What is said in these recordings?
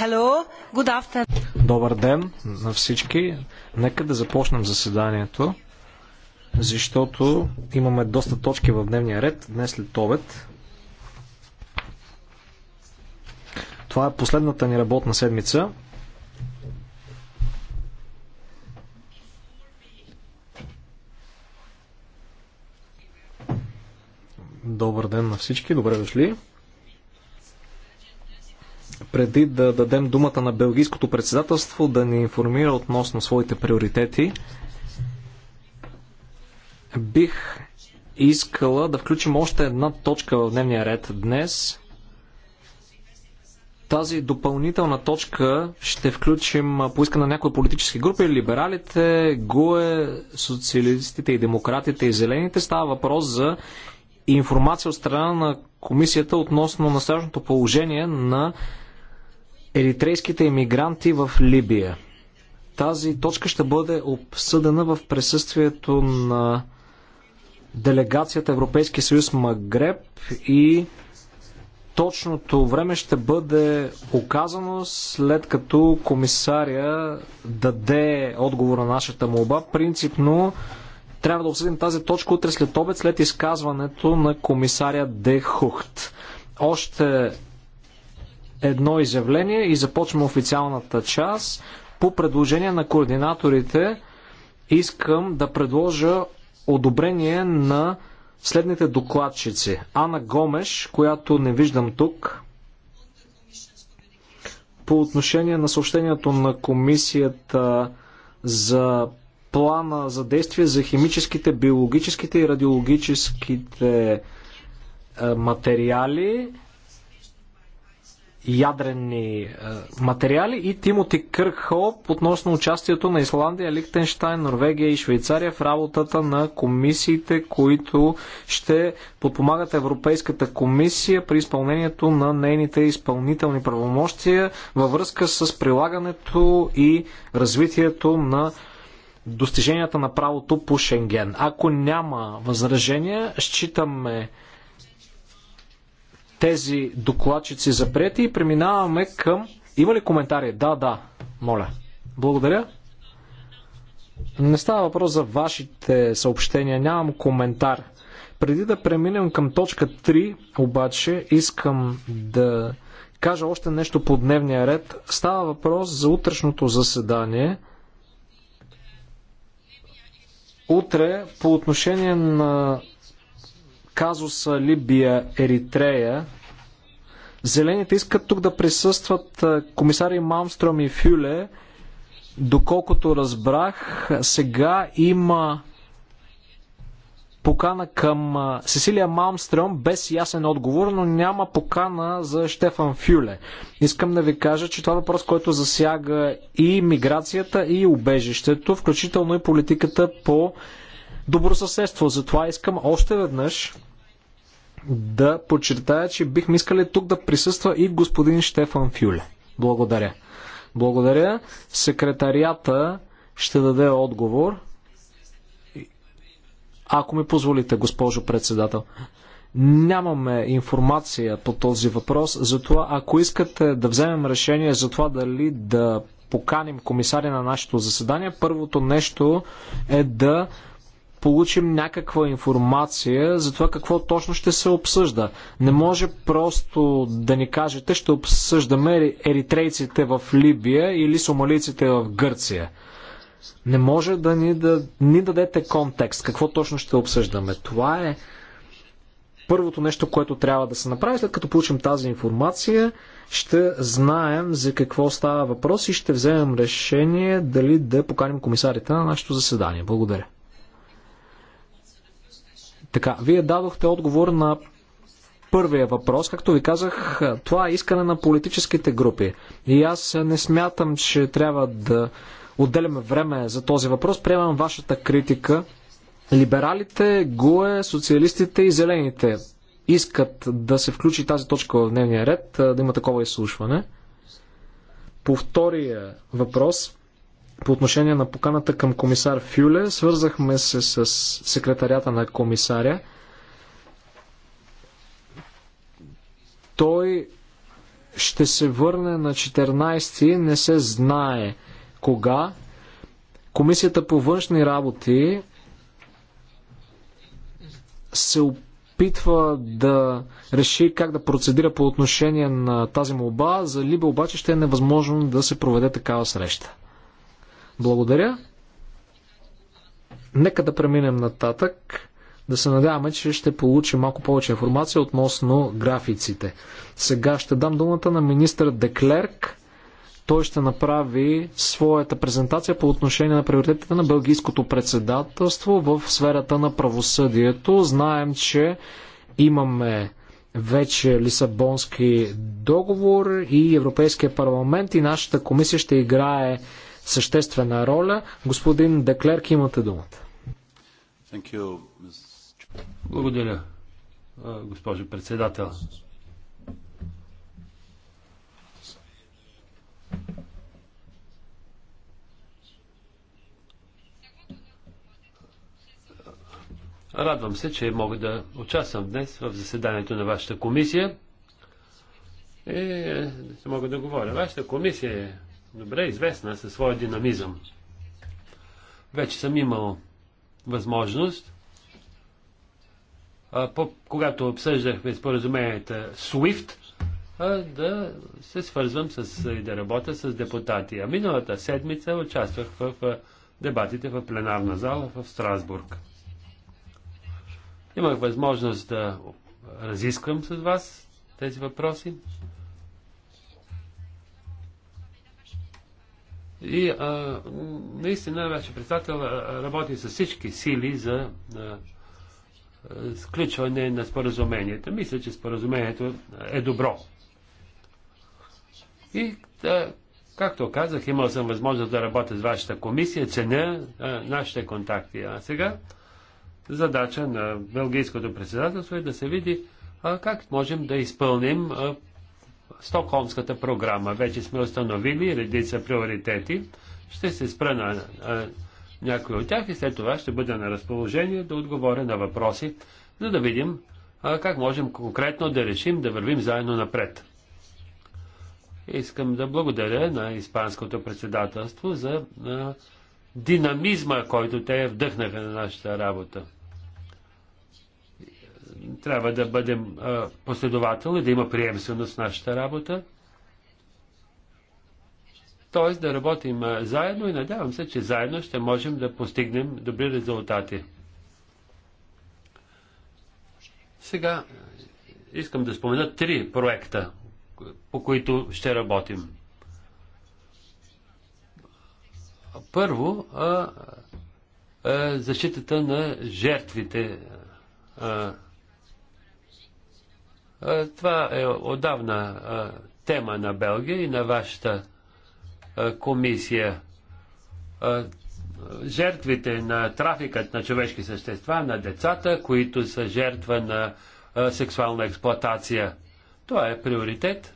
Hello, good afternoon. Добър ден на всички. Нека да започнем заседанието, защото имаме доста точки в дневния ред днес след обед. Това е последната ни работна седмица. Добър ден на всички, добре дошли преди да дадем думата на Белгийското председателство да ни информира относно своите приоритети, бих искала да включим още една точка в дневния ред днес. Тази допълнителна точка ще включим поиска на някои политически групи, либералите, ГУЕ, социалистите и демократите и зелените. Става въпрос за информация от страна на комисията относно насъщното положение на Еритрейските иммигранти в Либия. Тази точка ще бъде обсъдена в присъствието на делегацията Европейски съюз Магреб и точното време ще бъде оказано след като комисаря даде отговор на нашата молба. Принципно трябва да обсъдим тази точка утре след обед, след изказването на комисаря Де Хухт. Още едно изявление и започваме официалната част. По предложение на координаторите искам да предложа одобрение на следните докладчици. Ана Гомеш, която не виждам тук, по отношение на съобщението на комисията за плана за действие за химическите, биологическите и радиологическите е, материали ядрени е, материали и Тимоти Кърхоп относно участието на Исландия, Лихтенштайн, Норвегия и Швейцария в работата на комисиите, които ще подпомагат Европейската комисия при изпълнението на нейните изпълнителни правомощия във връзка с прилагането и развитието на достиженията на правото по Шенген. Ако няма възражения, считаме тези докладчици за прияти и преминаваме към... Има ли коментари? Да, да. Моля. Благодаря. Не става въпрос за вашите съобщения. Нямам коментар. Преди да преминем към точка 3, обаче, искам да кажа още нещо по дневния ред. Става въпрос за утрешното заседание. Утре, по отношение на казуса Либия, Еритрея, зелените искат тук да присъстват комисари Малмстром и Фюле. Доколкото разбрах, сега има покана към Сесилия Малмстрем без ясен отговор, но няма покана за Штефан Фюле. Искам да ви кажа, че това е въпрос, който засяга и миграцията, и убежището, включително и политиката по добросъседство. Затова искам още веднъж да подчертая, че бихме искали тук да присъства и господин Штефан Фюле. Благодаря. Благодаря. Секретарията ще даде отговор. Ако ми позволите, госпожо председател. Нямаме информация по този въпрос, затова ако искате да вземем решение за това дали да поканим комисаря на нашето заседание, първото нещо е да получим някаква информация за това какво точно ще се обсъжда. Не може просто да ни кажете, ще обсъждаме еритрейците в Либия или сомалийците в Гърция. Не може да ни, да ни дадете контекст, какво точно ще обсъждаме. Това е първото нещо, което трябва да се направи. След като получим тази информация, ще знаем за какво става въпрос и ще вземем решение дали да поканим комисарите на нашето заседание. Благодаря. Така, вие дадохте отговор на първия въпрос. Както ви казах, това е искане на политическите групи. И аз не смятам, че трябва да отделяме време за този въпрос. Приемам вашата критика. Либералите, ГУЕ, социалистите и зелените искат да се включи тази точка в дневния ред, да има такова изслушване. По втория въпрос, по отношение на поканата към комисар Фюле. Свързахме се с секретарята на комисаря. Той ще се върне на 14 не се знае кога. Комисията по външни работи се опитва да реши как да процедира по отношение на тази молба. За Либе обаче ще е невъзможно да се проведе такава среща. Благодаря. Нека да преминем нататък. Да се надяваме, че ще получим малко повече информация относно графиците. Сега ще дам думата на министър Деклерк. Той ще направи своята презентация по отношение на приоритетите на Белгийското председателство в сферата на правосъдието. Знаем, че имаме вече Лисабонски договор и Европейския парламент и нашата комисия ще играе съществена роля. Господин Деклерк, имате думата. Благодаря, госпожо председател. Радвам се, че мога да участвам днес в заседанието на вашата комисия и ще мога да говоря. Вашата комисия е добре известна е със своя динамизъм. Вече съм имал възможност, а, по, когато обсъждахме споразуменията SWIFT, а, да се свързвам с, и да работя с депутати. А миналата седмица участвах в, в дебатите в пленарна зала в Страсбург. Имах възможност да разисквам с вас тези въпроси. И а, наистина вече председател работи с всички сили за а, сключване на споразуменията. Мисля, че споразумението е добро. И, а, както казах, имал съм възможност да работя с вашата комисия, ценя а, нашите контакти. А сега задача на Белгийското председателство е да се види а, как можем да изпълним а, Стокхолмската програма. Вече сме установили редица приоритети. Ще се спра на а, някои от тях и след това ще бъда на разположение да отговоря на въпроси, за да видим а, как можем конкретно да решим да вървим заедно напред. Искам да благодаря на Испанското председателство за а, динамизма, който те вдъхнаха на нашата работа трябва да бъдем последователни, да има приемственост в нашата работа. Тоест да работим заедно и надявам се, че заедно ще можем да постигнем добри резултати. Сега искам да спомена три проекта, по които ще работим. Първо, а, а, защитата на жертвите а, това е отдавна тема на Белгия и на вашата комисия. Жертвите на трафикът на човешки същества, на децата, които са жертва на сексуална експлоатация. Това е приоритет,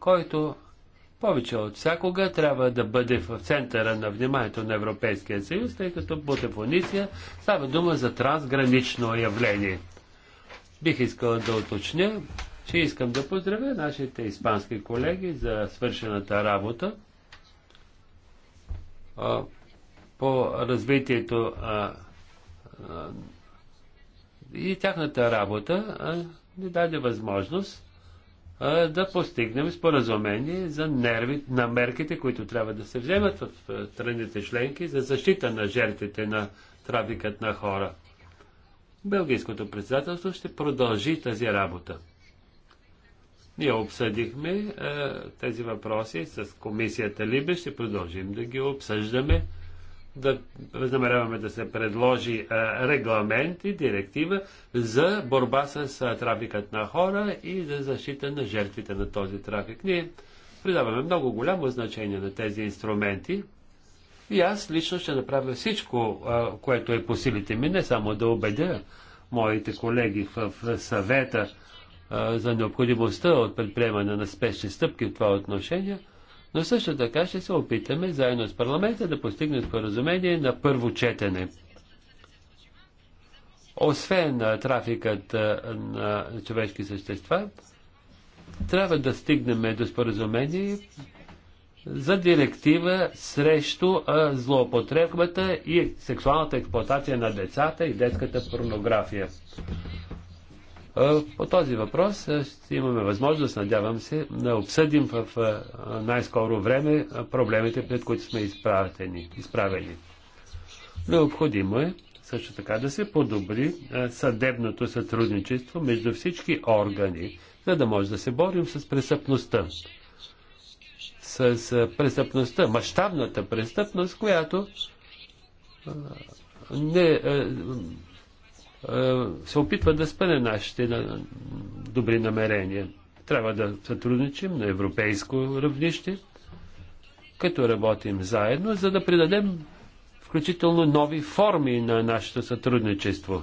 който повече от всякога трябва да бъде в центъра на вниманието на Европейския съюз, тъй като по дефиниция става дума за трансгранично явление. Бих искал да уточня, че искам да поздравя нашите испански колеги за свършената работа а, по развитието а, а, и тяхната работа а, ни даде възможност а, да постигнем споразумение за нерви, на мерките, които трябва да се вземат в страните членки за защита на жертвите на трафикът на хора. Белгийското председателство ще продължи тази работа. Ние обсъдихме е, тези въпроси с комисията Либе, ще продължим да ги обсъждаме, да възнамеряваме да се предложи е, регламент и директива за борба с е, трафикът на хора и за защита на жертвите на този трафик. Ние придаваме много голямо значение на тези инструменти и аз лично ще направя всичко, което е по силите ми, не само да убедя моите колеги в съвета за необходимостта от предприемане на спешни стъпки в това отношение, но също така ще се опитаме заедно с парламента да постигнем споразумение на първо четене. Освен трафикът на човешки същества, трябва да стигнем до споразумение за директива срещу а, злоупотребата и сексуалната експлоатация на децата и детската порнография. А, по този въпрос а, ще имаме възможност, надявам се, да обсъдим в най-скоро време проблемите, пред които сме изправени. Необходимо е също така да се подобри съдебното сътрудничество между всички органи, за да може да се борим с престъпността с престъпността, мащабната престъпност, която не, се опитва да спъне нашите добри намерения. Трябва да сътрудничим на европейско равнище, като работим заедно, за да придадем включително нови форми на нашето сътрудничество.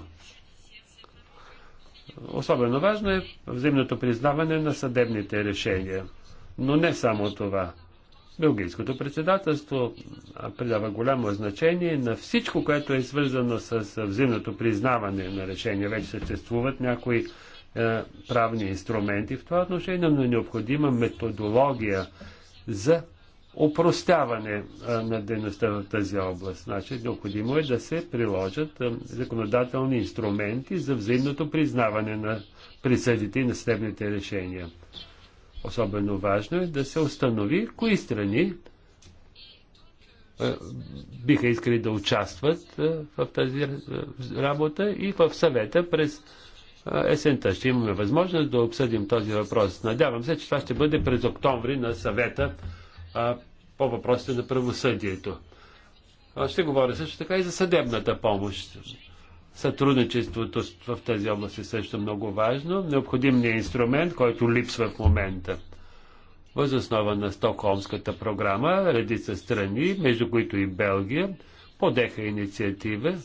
Особено важно е взаимното признаване на съдебните решения. Но не само това. Белгийското председателство придава голямо значение на всичко, което е свързано с взаимното признаване на решения. Вече съществуват някои е, правни инструменти. В това отношение но е необходима методология за опростяване е, на дейността в тази област. Значи, необходимо е да се приложат е, законодателни инструменти за взаимното признаване на присъдите и на съдебните решения особено важно е да се установи кои страни е, биха искали да участват е, в тази е, работа и в съвета през есента ще имаме възможност да обсъдим този въпрос. Надявам се, че това ще бъде през октомври на съвета по въпросите на правосъдието. Ще говоря също така и за съдебната помощ. Сътрудничеството в тези области е също много важно. Необходим ни е инструмент, който липсва в момента. Въз основа на Стокхолмската програма, редица страни, между които и Белгия, подеха инициатива е,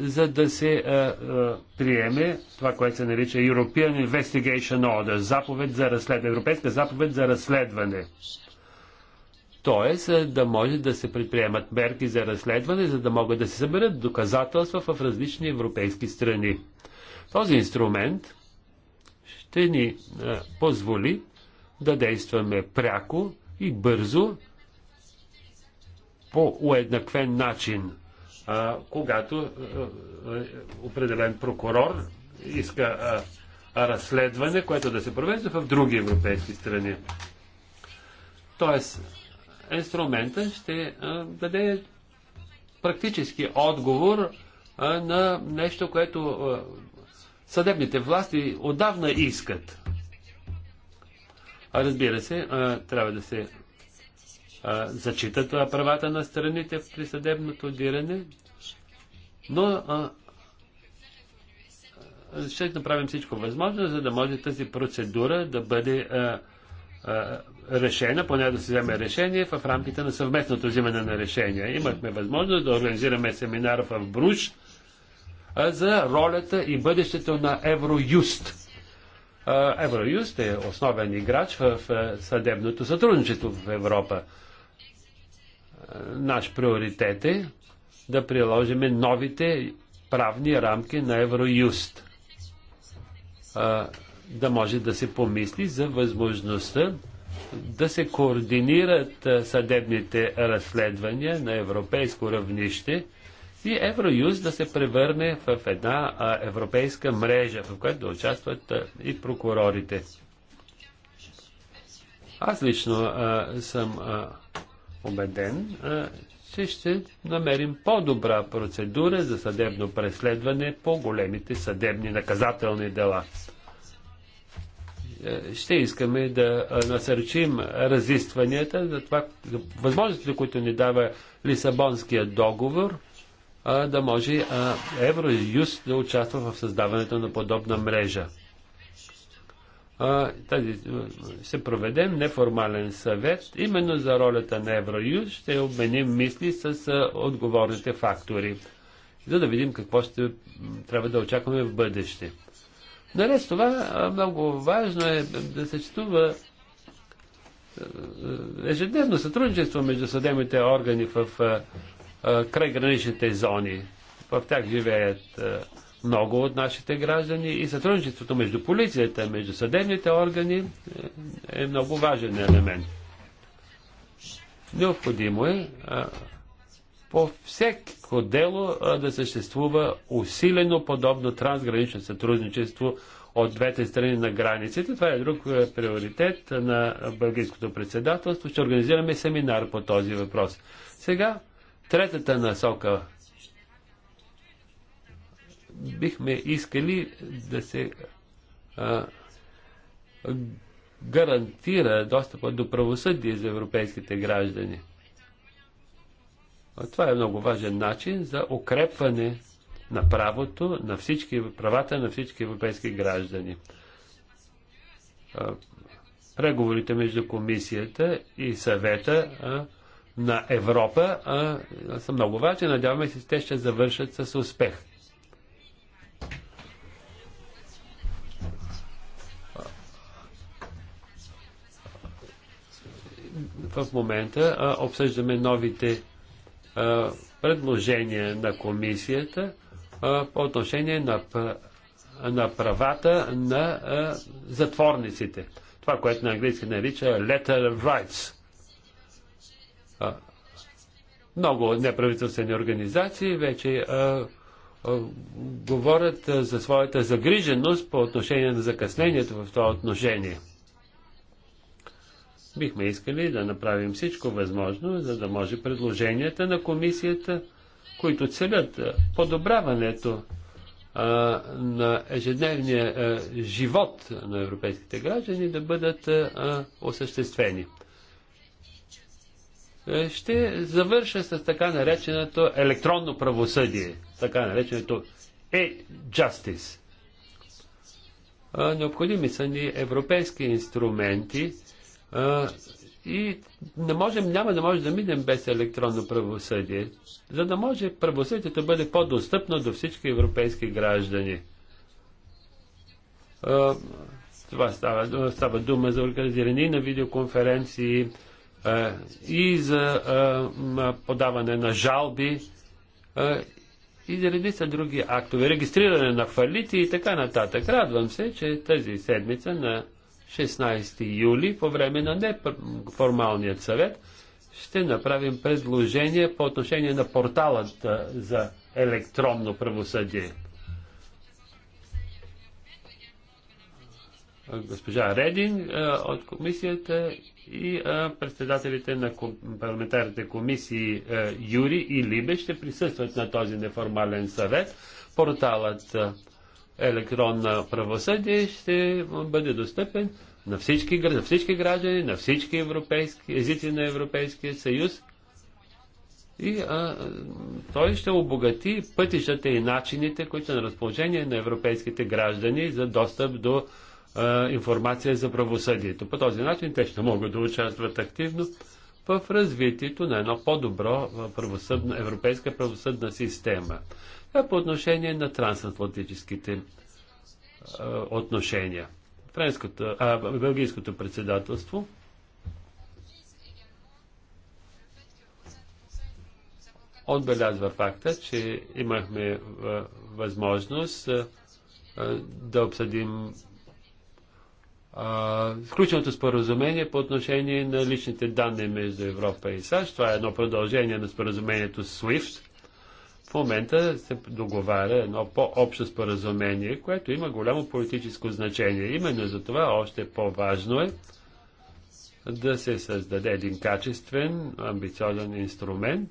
за да се а, е, а, е, приеме това, което се нарича European Investigation Order, заповед за разследване, европейска заповед за разследване. Тоест е, да може да се предприемат мерки за разследване, за да могат да се съберат доказателства в различни европейски страни. Този инструмент ще ни е, позволи да действаме пряко и бързо по уеднаквен начин, когато е, определен прокурор иска разследване, което да се провежда в други европейски страни. Тоест, инструмента ще даде практически отговор на нещо, което съдебните власти отдавна искат. Разбира се, трябва да се зачитат правата на страните при съдебното диране, но ще направим всичко възможно, за да може тази процедура да бъде решена, поне да се вземе решение в рамките на съвместното взимане на решения. Имахме възможност да организираме семинара в Бруш за ролята и бъдещето на Евроюст. Евроюст е основен играч в съдебното сътрудничество в Европа. Наш приоритет е да приложиме новите правни рамки на Евроюст да може да се помисли за възможността да се координират съдебните разследвания на европейско равнище и Евроюз да се превърне в една европейска мрежа, в която да участват и прокурорите. Аз лично а, съм а, убеден, а, че ще намерим по-добра процедура за съдебно преследване по големите съдебни наказателни дела. Е, ще искаме да е, насърчим разискванията за това, за възможностите, които ни дава Лисабонския договор, е, да може Евроюз да участва в създаването на подобна мрежа. Тази, ще проведем неформален съвет именно за ролята на Евроюз. Ще обменим мисли с отговорните фактори, за да видим какво ще трябва да очакваме в бъдеще. Наред с това, много важно е да съществува ежедневно сътрудничество между съдебните органи в край граничните зони. В тях живеят много от нашите граждани и сътрудничеството между полицията, между съдебните органи е, е много важен елемент. Необходимо е по всяко дело да съществува усилено подобно трансгранично сътрудничество от двете страни на границите. Това е друг е, приоритет на Бългийското председателство. Ще организираме семинар по този въпрос. Сега, третата насока. Бихме искали да се а, гарантира достъпа до правосъдие за европейските граждани. Това е много важен начин за укрепване на правото на всички, правата на всички европейски граждани. Преговорите между комисията и съвета на Европа са много важни. Надяваме се, те ще завършат с успех. в момента а, обсъждаме новите предложение на комисията по отношение на, на правата на затворниците. Това, което на английски нарича letter of rights. Много неправителствени организации вече говорят за своята загриженост по отношение на закъснението в това отношение. Бихме искали да направим всичко възможно, за да може предложенията на комисията, които целят подобряването а, на ежедневния а, живот на европейските граждани, да бъдат а, осъществени. Е, ще завърша с така нареченото електронно правосъдие, така нареченото e-justice. Необходими са ни европейски инструменти, и не можем, няма да може да минем без електронно правосъдие, за да може правосъдието да бъде по-достъпно до всички европейски граждани. Това става, става дума за организиране на видеоконференции и за подаване на жалби и за редица други актове, регистриране на фалити и така нататък. Радвам се, че тази седмица на 16 юли, по време на неформалният съвет, ще направим предложение по отношение на порталът за електронно правосъдие. Госпожа Редин от комисията и председателите на парламентарните комисии Юри и Либе ще присъстват на този неформален съвет. Порталът електронна правосъдие ще бъде достъпен на всички, на всички граждани, на всички европейски, езици на Европейския съюз. И а, той ще обогати пътищата и начините, които са на разположение на европейските граждани за достъп до а, информация за правосъдието. По този начин те ще могат да участват активно в развитието на едно по-добро правосъдна, европейска правосъдна система. Това е по отношение на трансатлантическите отношения. Френското, а, бългийското председателство отбелязва факта, че имахме възможност да обсъдим включеното споразумение по отношение на личните данни между Европа и САЩ. Това е едно продължение на споразумението SWIFT. В момента се договаря едно по-общо споразумение, което има голямо политическо значение. Именно за това още по-важно е да се създаде един качествен, амбициозен инструмент,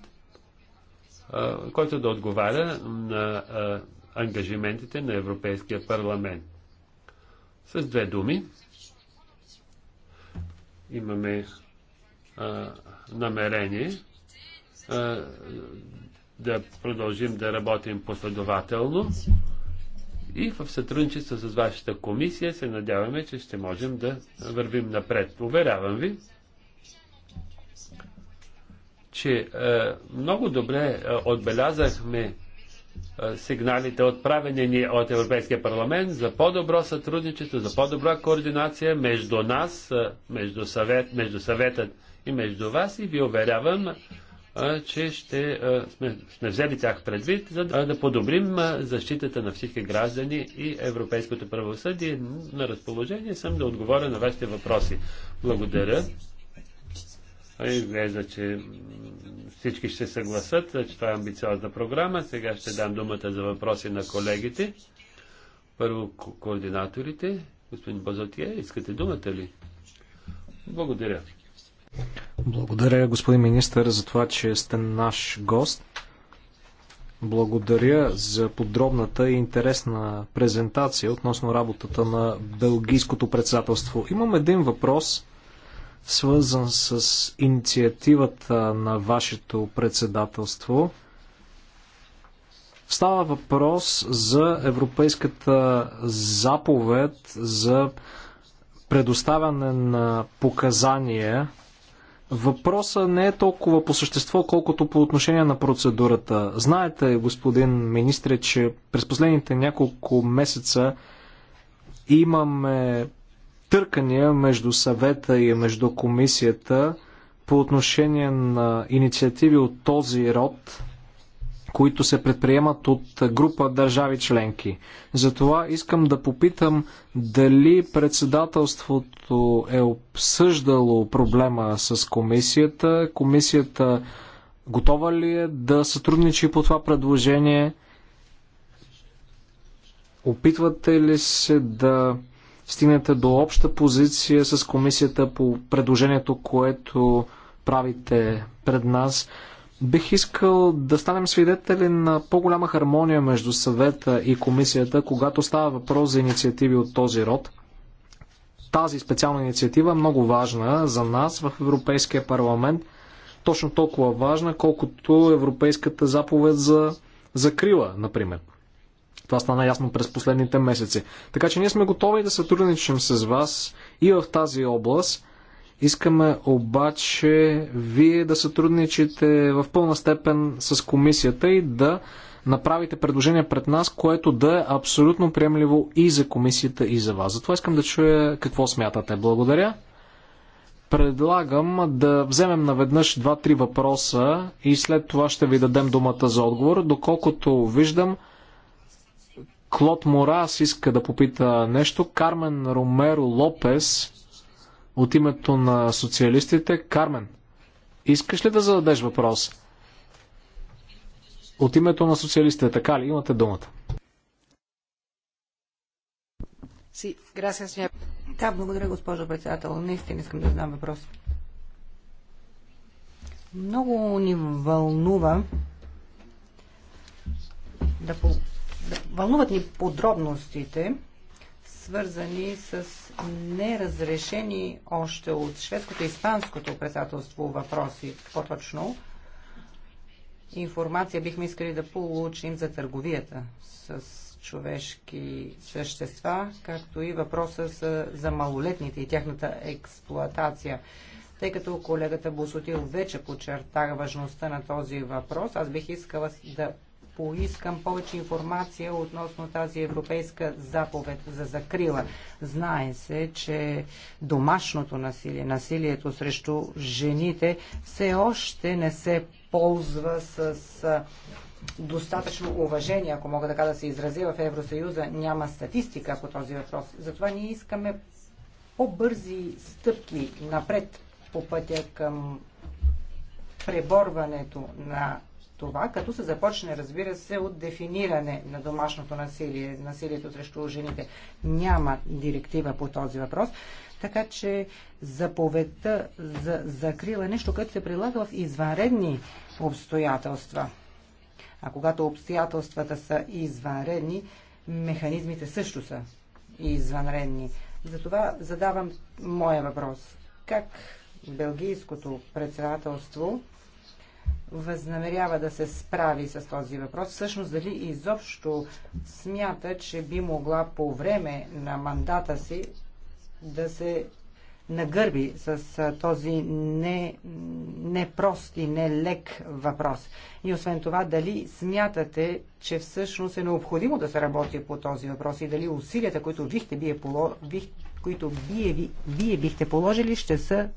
който да отговаря на ангажиментите на Европейския парламент. С две думи, имаме а, намерение а, да продължим да работим последователно и в сътрудничество с вашата комисия се надяваме, че ще можем да вървим напред. Уверявам ви, че а, много добре а, отбелязахме сигналите, отправени ни от Европейския парламент за по-добро сътрудничество, за по-добра координация между нас, между, съвет, между съветът и между вас и ви уверявам, че ще сме, сме взели тях предвид, за да, да подобрим защитата на всички граждани и европейското правосъдие. На разположение съм да отговоря на вашите въпроси. Благодаря. Изглежда, че всички ще съгласат, че това е амбициозна програма. Сега ще дам думата за въпроси на колегите. Първо координаторите. Господин Базотия, искате думата ли? Благодаря. Благодаря, господин министър, за това, че сте наш гост. Благодаря за подробната и интересна презентация относно работата на Белгийското председателство. Имам един въпрос свързан с инициативата на вашето председателство. Става въпрос за Европейската заповед за предоставяне на показания. Въпросът не е толкова по същество, колкото по отношение на процедурата. Знаете, господин министре, че през последните няколко месеца имаме търкания между съвета и между комисията по отношение на инициативи от този род, които се предприемат от група държави членки. Затова искам да попитам дали председателството е обсъждало проблема с комисията. Комисията готова ли е да сътрудничи по това предложение? Опитвате ли се да стигнете до обща позиция с комисията по предложението, което правите пред нас. Бих искал да станем свидетели на по-голяма хармония между съвета и комисията, когато става въпрос за инициативи от този род. Тази специална инициатива е много важна за нас в Европейския парламент, точно толкова важна, колкото Европейската заповед за закрила, например. Това стана ясно през последните месеци. Така че ние сме готови да сътрудничим с вас и в тази област. Искаме обаче вие да сътрудничите в пълна степен с комисията и да направите предложение пред нас, което да е абсолютно приемливо и за комисията, и за вас. Затова искам да чуя какво смятате. Благодаря. Предлагам да вземем наведнъж два-три въпроса и след това ще ви дадем думата за отговор. Доколкото виждам, Клод Морас иска да попита нещо. Кармен Ромеро Лопес от името на социалистите. Кармен, искаш ли да зададеш въпрос? От името на социалистите, така ли? Имате думата. Да, благодаря, госпожо председател. Наистина искам да знам въпрос. Много ни вълнува да, по, Вълнуват ни подробностите, свързани с неразрешени още от шведското и испанското председателство въпроси, по-точно информация бихме искали да получим за търговията с човешки същества, както и въпроса за малолетните и тяхната експлоатация. Тъй като колегата Босотил вече подчерта важността на този въпрос, аз бих искала да поискам повече информация относно тази европейска заповед за закрила. Знае се, че домашното насилие, насилието срещу жените все още не се ползва с достатъчно уважение, ако мога така да се изрази в Евросъюза няма статистика по този въпрос. Затова ние искаме по-бързи стъпки напред по пътя към преборването на това, като се започне, разбира се, от дефиниране на домашното насилие, насилието срещу жените. Няма директива по този въпрос, така че заповедта за закрила е нещо, което се прилага в извънредни обстоятелства. А когато обстоятелствата са извънредни, механизмите също са извънредни. Затова задавам моя въпрос. Как Белгийското председателство възнамерява да се справи с този въпрос, всъщност дали изобщо смята, че би могла по време на мандата си да се нагърби с този не, непрост и нелек въпрос. И освен това, дали смятате, че всъщност е необходимо да се работи по този въпрос и дали усилията, които бихте вие, бих, които вие, бихте положили, ще са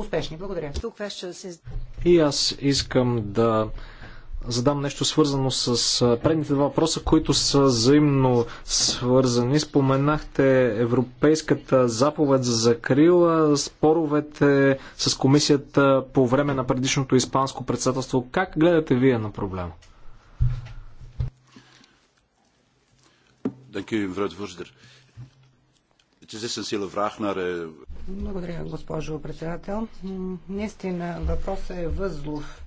успешни. Благодаря. И аз искам да задам нещо свързано с предните два въпроса, които са взаимно свързани. Споменахте Европейската заповед за закрила, споровете с комисията по време на предишното испанско председателство. Как гледате вие на проблема? Dank u, mevrouw de voorzitter. Het is essentieel vraag naar uh, благодаря, госпожо председател. Наистина въпросът е възлов.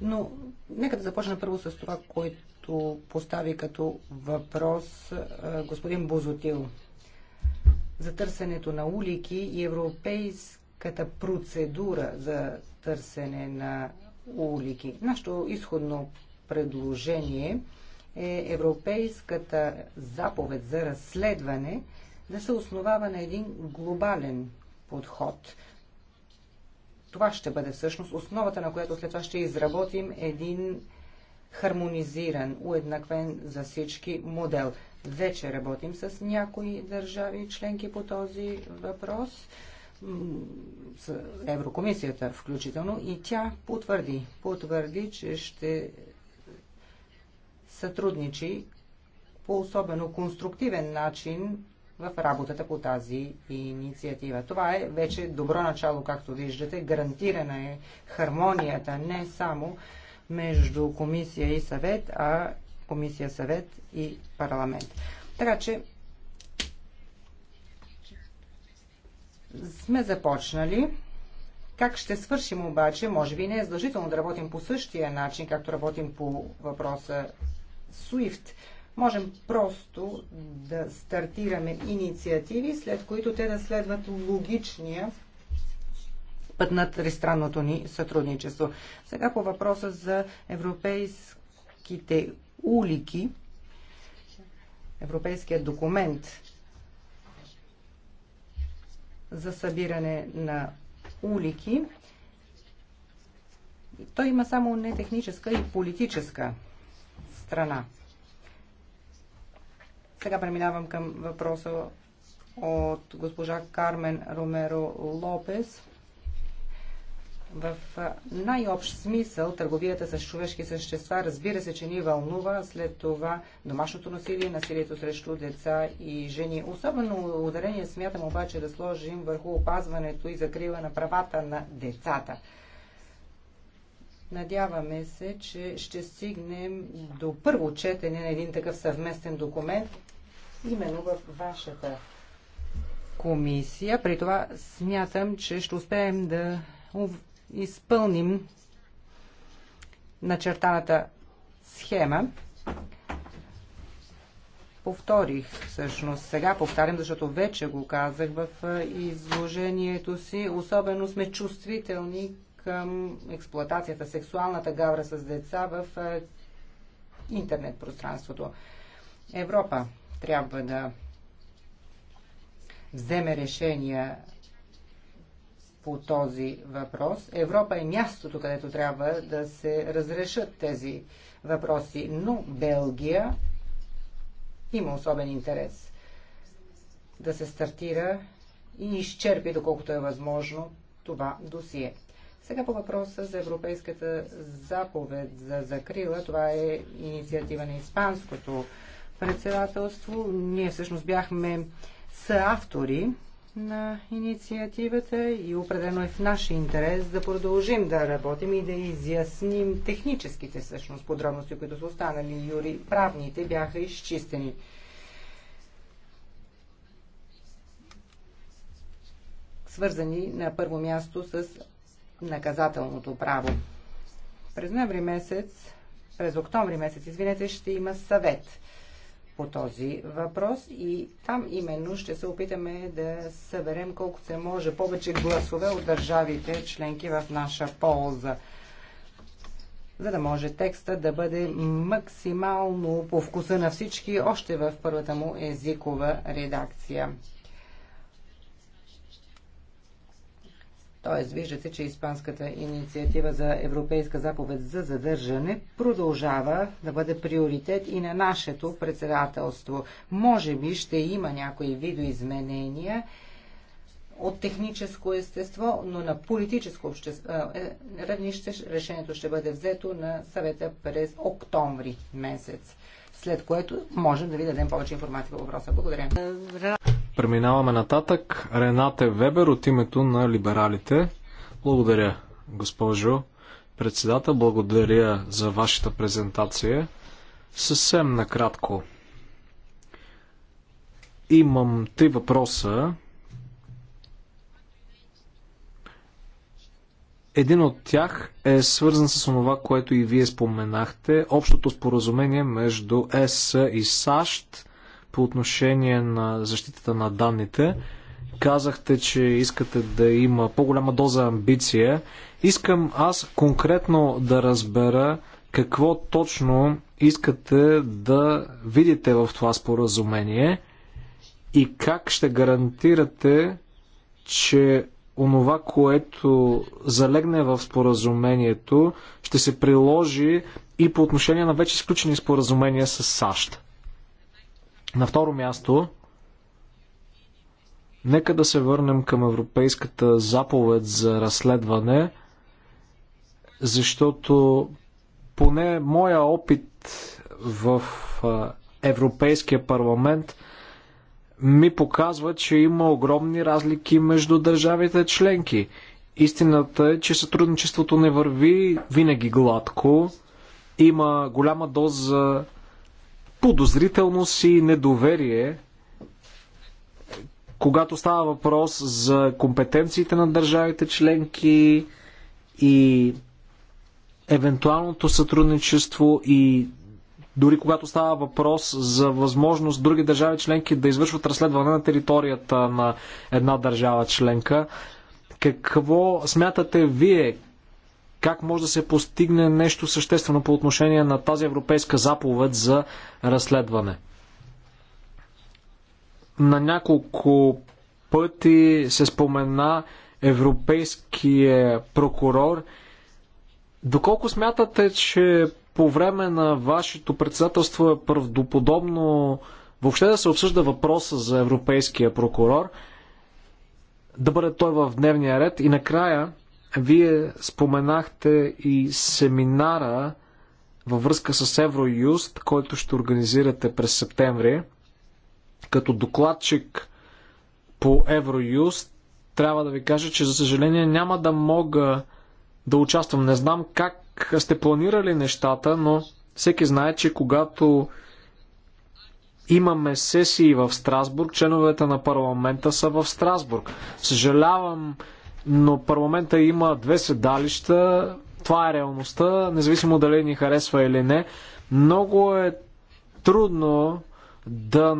Но нека да започна първо с това, което постави като въпрос господин Бозотил. За търсенето на улики и европейската процедура за търсене на улики. Нашето изходно предложение е европейската заповед за разследване – да се основава на един глобален подход. Това ще бъде всъщност основата, на която след това ще изработим един хармонизиран, уеднаквен за всички модел. Вече работим с някои държави членки по този въпрос, с Еврокомисията включително, и тя потвърди, потвърди, че ще сътрудничи по особено конструктивен начин в работата по тази инициатива. Това е вече добро начало, както виждате. Гарантирана е хармонията не само между комисия и съвет, а комисия, съвет и парламент. Така че сме започнали. Как ще свършим обаче, може би не е задължително да работим по същия начин, както работим по въпроса SWIFT – Можем просто да стартираме инициативи, след които те да следват логичния път на тристранното ни сътрудничество. Сега по въпроса за европейските улики, европейският документ за събиране на улики. Той има само не техническа и политическа страна. Сега преминавам към въпроса от госпожа Кармен Ромеро Лопес. В най-общ смисъл търговията с човешки същества разбира се, че ни вълнува след това домашното насилие, насилието срещу деца и жени. Особено ударение смятам обаче да сложим върху опазването и закрива на правата на децата. Надяваме се, че ще стигнем до първо четене на един такъв съвместен документ, именно в вашата комисия. При това смятам, че ще успеем да изпълним начертаната схема. Повторих, всъщност сега повтарям, защото вече го казах в изложението си. Особено сме чувствителни към експлоатацията, сексуалната гавра с деца в интернет пространството. Европа трябва да вземе решения по този въпрос. Европа е мястото, където трябва да се разрешат тези въпроси, но Белгия има особен интерес да се стартира и изчерпи, доколкото е възможно, това досие. Сега по въпроса за Европейската заповед за закрила, това е инициатива на Испанското председателство. Ние всъщност бяхме съавтори на инициативата и определено е в наш интерес да продължим да работим и да изясним техническите всъщност подробности, които са останали юри, правните бяха изчистени. Свързани на първо място с наказателното право. През ноември месец, през октомври месец, извинете, ще има съвет – по този въпрос и там именно ще се опитаме да съберем колкото се може повече гласове от държавите членки в наша полза за да може текста да бъде максимално по вкуса на всички още в първата му езикова редакция. Тоест, виждате, че Испанската инициатива за Европейска заповед за задържане продължава да бъде приоритет и на нашето председателство. Може би ще има някои видоизменения от техническо естество, но на политическо общество, е, равнище решението ще бъде взето на съвета през октомври месец, след което можем да ви дадем повече информация по въпроса. Благодаря. Е, Преминаваме нататък. Рената Вебер от името на либералите. Благодаря, госпожо председател. Благодаря за вашата презентация. Съвсем накратко. Имам три въпроса. Един от тях е свързан с това, което и вие споменахте. Общото споразумение между ЕС и САЩ по отношение на защитата на данните. Казахте, че искате да има по-голяма доза амбиция. Искам аз конкретно да разбера какво точно искате да видите в това споразумение и как ще гарантирате, че онова, което залегне в споразумението, ще се приложи и по отношение на вече изключени споразумения с САЩ. На второ място, нека да се върнем към Европейската заповед за разследване, защото поне моя опит в Европейския парламент ми показва, че има огромни разлики между държавите членки. Истината е, че сътрудничеството не върви винаги гладко. Има голяма доза подозрителност и недоверие, когато става въпрос за компетенциите на държавите членки и евентуалното сътрудничество и дори когато става въпрос за възможност други държави членки да извършват разследване на територията на една държава членка. Какво смятате вие? как може да се постигне нещо съществено по отношение на тази европейска заповед за разследване. На няколко пъти се спомена европейския прокурор. Доколко смятате, че по време на вашето председателство е правдоподобно въобще да се обсъжда въпроса за европейския прокурор, да бъде той в дневния ред и накрая вие споменахте и семинара във връзка с Евроюст, който ще организирате през септември. Като докладчик по Евроюст, трябва да ви кажа, че за съжаление няма да мога да участвам. Не знам как сте планирали нещата, но всеки знае, че когато имаме сесии в Страсбург, членовете на парламента са в Страсбург. Съжалявам, но парламента има две седалища. Това е реалността, независимо дали ни харесва или не. Много е трудно да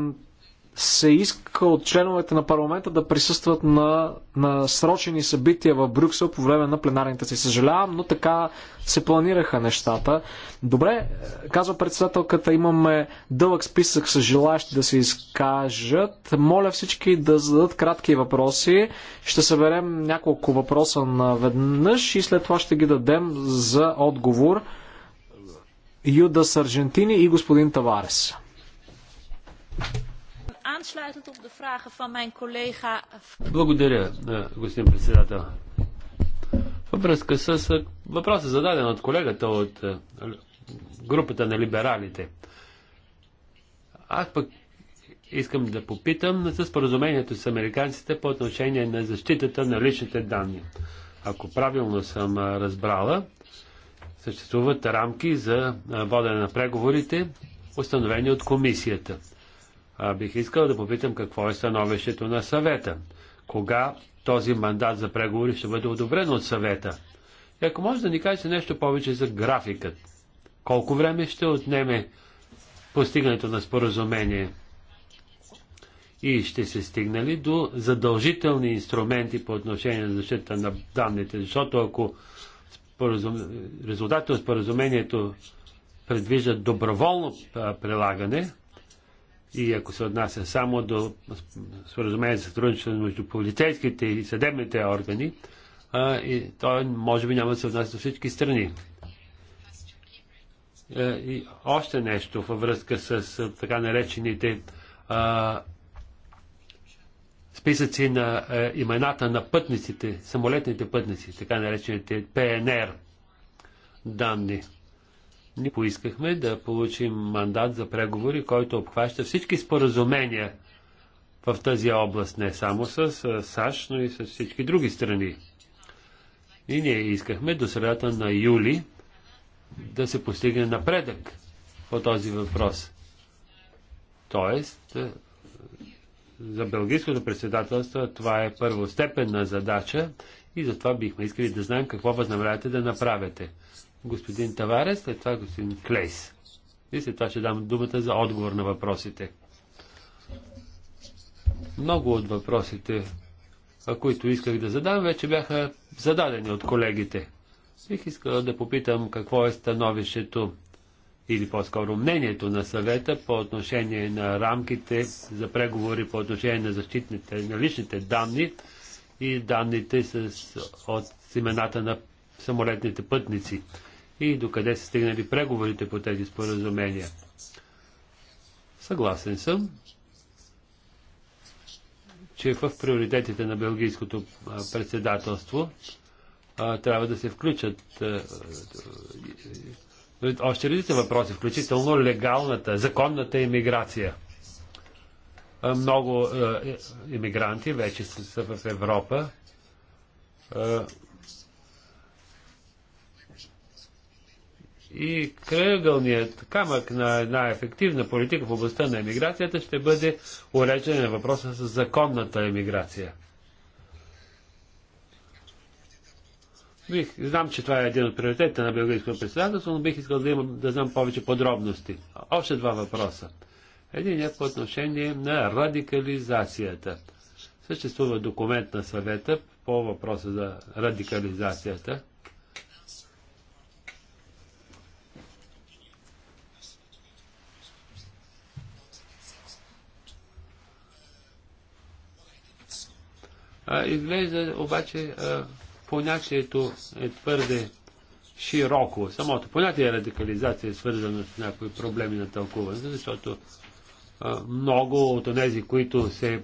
се иска от членовете на парламента да присъстват на, на срочени събития в Брюксел по време на пленарните си. Съжалявам, но така се планираха нещата. Добре, казва председателката, имаме дълъг списък с желащи да се изкажат. Моля всички да зададат кратки въпроси. Ще съберем няколко въпроса наведнъж и след това ще ги дадем за отговор. Юда Саржентини и господин Таварес aansluitend op de vragen van mijn collega... Eh, Благодаря, господин председател. Във връзка с е, въпроса зададен от колегата от е, групата на либералите. Аз пък искам да попитам с споразумението с американците по отношение на защитата на личните данни. Ако правилно съм е, разбрала, съществуват рамки за водене на преговорите, установени от комисията. А, бих искал да попитам какво е становището на съвета. Кога този мандат за преговори ще бъде одобрен от съвета? И ако може да ни кажете нещо повече за графикът. Колко време ще отнеме постигането на споразумение? И ще се стигна ли до задължителни инструменти по отношение на защита на данните? Защото ако споразум... резултатът от споразумението предвижда доброволно прилагане, и ако се отнася само до споразумение за сътрудничество между полицейските и съдебните органи, а, и то може би няма да се отнася до всички страни. Е, и още нещо във връзка с така наречените а, списъци на а, е, имената на пътниците, самолетните пътници, така наречените ПНР данни. Ни поискахме да получим мандат за преговори, който обхваща всички споразумения в тази област, не само с САЩ, но и с всички други страни. И ние искахме до средата на юли да се постигне напредък по този въпрос. Тоест, за Белгийското председателство това е първостепенна задача и затова бихме искали да знаем какво възнамерявате да направите господин Таварес, след това господин Клейс. И след това ще дам думата за отговор на въпросите. Много от въпросите, които исках да задам, вече бяха зададени от колегите. Бих искал да попитам какво е становището или по-скоро мнението на съвета по отношение на рамките за преговори по отношение на защитните на личните данни и данните с, от семената на самолетните пътници и докъде са стигнали преговорите по тези споразумения. Съгласен съм, че в приоритетите на Белгийското председателство а, трябва да се включат а, още редите въпроси, включително легалната, законната иммиграция. Много е, иммигранти вече са в Европа. И кръгълният камък на една ефективна политика в областта на емиграцията ще бъде уреждане на въпроса с законната емиграция. Бих, знам, че това е един от приоритетите на Белгийското председателство, но бих искал да, имам, да знам повече подробности. Още два въпроса. Един е по отношение на радикализацията. Съществува документ на съвета по въпроса за радикализацията. Изглежда обаче понятието е твърде широко. Самото понятие е радикализация е свързано с някои проблеми на тълкуването, защото много от тези, които се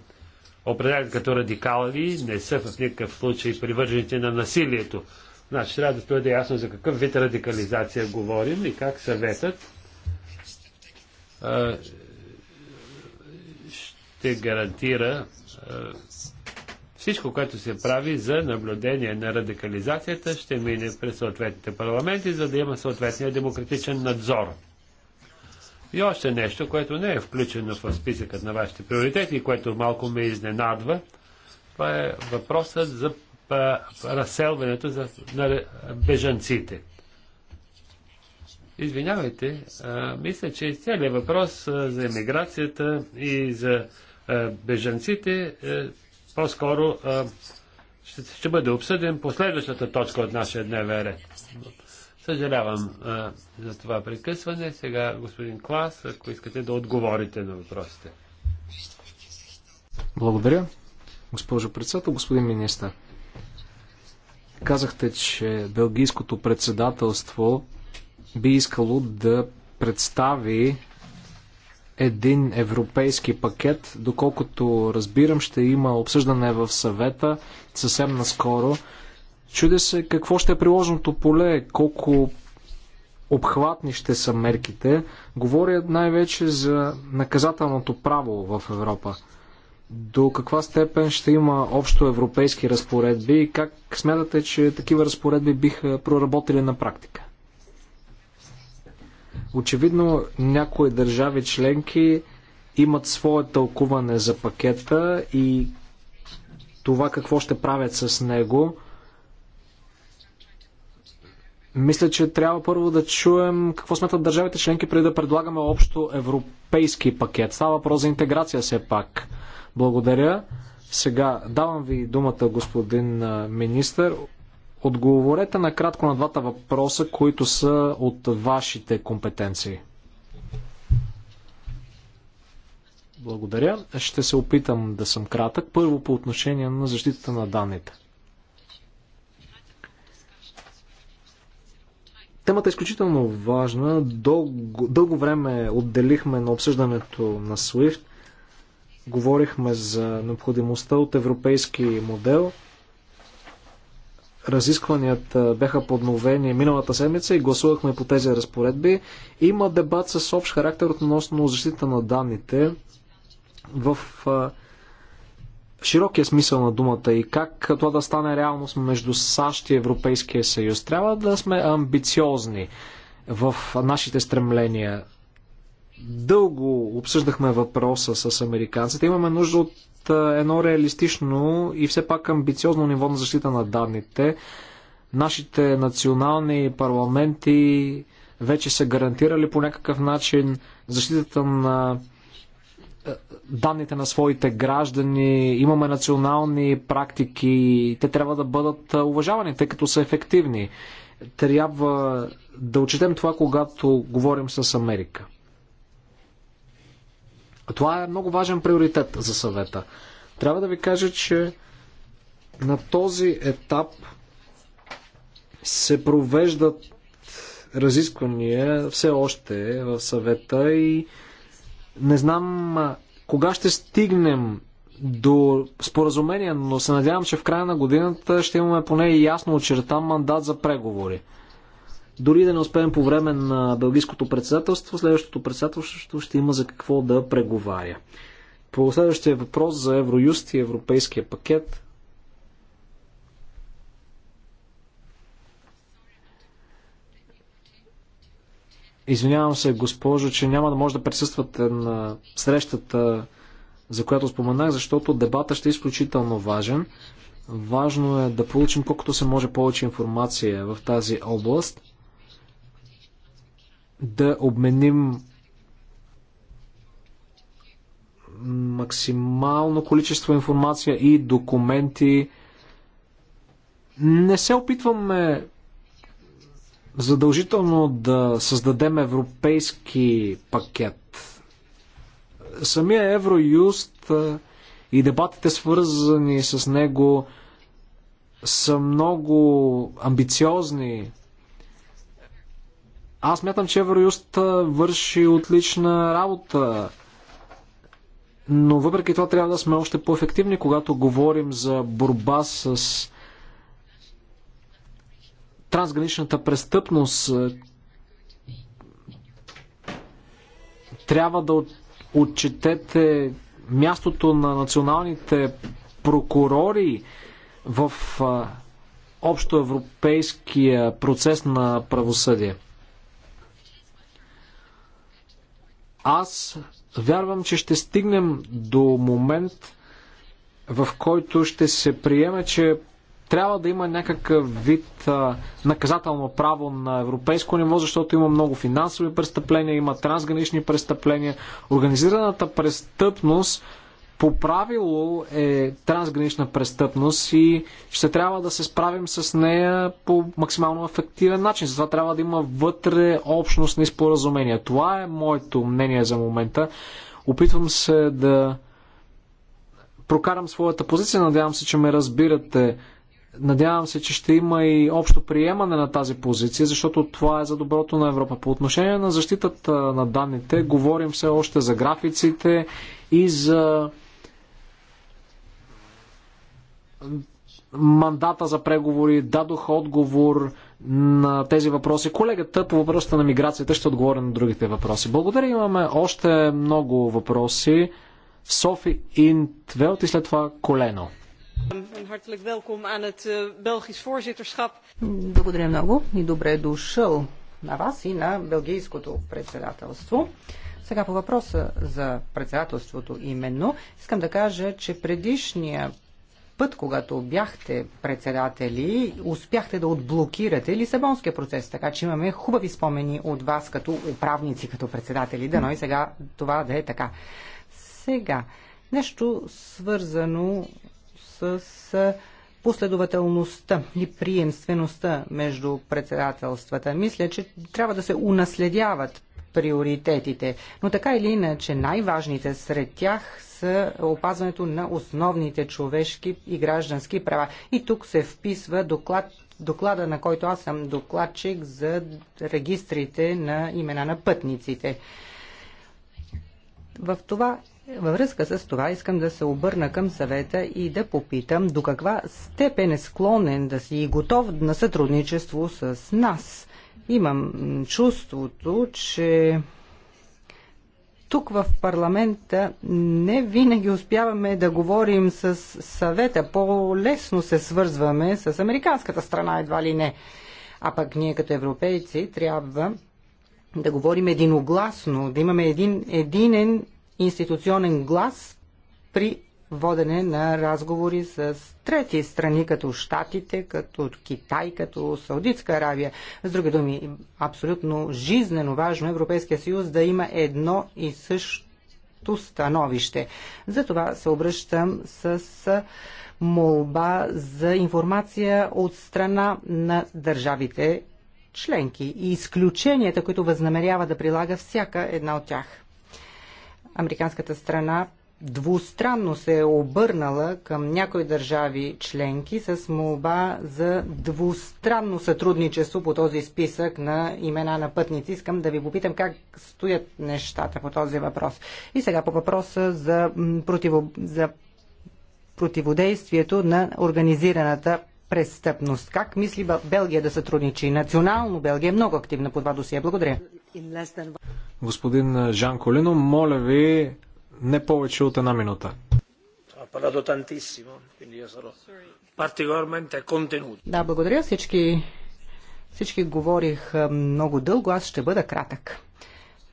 определят като радикали, не са в никакъв случай привържените на насилието. Значи трябва да бъде ясно за какъв вид радикализация говорим и как съветът а, ще гарантира всичко, което се прави за наблюдение на радикализацията, ще мине през съответните парламенти, за да има съответния демократичен надзор. И още нещо, което не е включено в списъкът на вашите приоритети и което малко ме изненадва, това е въпросът за разселването на бежанците. Извинявайте, а, мисля, че целият въпрос а, за емиграцията и за а, бежанците по-скоро ще, ще бъде обсъден последващата точка от нашия дневен ред. Съжалявам а, за това прекъсване. Сега, господин Клас, ако искате да отговорите на въпросите. Благодаря. Госпожо председател, господин министър. Казахте, че Белгийското председателство би искало да представи един европейски пакет. Доколкото разбирам, ще има обсъждане в съвета съвсем наскоро. Чуде се какво ще е приложното поле, колко обхватни ще са мерките. Говоря най-вече за наказателното право в Европа. До каква степен ще има общо европейски разпоредби и как смятате, че такива разпоредби биха проработили на практика? Очевидно някои държави членки имат свое тълкуване за пакета и това какво ще правят с него. Мисля, че трябва първо да чуем какво смятат държавите членки, преди да предлагаме общо европейски пакет. Става въпрос за интеграция все пак. Благодаря. Сега давам ви думата, господин министър. Отговорете накратко на двата въпроса, които са от вашите компетенции. Благодаря. Ще се опитам да съм кратък. Първо по отношение на защитата на данните. Темата е изключително важна. Дълго, дълго време отделихме на обсъждането на SWIFT. Говорихме за необходимостта от европейски модел – разискванията бяха подновени миналата седмица и гласувахме по тези разпоредби. Има дебат с общ характер относно защита на данните в широкия смисъл на думата и как това да стане реалност между САЩ и Европейския съюз. Трябва да сме амбициозни в нашите стремления. Дълго обсъждахме въпроса с американците. Имаме нужда от едно реалистично и все пак амбициозно ниво на защита на данните. Нашите национални парламенти вече са гарантирали по някакъв начин защитата на данните на своите граждани, имаме национални практики и те трябва да бъдат уважавани, тъй като са ефективни. Трябва да отчетем това, когато говорим с Америка. Това е много важен приоритет за съвета. Трябва да ви кажа, че на този етап се провеждат разисквания все още в съвета и не знам кога ще стигнем до споразумение, но се надявам, че в края на годината ще имаме поне ясно очертан мандат за преговори. Дори да не успеем по време на Белгийското председателство, следващото председателство ще има за какво да преговаря. По следващия въпрос за Евроюст и Европейския пакет. Извинявам се, госпожо, че няма да може да присъствате на срещата, за която споменах, защото дебата ще е изключително важен. Важно е да получим колкото се може повече информация в тази област – да обменим максимално количество информация и документи. Не се опитваме задължително да създадем европейски пакет. Самия Евроюст и дебатите свързани с него са много амбициозни аз мятам, че Евроюст върши отлична работа, но въпреки това трябва да сме още по-ефективни, когато говорим за борба с трансграничната престъпност. Трябва да отчетете мястото на националните прокурори в общоевропейския процес на правосъдие. Аз вярвам, че ще стигнем до момент, в който ще се приеме, че трябва да има някакъв вид а, наказателно право на европейско ниво, защото има много финансови престъпления, има трансгранични престъпления. Организираната престъпност по правило е трансгранична престъпност и ще трябва да се справим с нея по максимално ефективен начин. Затова трябва да има вътре общност на споразумения. Това е моето мнение за момента. Опитвам се да прокарам своята позиция. Надявам се, че ме разбирате. Надявам се, че ще има и общо приемане на тази позиция, защото това е за доброто на Европа. По отношение на защитата на данните, говорим все още за графиците и за мандата за преговори, дадох отговор на тези въпроси. Колегата по въпросите на миграцията ще отговори на другите въпроси. Благодаря, имаме още много въпроси. Софи Интвелт и след това Колено. Eh, Благодаря много и добре е дошъл на вас и на Белгийското председателство. Сега по въпроса за председателството именно, искам да кажа, че предишния път, когато бяхте председатели, успяхте да отблокирате Лисабонския процес, така че имаме хубави спомени от вас като управници, като председатели. Дано и сега това да е така. Сега, нещо свързано с последователността и приемствеността между председателствата. Мисля, че трябва да се унаследяват приоритетите, но така или иначе най-важните сред тях опазването на основните човешки и граждански права. И тук се вписва доклад доклада, на който аз съм докладчик за регистрите на имена на пътниците. В това във връзка с това искам да се обърна към съвета и да попитам до каква степен е склонен да си и готов на сътрудничество с нас. Имам чувството, че тук в парламента не винаги успяваме да говорим с съвета. По-лесно се свързваме с американската страна, едва ли не. А пък ние като европейци трябва да говорим единогласно, да имаме един единен институционен глас при водене на разговори с трети страни, като Штатите, като Китай, като Саудитска Аравия. С други думи, абсолютно жизнено важно е Европейския съюз да има едно и също становище. Затова се обръщам с молба за информация от страна на държавите членки и изключенията, които възнамерява да прилага всяка една от тях. Американската страна двустранно се е обърнала към някои държави членки с молба за двустранно сътрудничество по този списък на имена на пътници. Искам да ви попитам как стоят нещата по този въпрос. И сега по въпроса за, противо, за противодействието на организираната престъпност. Как мисли Белгия да сътрудничи? Национално Белгия е много активна по това досие. Благодаря. Господин Жан Колино, моля ви не повече от една минута. Да, благодаря всички. Всички говорих е, много дълго, аз ще бъда кратък.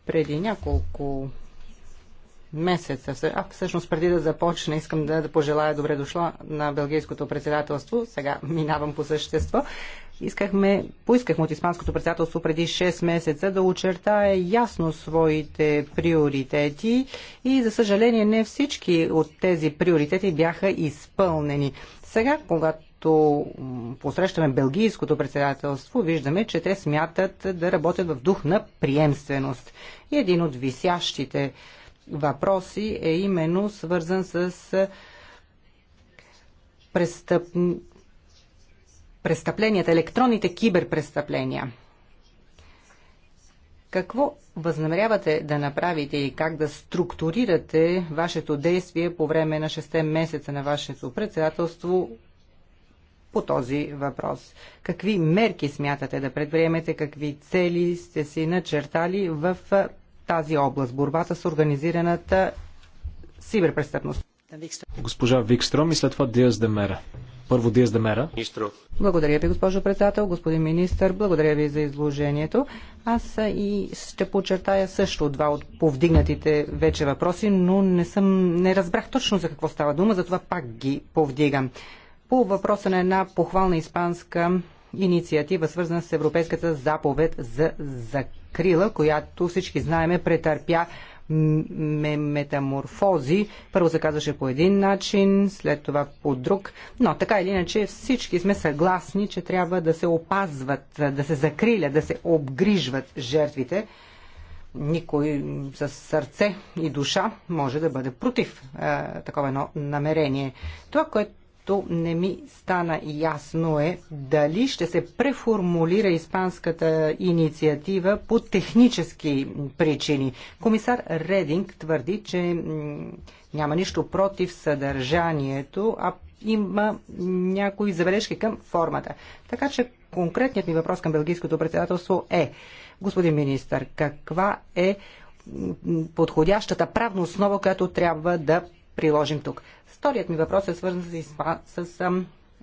Преди няколко месеца. А всъщност преди да започна, искам да, да пожелая добре дошла на Белгийското председателство. Сега минавам по същество. Искахме, поискахме от Испанското председателство преди 6 месеца да очертае ясно своите приоритети и за съжаление не всички от тези приоритети бяха изпълнени. Сега, когато като посрещаме Белгийското председателство, виждаме, че те смятат да работят в дух на приемственост. И един от висящите въпроси е именно свързан с престъп... престъпленията, електронните киберпрестъпления. Какво възнамерявате да направите и как да структурирате вашето действие по време на 6 месеца на вашето председателство по този въпрос? Какви мерки смятате да предприемете, какви цели сте си начертали в тази област, борбата с организираната сиберпрестъпност. Госпожа Викстром и след това Диас Демера. Първо Диас Демера. Благодаря ви, госпожо председател, господин министр. Благодаря ви за изложението. Аз и ще подчертая също два от повдигнатите вече въпроси, но не, съм, не разбрах точно за какво става дума, затова пак ги повдигам. По въпроса на една похвална испанска инициатива, свързана с Европейската заповед за закрила, която всички знаеме претърпя метаморфози. Първо се казваше по един начин, след това по друг. Но така или иначе всички сме съгласни, че трябва да се опазват, да се закрилят, да се обгрижват жертвите. Никой с сърце и душа може да бъде против а, такова едно намерение. Това, което което не ми стана ясно е дали ще се преформулира испанската инициатива по технически причини. Комисар Рединг твърди, че няма нищо против съдържанието, а има някои забележки към формата. Така че конкретният ми въпрос към Белгийското председателство е, господин министър, каква е подходящата правна основа, която трябва да приложим тук. Вторият ми въпрос е свързан с, ИСПА, с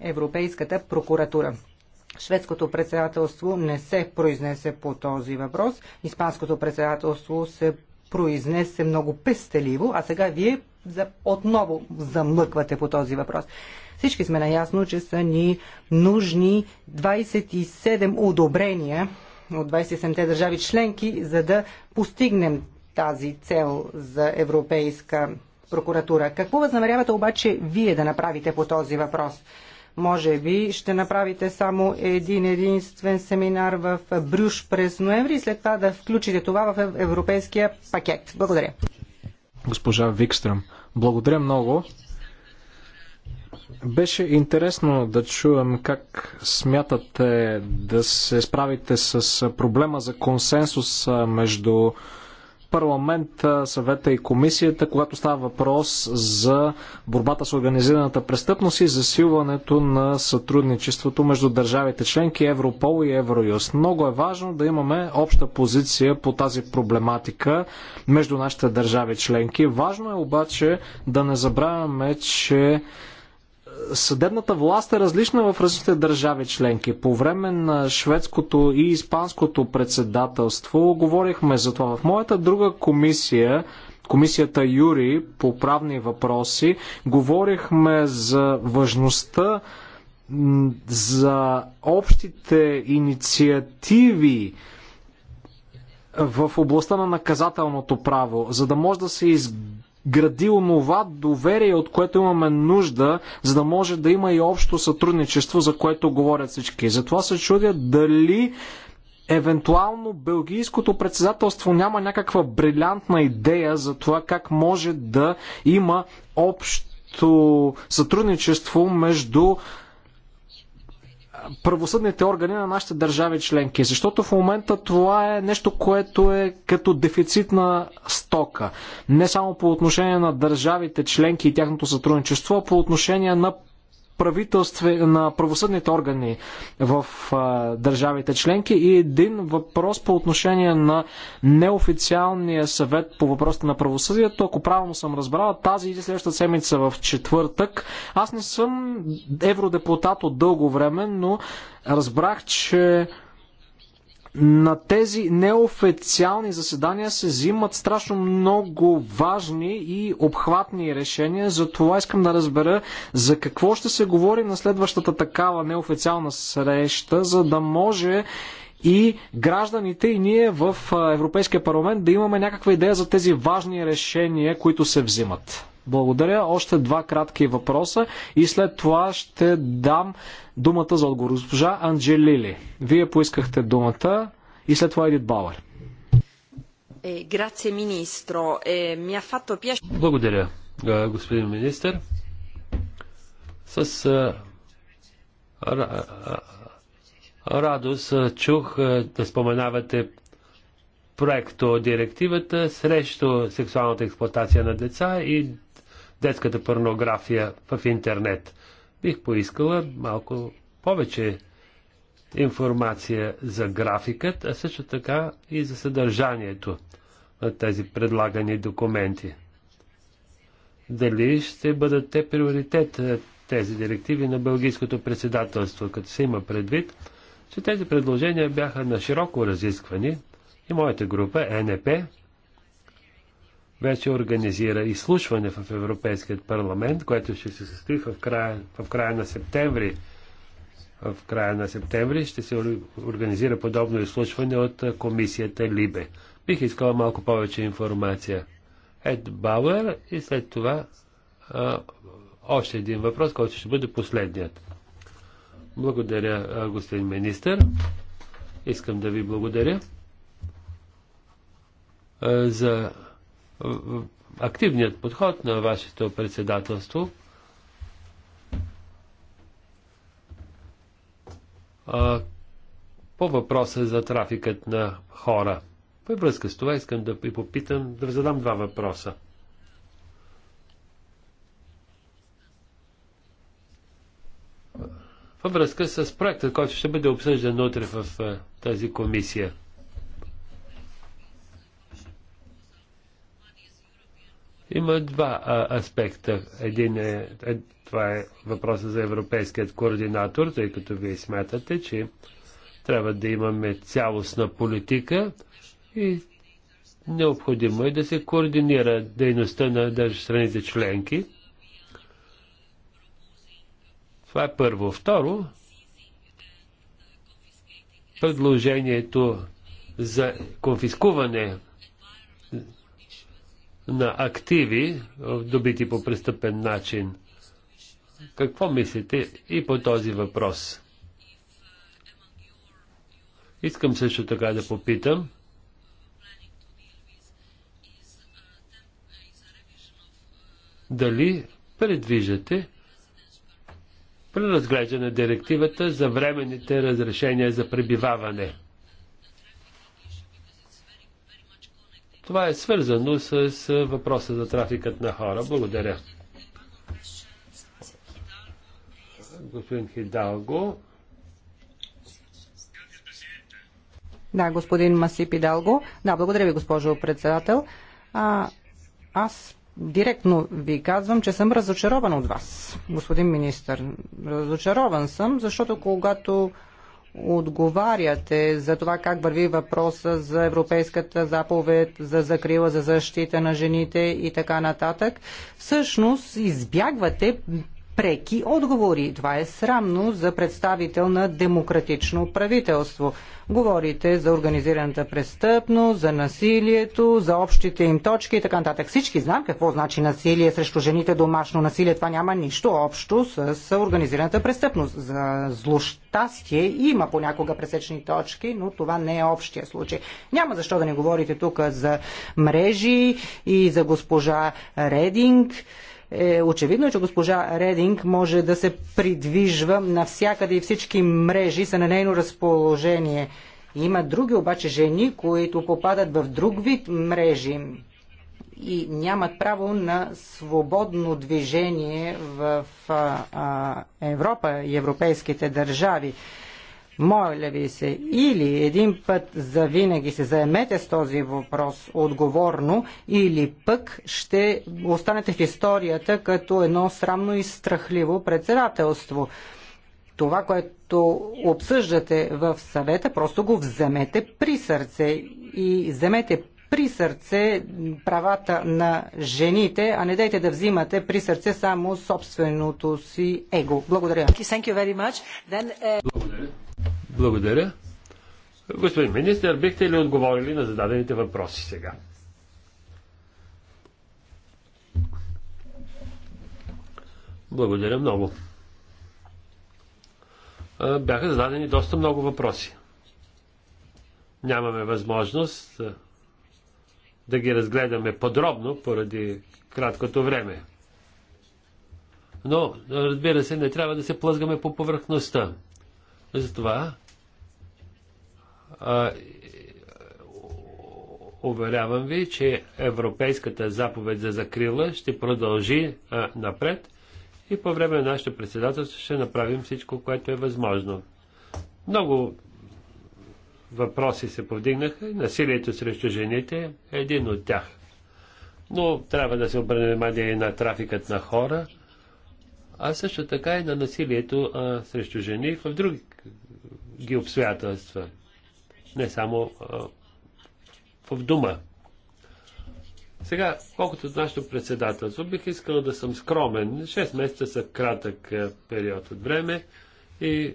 Европейската прокуратура. Шведското председателство не се произнесе по този въпрос. Испанското председателство се произнесе много пестеливо, а сега вие за, отново замлъквате по този въпрос. Всички сме наясно, че са ни нужни 27 одобрения от 27-те държави членки, за да постигнем тази цел за европейска прокуратура. Какво възнамерявате обаче вие да направите по този въпрос? Може би ще направите само един единствен семинар в Брюш през ноември и след това да включите това в европейския пакет. Благодаря. Госпожа Викстрам, благодаря много. Беше интересно да чуем как смятате да се справите с проблема за консенсус между парламент, съвета и комисията, когато става въпрос за борбата с организираната престъпност и засилването на сътрудничеството между държавите членки Европол и Евроюст. Много е важно да имаме обща позиция по тази проблематика между нашите държави членки. Важно е обаче да не забравяме, че съдебната власт е различна в различните държави членки. По време на шведското и испанското председателство говорихме за това. В моята друга комисия, комисията Юри по правни въпроси, говорихме за важността за общите инициативи в областта на наказателното право, за да може да се изгради гради онова доверие, от което имаме нужда, за да може да има и общо сътрудничество, за което говорят всички. И затова се чудя дали евентуално белгийското председателство няма някаква брилянтна идея за това как може да има общо сътрудничество между правосъдните органи на нашите държави членки. Защото в момента това е нещо, което е като дефицитна стока. Не само по отношение на държавите членки и тяхното сътрудничество, а по отношение на правителстве, на правосъдните органи в държавите членки и един въпрос по отношение на неофициалния съвет по въпросите на правосъдието. Ако правилно съм разбрала, тази и следващата седмица в четвъртък. Аз не съм евродепутат от дълго време, но разбрах, че на тези неофициални заседания се взимат страшно много важни и обхватни решения. За това искам да разбера за какво ще се говори на следващата такава неофициална среща, за да може и гражданите и ние в Европейския парламент да имаме някаква идея за тези важни решения, които се взимат. Благодаря. Още два кратки въпроса и след това ще дам думата за отговор. Госпожа Анджелили, вие поискахте думата и след това Едит Бауер. Е, е, Благодаря, господин министр. С радост чух да споменавате проекто директивата срещу сексуалната експлуатация на деца и детската порнография в интернет. Бих поискала малко повече информация за графикът, а също така и за съдържанието на тези предлагани документи. Дали ще бъдат те приоритет е, тези директиви на Бългийското председателство, като се има предвид, че тези предложения бяха на широко разисквани и моята група, е НП, вече организира изслушване в Европейският парламент, което ще се състои в края, в края на септември. В края на септември ще се организира подобно изслушване от комисията Либе. Бих искала малко повече информация. Ед Бауер и след това а, още един въпрос, който ще бъде последният. Благодаря, господин министър. Искам да ви благодаря за активният подход на вашето председателство. по въпроса за трафикът на хора. Във връзка с това искам да ви попитам, да задам два въпроса. Във връзка с проекта, който ще бъде обсъждан утре в тази комисия – Има два а, аспекта. Един е, е, това е въпроса за европейският координатор, тъй като вие смятате, че трябва да имаме цялостна политика и необходимо е да се координира дейността на страните членки. Това е първо. Второ, предложението за конфискуване на активи, е, добити по престъпен начин. Какво мислите и по този въпрос? Искам също така да попитам. Дали предвиждате преразглеждане на директивата за временните разрешения за пребиваване? Това е свързано с въпроса за трафикът на хора. Благодаря. Господин Хидалго. Да, господин Маси Пидалго. Да, благодаря ви, госпожо председател. А, аз директно ви казвам, че съм разочарован от вас, господин министр. Разочарован съм, защото когато отговаряте за това как върви въпроса за Европейската заповед за закрила, за защита на жените и така нататък, всъщност избягвате преки отговори. Това е срамно за представител на демократично правителство. Говорите за организираната престъпност, за насилието, за общите им точки и така нататък. Всички знаем какво значи насилие срещу жените, домашно насилие. Това няма нищо общо с организираната престъпност. За злощастие има понякога пресечни точки, но това не е общия случай. Няма защо да не говорите тук за мрежи и за госпожа Рединг е очевидно, е, че госпожа Рединг може да се придвижва навсякъде и всички мрежи са на нейно разположение. Има други обаче жени, които попадат в друг вид мрежи и нямат право на свободно движение в а, а, Европа и европейските държави. Моля ви се, или един път за винаги се заемете с този въпрос отговорно, или пък ще останете в историята като едно срамно и страхливо председателство. Това, което обсъждате в съвета, просто го вземете при сърце и вземете при сърце правата на жените, а не дайте да взимате при сърце само собственото си его. Благодаря. Uh, Благодаря. Благодаря. Господин министр, бихте ли отговорили на зададените въпроси сега? Благодаря много. Бяха зададени доста много въпроси. Нямаме възможност да ги разгледаме подробно поради краткото време. Но, разбира се, не трябва да се плъзгаме по повърхността. Затова а Уверявам ви, че Европейската заповед за закрила ще продължи а, напред и по време на нашето председателство ще направим всичко, което е възможно. Много въпроси се повдигнаха. Насилието срещу жените е един от тях. Но трябва да се обърне внимание и на трафикът на хора, а също така и на насилието а, срещу жени в други ги обстоятелства не само а, в дума. Сега, колкото до нашето председателство, бих искал да съм скромен. 6 месеца са кратък е, период от време и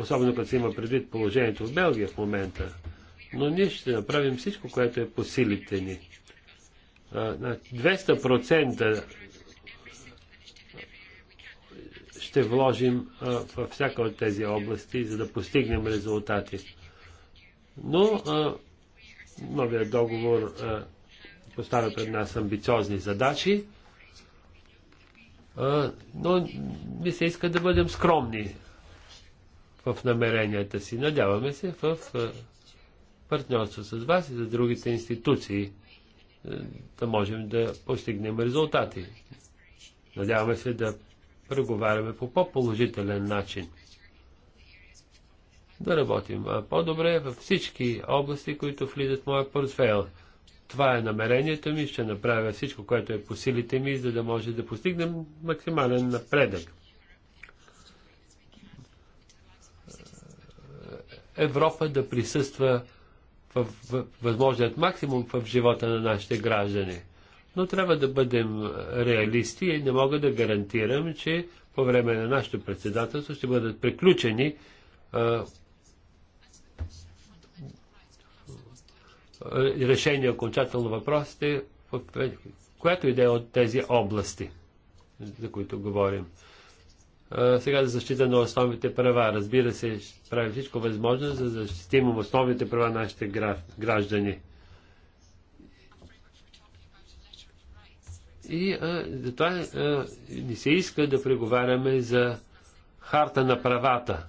особено като се има предвид положението в Белгия в момента. Но ние ще направим всичко, което е по силите ни. 200% ще вложим във всяка от тези области, за да постигнем резултати. Но а, новият договор а, поставя пред нас амбициозни задачи, а, но ми се иска да бъдем скромни в намеренията си. Надяваме се в а, партньорство с вас и за другите институции да можем да постигнем резултати. Надяваме се да преговаряме по по-положителен начин да работим по-добре във всички области, които влизат в моя портфейл. Това е намерението ми, ще направя всичко, което е по силите ми, за да може да постигнем максимален напредък. Европа да присъства в възможният максимум в живота на нашите граждани. Но трябва да бъдем реалисти и не мога да гарантирам, че по време на нашето председателство ще бъдат приключени Е, решение окончателно въпросите в която идея от тези области, за които говорим. Сега за защита на основните права. Разбира се, прави всичко възможно за защитим основните права на нашите граждани. И за затова ни се иска да преговаряме за харта на правата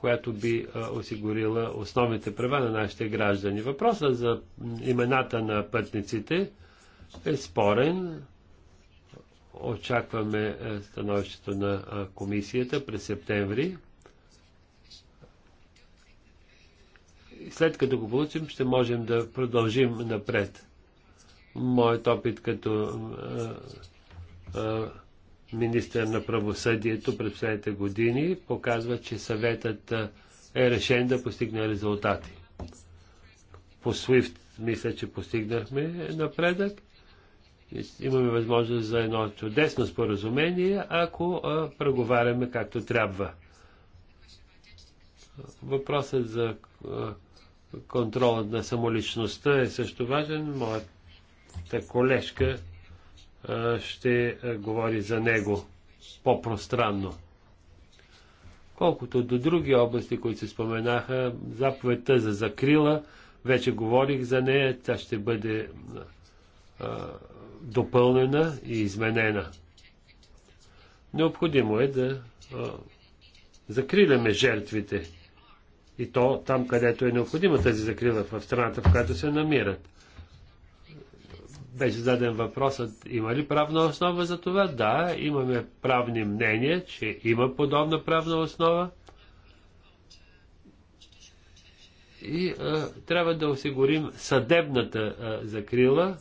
която би осигурила основните права на нашите граждани. Въпросът за имената на пътниците е спорен. Очакваме е, становището на комисията през септември. След като го получим, ще можем да продължим напред. Моят опит като а, а, министър на правосъдието през последните години показва, че съветът е решен да постигне резултати. По SWIFT мисля, че постигнахме напредък. Имаме възможност за едно чудесно споразумение, ако преговаряме както трябва. Въпросът за контролът на самоличността е също важен. Моята колежка ще говори за него по-пространно. Колкото до други области, които се споменаха, заповедта за закрила, вече говорих за нея, тя ще бъде а, допълнена и изменена. Необходимо е да а, закриляме жертвите. И то там, където е необходима тази закрила, в страната, в която се намират беше зададен въпросът, има ли правна основа за това? Да, имаме правни мнения, че има подобна правна основа. И а, трябва да осигурим съдебната а, закрила,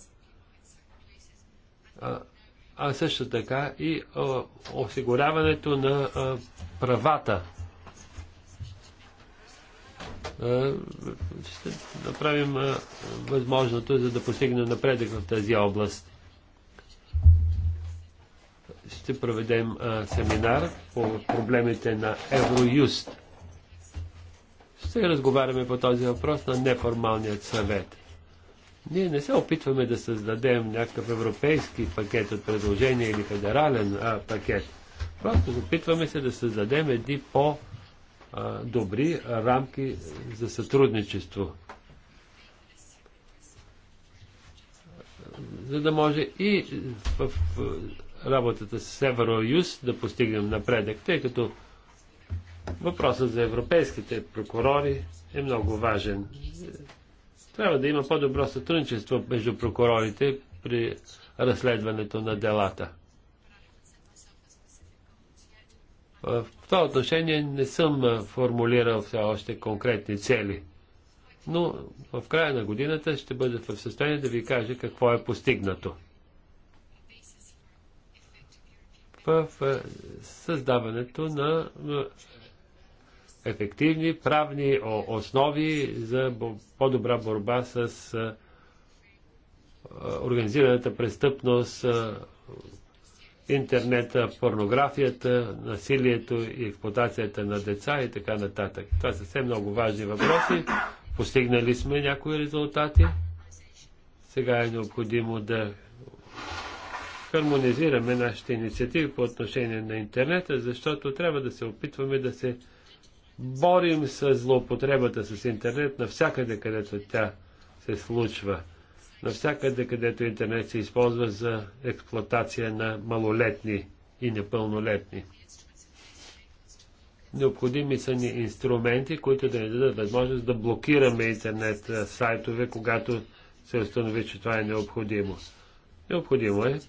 а, а също така и а, осигуряването на а, правата е, ще направим е, възможното, за да постигнем напредък в тази област. Ще проведем е, семинар по проблемите на Евроюст. Ще разговаряме по този въпрос на неформалният съвет. Ние не се опитваме да създадем някакъв европейски пакет от предложения или федерален а, пакет. Просто опитваме се да създадем един по- добри рамки за сътрудничество. За да може и в работата с Северо-Юз да постигнем напредък, тъй като въпросът за европейските прокурори е много важен. Трябва да има по-добро сътрудничество между прокурорите при разследването на делата. В това отношение не съм формулирал все още конкретни цели, но в края на годината ще бъда в състояние да ви кажа какво е постигнато. В създаването на ефективни правни основи за по-добра борба с организираната престъпност, интернет порнографията, насилието и експлуатацията на деца и така нататък. Това са все много важни въпроси. Постигнали сме някои резултати. Сега е необходимо да хармонизираме нашите инициативи по отношение на интернета, защото трябва да се опитваме да се борим с злоупотребата с интернет навсякъде, където тя се случва навсякъде, където интернет се използва за експлоатация на малолетни и непълнолетни. Необходими са ни инструменти, които да ни дадат възможност да блокираме интернет сайтове, когато се установи, че това е необходимо. Необходимо е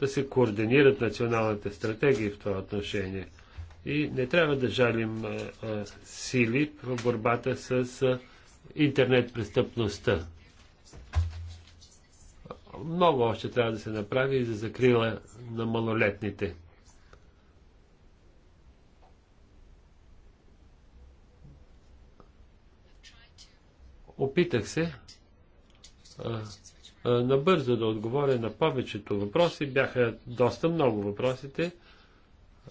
да се координират националните стратегии в това отношение. И не трябва да жалим а, а, сили в борбата с а, интернет престъпността много още трябва да се направи и за закрила на малолетните. Опитах се а, а, набързо да отговоря на повечето въпроси. Бяха доста много въпросите.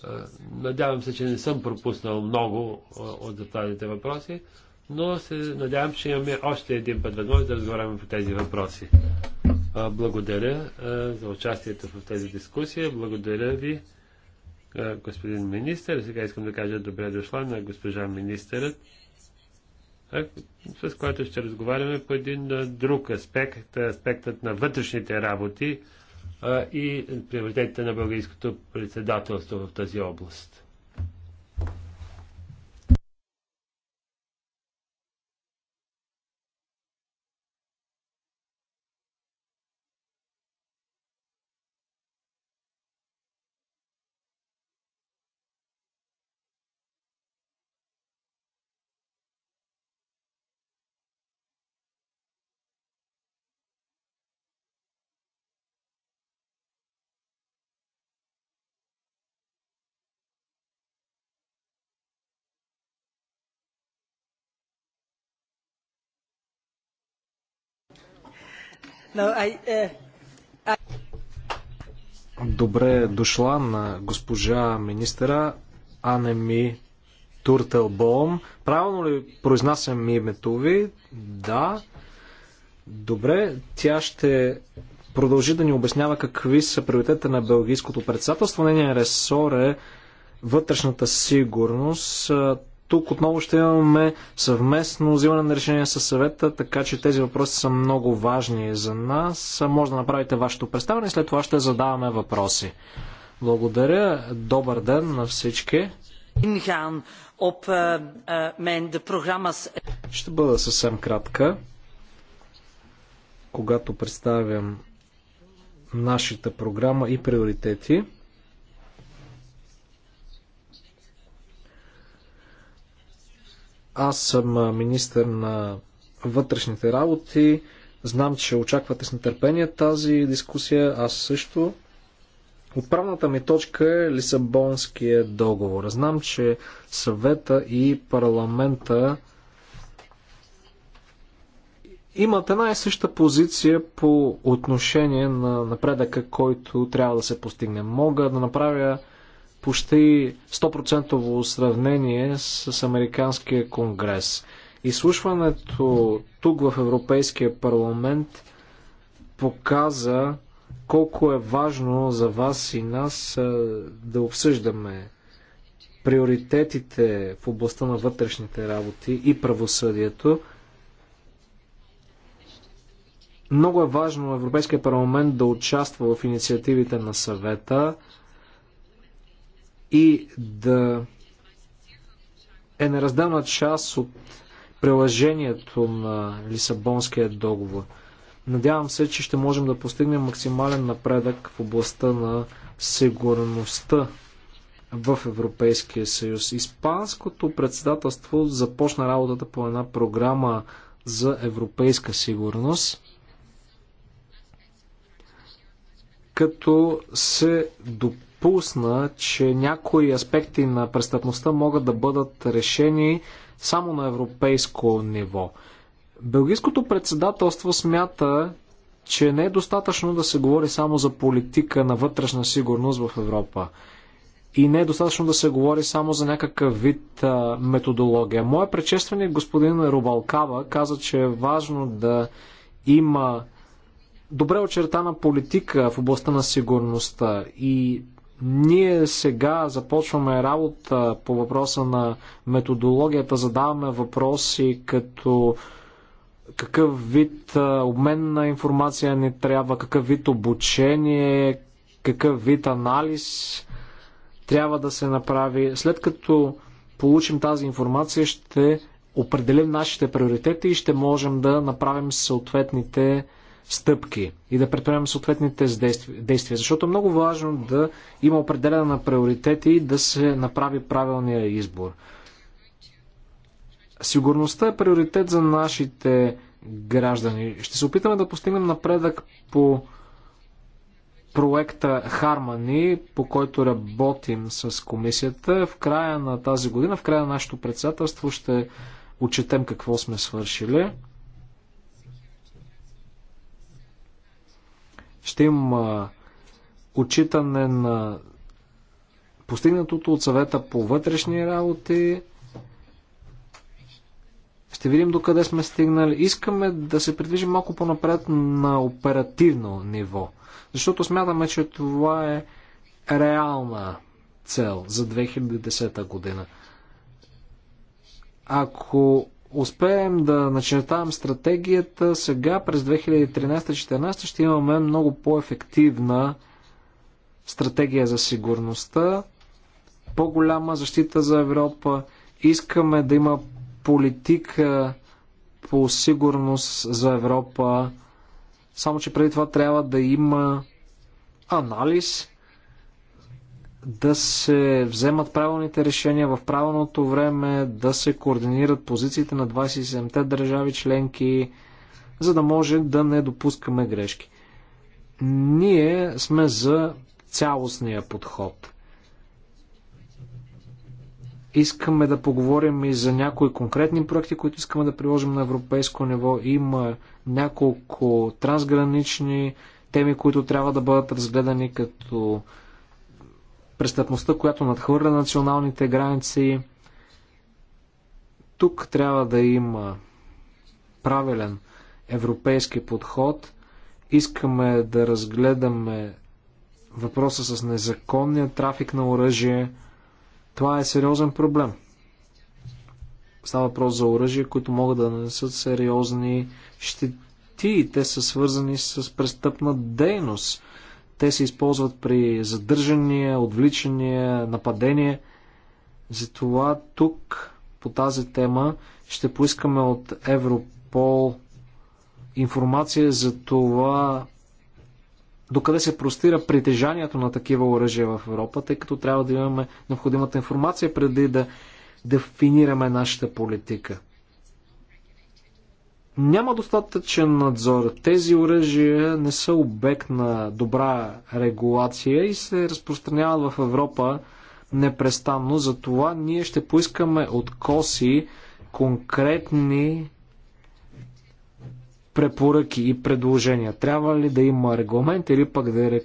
А, надявам се, че не съм пропуснал много а, от зададените въпроси, но се надявам, че имаме още един път възможност да разговаряме по тези въпроси. Благодаря за участието в тази дискусия. Благодаря ви, господин министър. Сега искам да кажа добре дошла на госпожа министърът, с която ще разговаряме по един друг аспект, аспектът на вътрешните работи и приоритетите на българското председателство в тази област. Uh, Добре дошла на госпожа министъра Анеми Туртелбоум. Правилно ли произнасям името ви? Да. Добре, тя ще продължи да ни обяснява какви са приоритетите на Белгийското председателство. Нения ресор е вътрешната сигурност. Тук отново ще имаме съвместно взимане на решение със съвета, така че тези въпроси са много важни за нас. Може да направите вашето представяне и след това ще задаваме въпроси. Благодаря. Добър ден на всички. Eh, eh, ще бъда съвсем кратка. Когато представям нашата програма и приоритети, Аз съм министър на вътрешните работи. Знам, че очаквате с нетърпение тази дискусия. Аз също. Отправната ми точка е Лисабонския договор. Знам, че съвета и парламента имат една и съща позиция по отношение на напредъка, който трябва да се постигне. Мога да направя почти 100% сравнение с Американския конгрес. Изслушването тук в Европейския парламент показа колко е важно за вас и нас да обсъждаме приоритетите в областта на вътрешните работи и правосъдието. Много е важно Европейския парламент да участва в инициативите на съвета и да е неразделна част от приложението на Лисабонския договор. Надявам се, че ще можем да постигнем максимален напредък в областта на сигурността в Европейския съюз. Испанското председателство започна работата по една програма за европейска сигурност, като се допълни изпусна, че някои аспекти на престъпността могат да бъдат решени само на европейско ниво. Белгийското председателство смята, че не е достатъчно да се говори само за политика на вътрешна сигурност в Европа. И не е достатъчно да се говори само за някакъв вид а, методология. Моя предшественик, господин Рубалкава, каза, че е важно да има добре очертана политика в областта на сигурността и ние сега започваме работа по въпроса на методологията, задаваме въпроси като какъв вид обмен на информация ни трябва, какъв вид обучение, какъв вид анализ трябва да се направи. След като получим тази информация, ще определим нашите приоритети и ще можем да направим съответните стъпки и да предприемем съответните действия. Защото е много важно да има определена на приоритети и да се направи правилния избор. Сигурността е приоритет за нашите граждани. Ще се опитаме да постигнем напредък по проекта Хармани, по който работим с комисията. В края на тази година, в края на нашето председателство ще отчетем какво сме свършили. Ще има отчитане на постигнатото от съвета по вътрешни работи. Ще видим докъде сме стигнали. Искаме да се придвижим малко по-напред на оперативно ниво, защото смятаме, че това е реална цел за 2010 година. Ако успеем да начертаем стратегията, сега през 2013-2014 ще имаме много по-ефективна стратегия за сигурността, по-голяма защита за Европа. Искаме да има политика по сигурност за Европа. Само, че преди това трябва да има анализ да се вземат правилните решения в правилното време, да се координират позициите на 27-те държави членки, за да може да не допускаме грешки. Ние сме за цялостния подход. Искаме да поговорим и за някои конкретни проекти, които искаме да приложим на европейско ниво. Има няколко трансгранични теми, които трябва да бъдат разгледани като престъпността, която надхвърля националните граници. Тук трябва да има правилен европейски подход. Искаме да разгледаме въпроса с незаконния трафик на оръжие. Това е сериозен проблем. Става въпрос за оръжие, които могат да нанесат сериозни щети те са свързани с престъпна дейност. Те се използват при задържания, отвличания, нападения. Затова тук по тази тема ще поискаме от Европол информация за това докъде се простира притежанието на такива оръжия в Европа, тъй като трябва да имаме необходимата информация преди да дефинираме нашата политика няма достатъчен надзор. Тези оръжия не са обект на добра регулация и се разпространяват в Европа непрестанно. Затова ние ще поискаме от КОСИ конкретни препоръки и предложения. Трябва ли да има регламент или пък е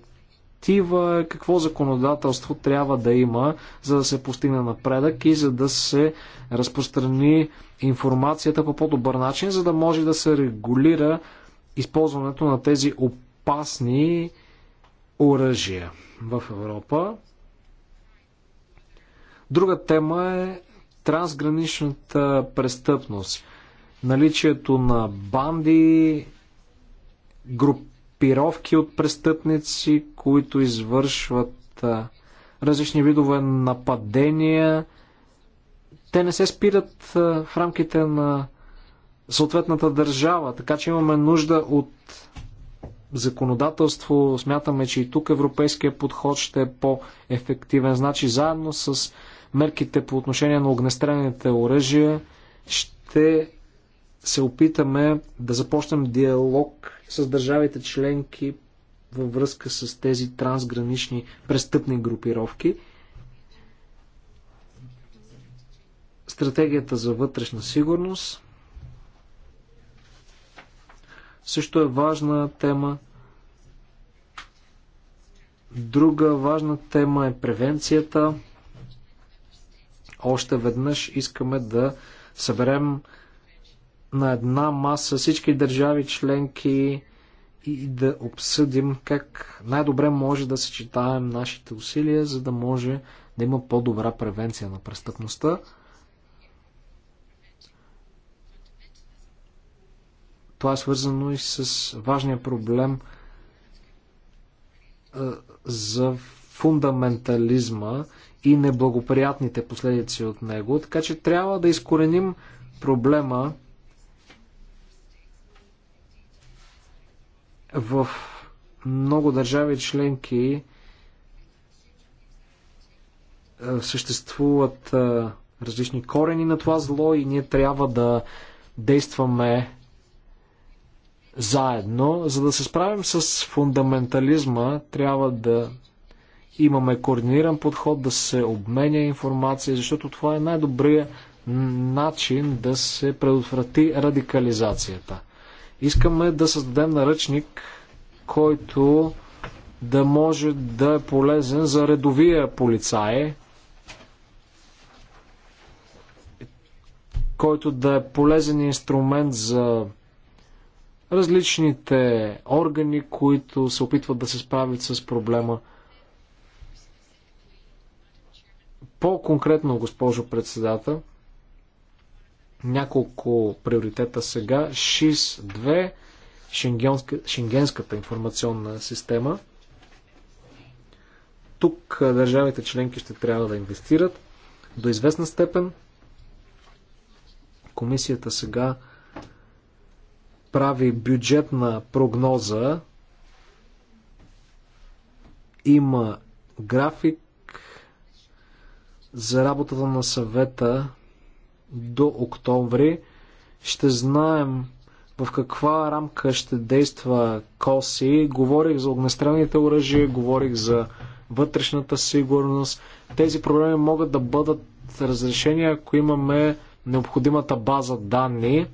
директива, какво законодателство трябва да има, за да се постигне напредък и за да се разпространи информацията по по-добър начин, за да може да се регулира използването на тези опасни оръжия в Европа. Друга тема е трансграничната престъпност. Наличието на банди, групи групировки от престъпници, които извършват различни видове нападения. Те не се спират в рамките на съответната държава, така че имаме нужда от законодателство. Смятаме, че и тук европейския подход ще е по-ефективен. Значи, заедно с мерките по отношение на огнестрелните оръжия ще се опитаме да започнем диалог с държавите членки във връзка с тези трансгранични престъпни групировки. Стратегията за вътрешна сигурност също е важна тема. Друга важна тема е превенцията. Още веднъж искаме да съберем на една маса всички държави членки и да обсъдим как най-добре може да съчетаем нашите усилия, за да може да има по-добра превенция на престъпността. Това е свързано и с важния проблем за фундаментализма и неблагоприятните последици от него. Така че трябва да изкореним проблема В много държави членки е, съществуват е, различни корени на това зло и ние трябва да действаме заедно. За да се справим с фундаментализма, трябва да имаме координиран подход, да се обменя информация, защото това е най-добрият начин да се предотврати радикализацията. Искаме да създадем наръчник, който да може да е полезен за редовия полицай, който да е полезен инструмент за различните органи, които се опитват да се справят с проблема. По-конкретно, госпожо председател, няколко приоритета сега. ШИС-2, Шенгенска, Шенгенската информационна система. Тук държавите членки ще трябва да инвестират до известна степен. Комисията сега прави бюджетна прогноза. Има график за работата на съвета до октомври ще знаем в каква рамка ще действа КОСИ. Говорих за огнестрелните оръжия, говорих за вътрешната сигурност. Тези проблеми могат да бъдат разрешени, ако имаме необходимата база данни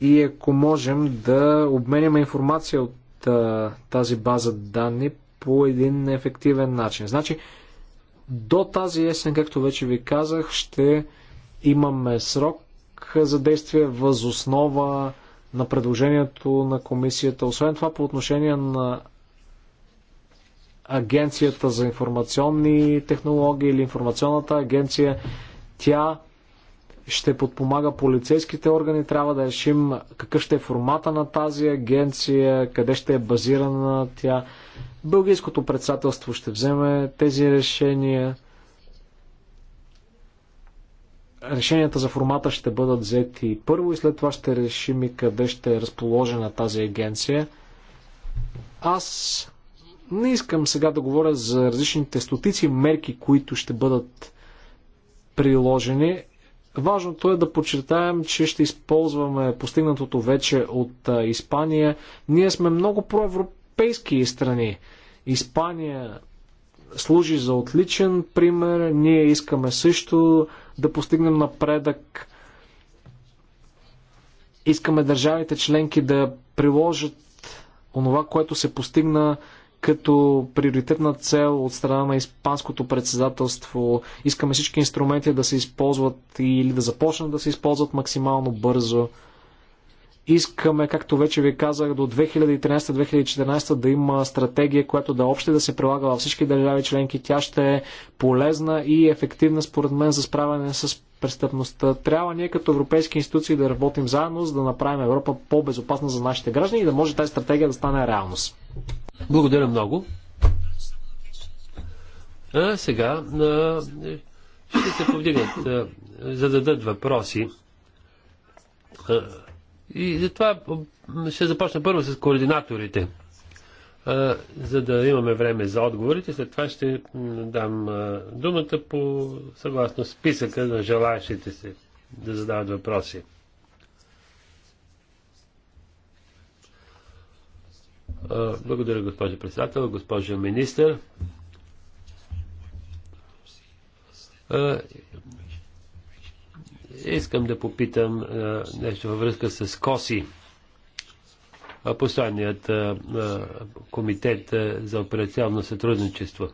и ако можем да обменяме информация от тази база данни по един ефективен начин. Значи, до тази есен, както вече ви казах, ще имаме срок за действие възоснова на предложението на комисията. Освен това, по отношение на Агенцията за информационни технологии или информационната агенция, тя ще подпомага полицейските органи. Трябва да решим какъв ще е формата на тази агенция, къде ще е базирана тя. Бългийското председателство ще вземе тези решения. Решенията за формата ще бъдат взети първо и след това ще решим и къде ще е разположена тази агенция. Аз не искам сега да говоря за различните стотици мерки, които ще бъдат приложени. Важното е да подчертаем, че ще използваме постигнатото вече от Испания. Ние сме много проевропейски европейски страни. Испания служи за отличен пример. Ние искаме също да постигнем напредък. Искаме държавите членки да приложат онова, което се постигна като приоритетна цел от страна на Испанското председателство. Искаме всички инструменти да се използват или да започнат да се използват максимално бързо. Искаме, както вече ви казах, до 2013-2014 да има стратегия, която да е обща да се прилага във всички държави членки. Тя ще е полезна и ефективна, според мен, за справяне с престъпността. Трябва ние като европейски институции да работим заедно, за да направим Европа по-безопасна за нашите граждани и да може тази стратегия да стане реалност. Благодаря много. А, сега а, ще се повдигнат, а, зададат въпроси. А, и затова ще започна първо с координаторите, за да имаме време за отговорите. След това ще дам думата по съгласно списъка на желаящите се да задават въпроси. Благодаря, госпожо председател, госпожо министър. Искам да попитам нещо във връзка с Коси. Постоянният комитет за операционно сътрудничество.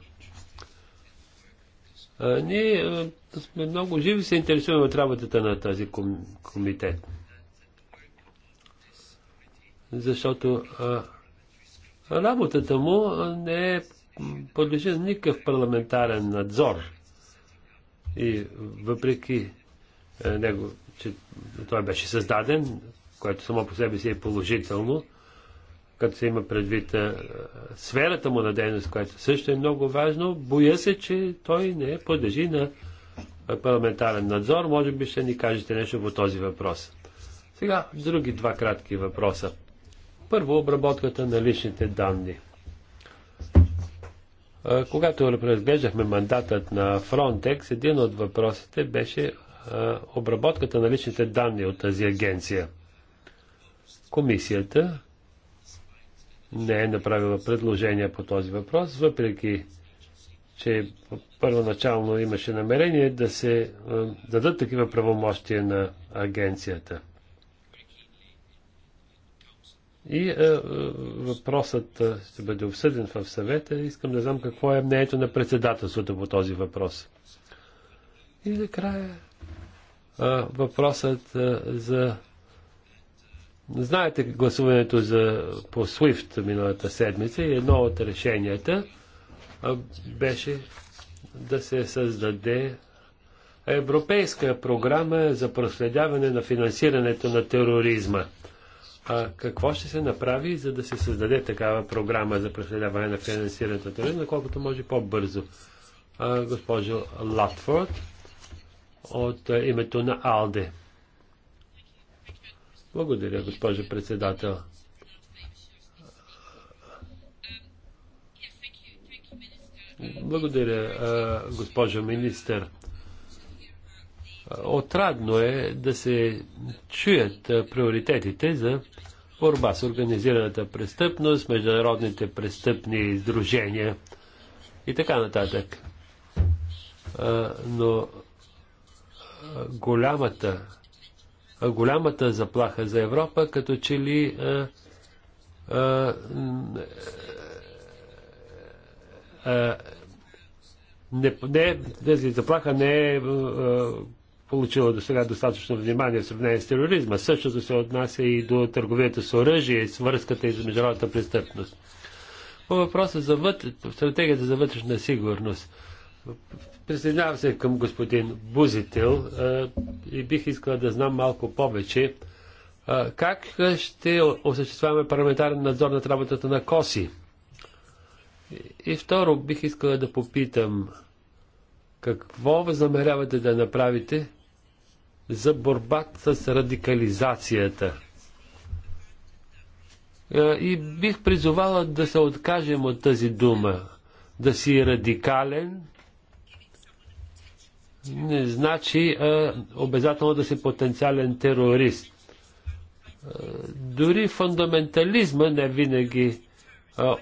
Ние сме много живи се интересуваме от работата на този комитет. Защото работата му не е подлежи на никакъв парламентарен надзор. И въпреки е, него, че той беше създаден, което само по себе си е положително, като се има предвид а, е, сферата му на дейност, което също е много важно. Боя се, че той не подлежи на е, парламентарен надзор. Може би ще ни кажете нещо по този въпрос. Сега, други два кратки въпроса. Първо, обработката на личните данни. Когато разглеждахме мандатът на Frontex, един от въпросите беше обработката на личните данни от тази агенция. Комисията не е направила предложение по този въпрос, въпреки че първоначално имаше намерение да се дадат такива правомощия на агенцията. И е, въпросът ще бъде обсъден в съвета. Искам да знам какво е мнението на председателството по този въпрос. И накрая въпросът за. Знаете гласуването за, по SWIFT миналата седмица и едно от решенията беше да се създаде европейска програма за проследяване на финансирането на тероризма. А какво ще се направи, за да се създаде такава програма за проследяване на финансирането на тероризма, колкото може по-бързо? госпожо Латфорд от е, името на АЛДЕ. Благодаря, госпожа председател. Благодаря, е, госпожо министър. Отрадно е да се чуят е, приоритетите за борба с организираната престъпност, международните престъпни издружения и така нататък. Но голямата, голямата заплаха за Европа, като че ли а, а, а, не, не, тази заплаха не е а, получила до сега достатъчно внимание в сравнение с тероризма. Същото се отнася и до търговията с оръжие, с връзката и за международната престъпност. По въпроса за вътре, стратегията за вътрешна сигурност – Присъединявам се към господин Бузител и бих искал да знам малко повече как ще осъществяваме парламентарен надзор над работата на КОСИ. И второ, бих искал да попитам какво възнамерявате да направите за борбата с радикализацията. И бих призовала да се откажем от тази дума, да си радикален, не значи а, обязателно да си потенциален терорист. А, дори фундаментализма не винаги а,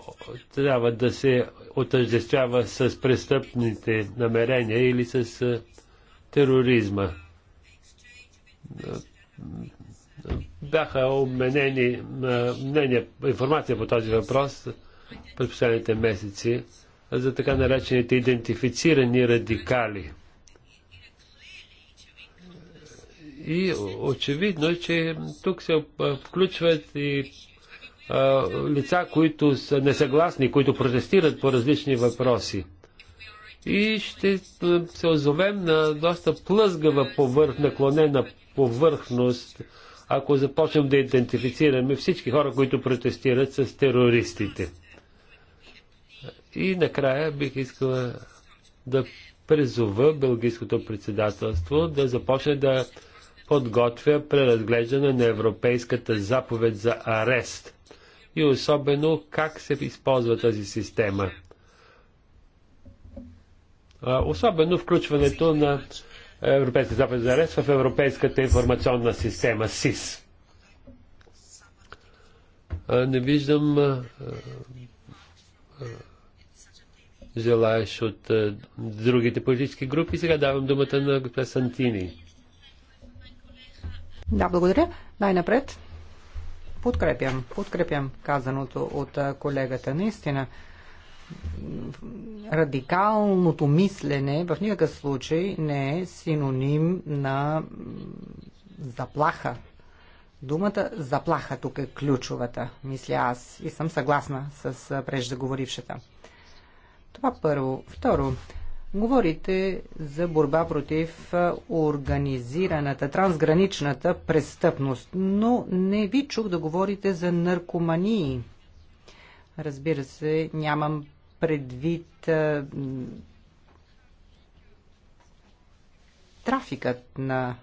трябва да се отъждествява с престъпните намерения или с а, тероризма. А, бяха обменени а, мнения, информация по този въпрос през последните месеци за така наречените идентифицирани радикали. И очевидно, е, че тук се включват и лица, които са несъгласни, които протестират по различни въпроси. И ще се озовем на доста плъзгава повърх, наклонена повърхност, ако започнем да идентифицираме всички хора, които протестират с терористите. И накрая бих искала да призова Белгийското председателство да започне да подготвя преразглеждане на Европейската заповед за арест и особено как се използва тази система. Особено включването на Европейска заповед за арест в Европейската информационна система СИС. Не виждам желаеш от другите политически групи. Сега давам думата на господин Сантини. Да, благодаря. Най-напред. Подкрепям, подкрепям казаното от колегата. Наистина, радикалното мислене в никакъв случай не е синоним на заплаха. Думата заплаха тук е ключовата, мисля аз, и съм съгласна с преждеговорившата. Това първо. Второ, Говорите за борба против организираната, трансграничната престъпност, но не ви чух да говорите за наркомании. Разбира се, нямам предвид а, трафикът на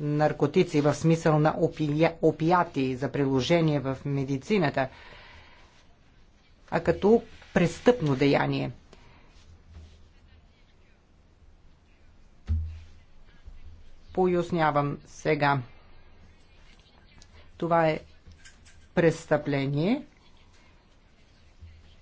наркотици в смисъл на опия, опияти за приложение в медицината, а като престъпно деяние – пояснявам сега. Това е престъпление,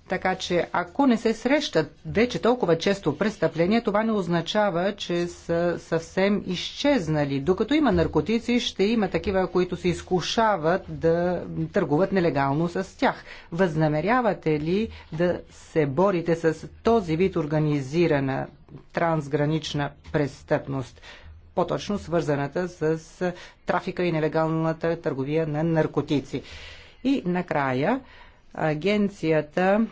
така че ако не се срещат вече толкова често престъпления, това не означава, че са съвсем изчезнали. Докато има наркотици, ще има такива, които се изкушават да търгуват нелегално с тях. Възнамерявате ли да се борите с този вид организирана трансгранична престъпност? по-точно свързаната с трафика и нелегалната търговия на наркотици. И накрая агенцията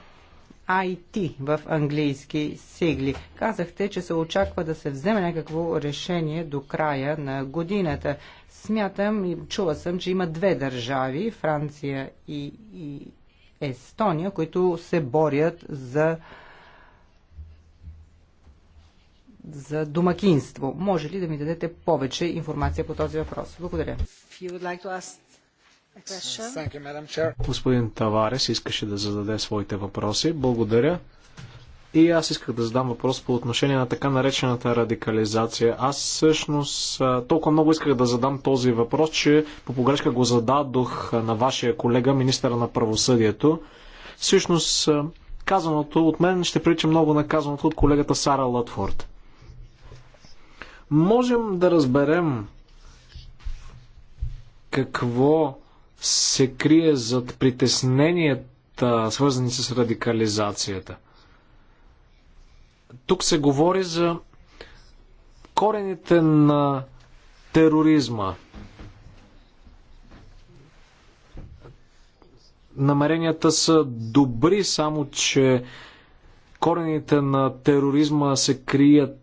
IT в английски сигли. Казахте, че се очаква да се вземе някакво решение до края на годината. Смятам и чула съм, че има две държави, Франция и, и Естония, които се борят за за домакинство. Може ли да ми дадете повече информация по този въпрос? Благодаря. Господин Таварес искаше да зададе своите въпроси. Благодаря. И аз исках да задам въпрос по отношение на така наречената радикализация. Аз всъщност толкова много исках да задам този въпрос, че по погрешка го зададох на вашия колега, министъра на правосъдието. Всъщност казаното от мен ще прилича много на казаното от колегата Сара Латфорд. Можем да разберем какво се крие зад притесненията, свързани с радикализацията. Тук се говори за корените на тероризма. Намеренията са добри, само че корените на тероризма се крият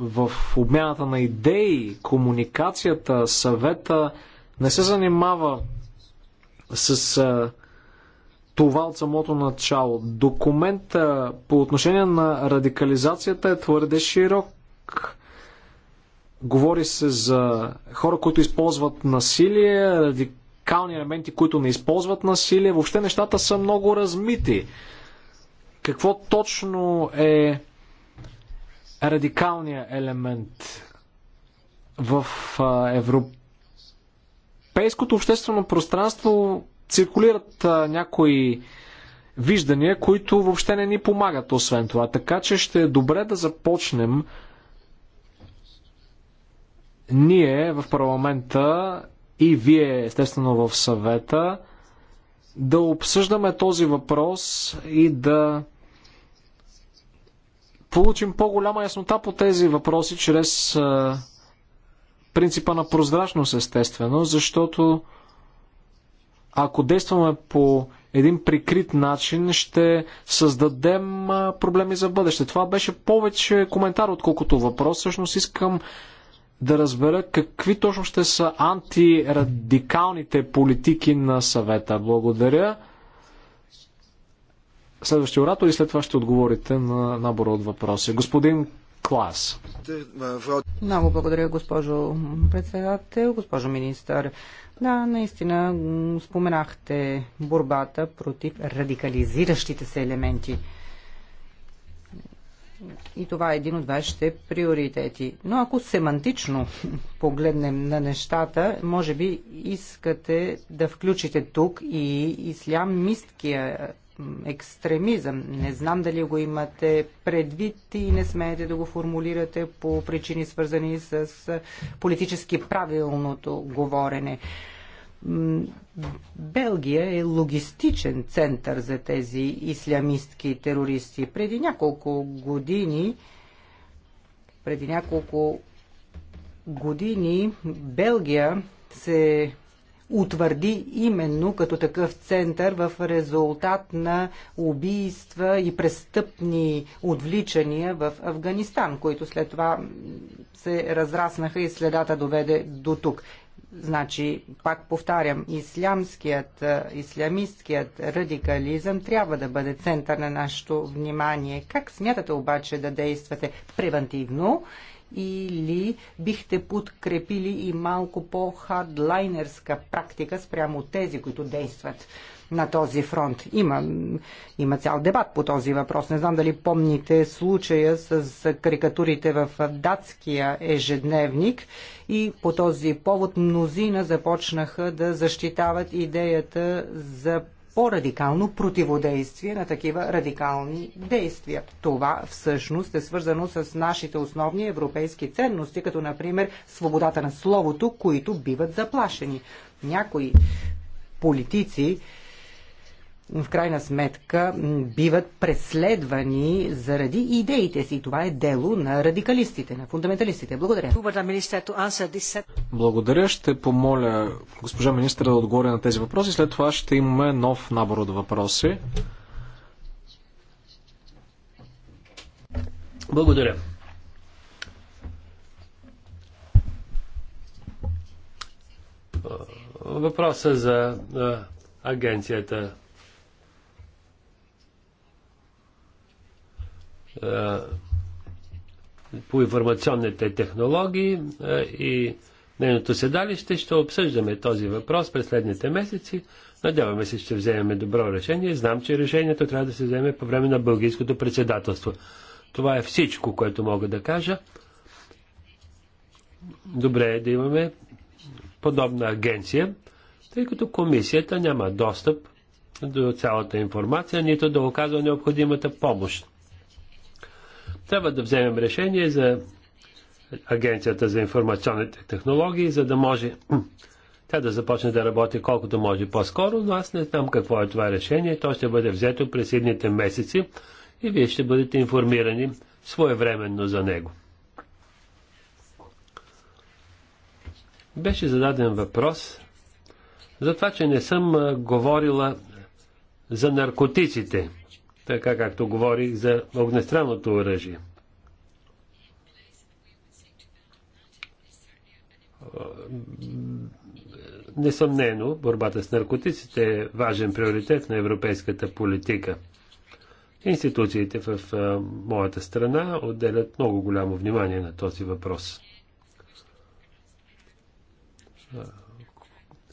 в обмяната на идеи, комуникацията, съвета не се занимава с а, това от самото начало. Документа по отношение на радикализацията е твърде широк. Говори се за хора, които използват насилие, радикални елементи, които не използват насилие. Въобще нещата са много размити. Какво точно е радикалния елемент в европейското обществено пространство циркулират някои виждания, които въобще не ни помагат освен това. Така че ще е добре да започнем ние в парламента и вие естествено в съвета да обсъждаме този въпрос и да получим по-голяма яснота по тези въпроси чрез принципа на прозрачност, естествено, защото ако действаме по един прикрит начин, ще създадем проблеми за бъдеще. Това беше повече коментар, отколкото въпрос. Всъщност искам да разбера какви точно ще са антирадикалните политики на съвета. Благодаря следващия оратор и след това ще отговорите на набора от въпроси. Господин Клас. Много благодаря, госпожо председател, госпожо министър. Да, наистина споменахте борбата против радикализиращите се елементи. И това е един от вашите приоритети. Но ако семантично погледнем на нещата, може би искате да включите тук и ислямисткия екстремизъм. Не знам дали го имате предвид и не смеете да го формулирате по причини свързани с политически правилното говорене. Белгия е логистичен център за тези ислямистки терористи. Преди няколко години преди няколко години Белгия се утвърди именно като такъв център в резултат на убийства и престъпни отвличания в Афганистан, които след това се разраснаха и следата доведе до тук. Значи, пак повтарям, ислямският, ислямистският радикализъм трябва да бъде център на нашето внимание. Как смятате обаче да действате превентивно или бихте подкрепили и малко по-хардлайнерска практика спрямо тези, които действат на този фронт. Има, има цял дебат по този въпрос. Не знам дали помните случая с карикатурите в датския ежедневник и по този повод мнозина започнаха да защитават идеята за по-радикално противодействие на такива радикални действия. Това всъщност е свързано с нашите основни европейски ценности, като например свободата на словото, които биват заплашени. Някои политици в крайна сметка биват преследвани заради идеите си. Това е дело на радикалистите, на фундаменталистите. Благодаря. Благодаря. Ще помоля госпожа министра да отговори на тези въпроси. След това ще имаме нов набор от въпроси. Благодаря. Въпроса за агенцията Е, по информационните технологии е, и нейното седалище. Ще обсъждаме този въпрос през следните месеци. Надяваме се, ще вземем добро решение. Знам, че решението трябва да се вземе по време на българското председателство. Това е всичко, което мога да кажа. Добре е да имаме подобна агенция, тъй като комисията няма достъп до цялата информация, нито да оказва необходимата помощ. Трябва да вземем решение за Агенцията за информационните технологии, за да може тя да започне да работи колкото може по-скоро, но аз не знам какво е това решение. То ще бъде взето през едните месеци и вие ще бъдете информирани своевременно за него. Беше зададен въпрос за това, че не съм говорила за наркотиците така както говорих за огнестрелното оръжие. Несъмнено, борбата с наркотиците е важен приоритет на европейската политика. Институциите в моята страна отделят много голямо внимание на този въпрос.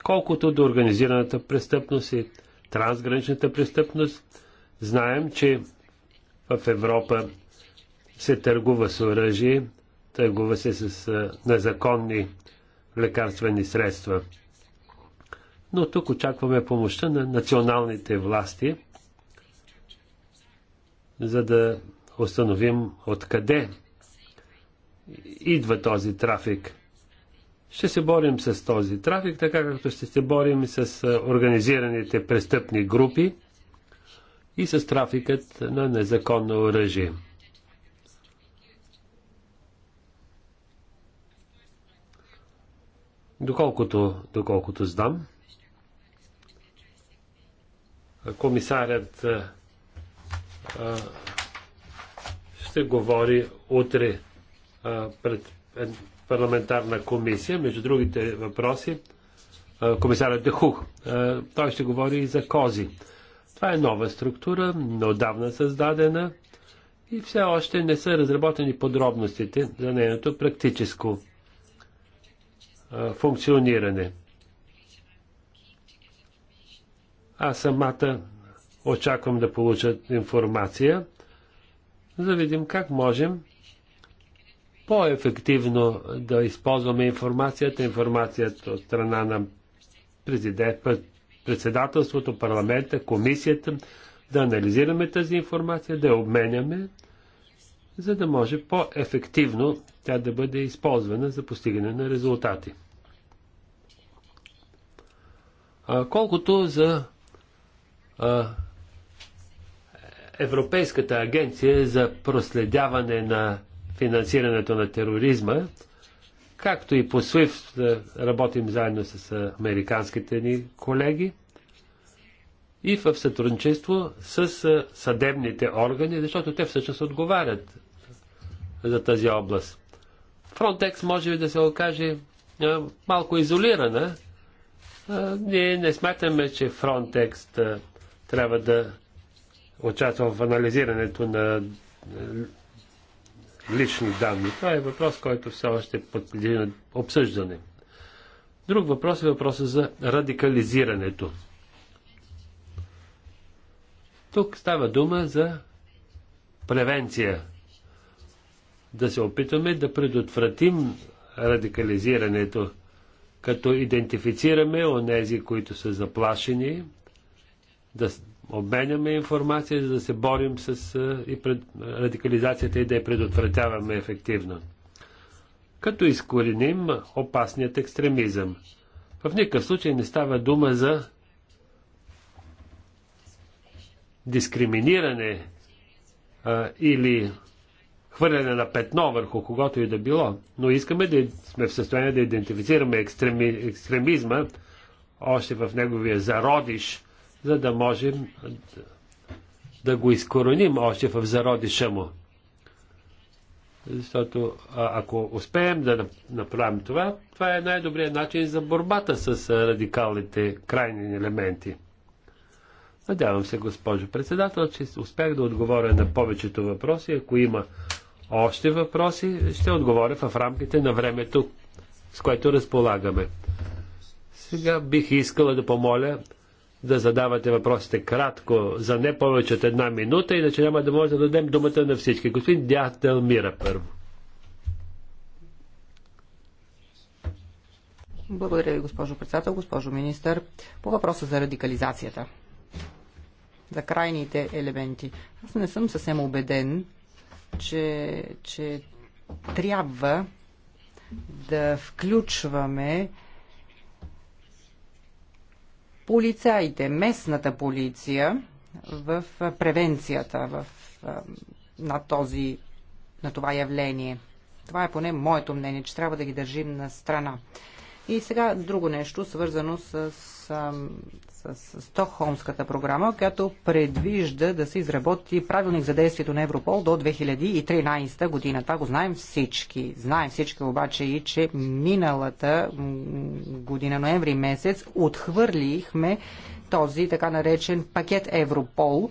Колкото до организираната престъпност и трансграничната престъпност, Знаем, че в Европа се търгува с оръжие, търгува се с незаконни лекарствени средства. Но тук очакваме помощта на националните власти, за да установим откъде идва този трафик. Ще се борим с този трафик, така както ще се борим с организираните престъпни групи и с трафикът на незаконно оръжие. Доколкото, доколкото знам, комисарят а, ще говори утре а, пред парламентарна комисия, между другите въпроси, а, комисарят Дехух. Той ще говори и за кози. Това е нова структура, неодавна създадена и все още не са разработени подробностите за нейното практическо а, функциониране. Аз самата очаквам да получат информация, за да видим как можем по-ефективно да използваме информацията, информацията от страна на президент, председателството, парламента, комисията, да анализираме тази информация, да я обменяме, за да може по-ефективно тя да бъде използвана за постигане на резултати. А, колкото за а, Европейската агенция за проследяване на финансирането на тероризма, Както и по SWIFT да работим заедно с американските ни колеги и в сътрудничество с съдебните органи, защото те всъщност отговарят за тази област. Frontex може би да се окаже малко изолирана. Ние не смятаме, че Frontex трябва да участва в анализирането на лични данни. Това е въпрос, който все още подлежи на обсъждане. Друг въпрос е въпросът за радикализирането. Тук става дума за превенция. Да се опитаме да предотвратим радикализирането, като идентифицираме онези, които са заплашени, да обменяме информация, за да се борим с и пред, радикализацията и да я предотвратяваме ефективно. Като изкореним опасният екстремизъм. В никакъв случай не става дума за дискриминиране а, или хвърляне на петно върху когото и да било, но искаме да сме в състояние да идентифицираме екстреми, екстремизма още в неговия зародиш за да можем да го изкороним още в зародиша му. Защото ако успеем да направим това, това е най-добрият начин за борбата с радикалните крайни елементи. Надявам се, госпожо председател, че успях да отговоря на повечето въпроси. Ако има още въпроси, ще отговоря в рамките на времето, с което разполагаме. Сега бих искала да помоля да задавате въпросите кратко, за не повече от една минута, иначе няма да може да дадем думата на всички. Господин Дятел Мира първо. Благодаря ви, госпожо председател, госпожо министър. По въпроса за радикализацията, за крайните елементи, аз не съм съвсем убеден, че, че трябва да включваме полицаите, местната полиция в превенцията в, на, този, на това явление. Това е поне моето мнение, че трябва да ги държим на страна. И сега друго нещо, свързано с с, Стокхолмската програма, която предвижда да се изработи правилник за действието на Европол до 2013 година. Това го знаем всички. Знаем всички обаче и, че миналата година, ноември месец, отхвърлихме този така наречен пакет Европол,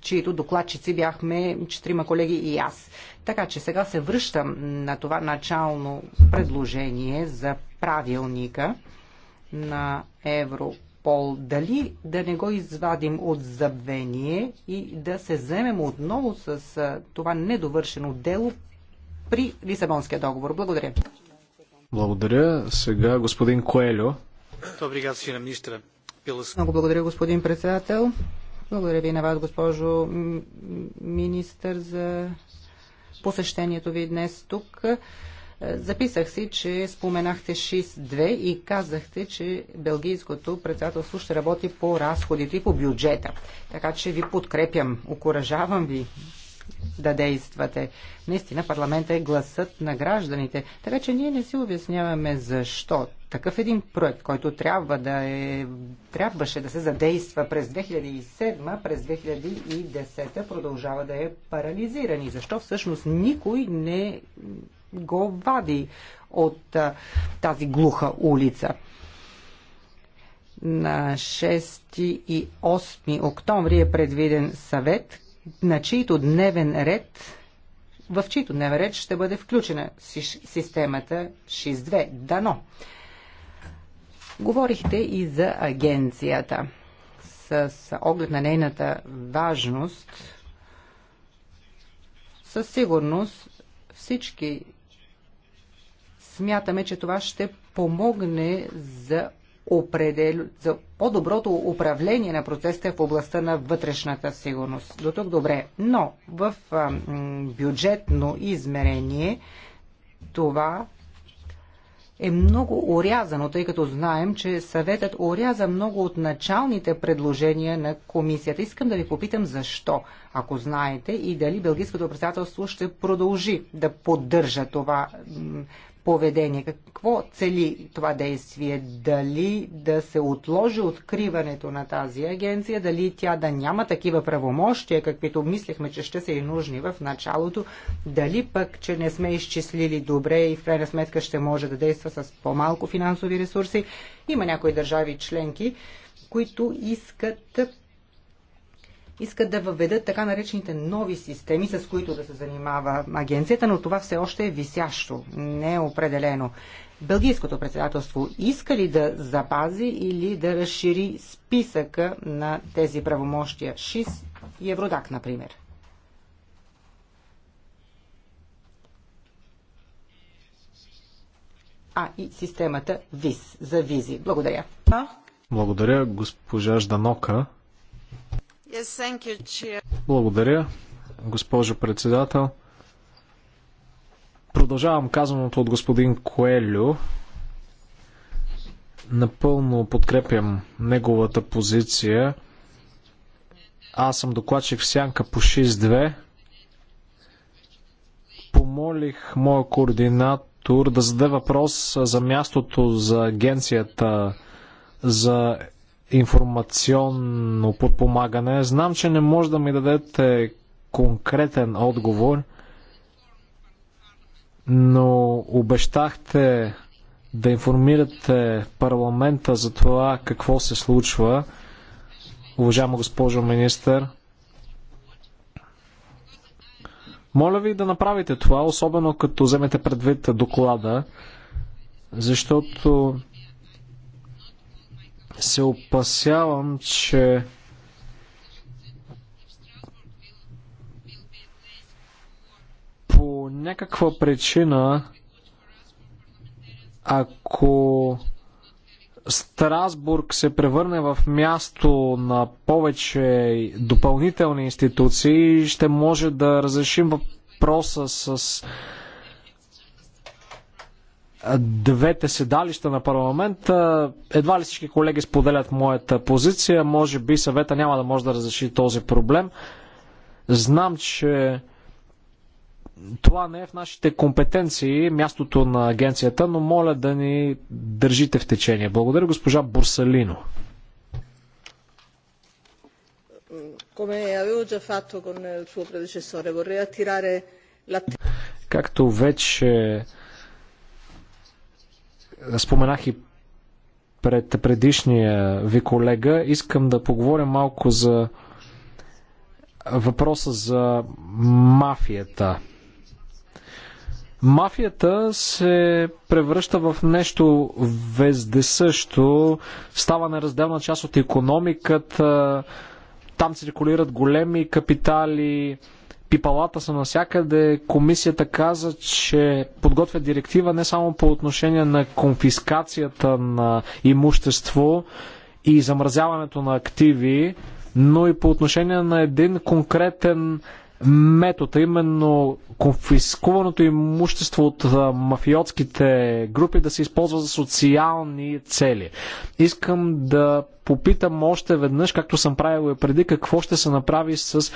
чието докладчици бяхме четирима колеги и аз. Така че сега се връщам на това начално предложение за правилника на Европол. Дали да не го извадим от забвение и да се вземем отново с това недовършено дело при Лисабонския договор? Благодаря. Благодаря. Сега господин Коелю. Много благодаря, господин председател. Благодаря ви на вас, госпожо министър, за посещението ви днес тук. Записах си, че споменахте 6-2 и казахте, че Белгийското председателство ще работи по разходите и по бюджета. Така че ви подкрепям, окоръжавам ви да действате. Наистина парламента е гласът на гражданите, така че ние не си обясняваме защо такъв един проект, който трябва да е, трябваше да се задейства през 2007, през 2010 продължава да е парализиран. И защо всъщност никой не го вади от а, тази глуха улица. На 6 и 8 октомври е предвиден съвет, на чийто дневен ред в чийто дневен ред ще бъде включена системата 6.2. Дано. Говорихте и за агенцията. С оглед на нейната важност, със сигурност всички смятаме, че това ще помогне за, определ... за по-доброто управление на процесите в областта на вътрешната сигурност. До тук добре. Но в а, бюджетно измерение това е много орязано, тъй като знаем, че съветът оряза много от началните предложения на комисията. Искам да ви попитам защо, ако знаете, и дали Белгийското председателство ще продължи да поддържа това поведение. Какво цели това действие? Дали да се отложи откриването на тази агенция, дали тя да няма такива правомощия, каквито мислехме, че ще са и нужни в началото, дали пък, че не сме изчислили добре и в крайна сметка ще може да действа с по-малко финансови ресурси. Има някои държави членки, които искат искат да въведат така наречените нови системи, с които да се занимава агенцията, но това все още е висящо, не е определено. Бългийското председателство иска ли да запази или да разшири списъка на тези правомощия? ШИС и Евродак, например. А и системата ВИС за визи. Благодаря. Благодаря, госпожа Жданока. Благодаря, госпожо председател. Продължавам казаното от господин Коелю. Напълно подкрепям неговата позиция. Аз съм докладчик в Сянка по 6-2. Помолих моя координатор да зададе въпрос за мястото за агенцията за информационно подпомагане. Знам, че не може да ми дадете конкретен отговор, но обещахте да информирате парламента за това какво се случва, уважаема госпожо министър. Моля ви да направите това, особено като вземете предвид доклада, защото се опасявам, че по някаква причина, ако Страсбург се превърне в място на повече допълнителни институции, ще може да разрешим въпроса с двете седалища на парламента. Едва ли всички колеги споделят моята позиция. Може би съвета няма да може да разреши този проблем. Знам, че това не е в нашите компетенции, мястото на агенцията, но моля да ни държите в течение. Благодаря, госпожа Борсалино. Както вече Споменах и пред предишния ви колега. Искам да поговоря малко за въпроса за мафията. Мафията се превръща в нещо вездесъщо, става неразделна част от економиката, там циркулират големи капитали, пипалата са насякъде. Комисията каза, че подготвя директива не само по отношение на конфискацията на имущество и замразяването на активи, но и по отношение на един конкретен метод, именно конфискуваното имущество от мафиотските групи да се използва за социални цели. Искам да попитам още веднъж, както съм правил и преди, какво ще се направи с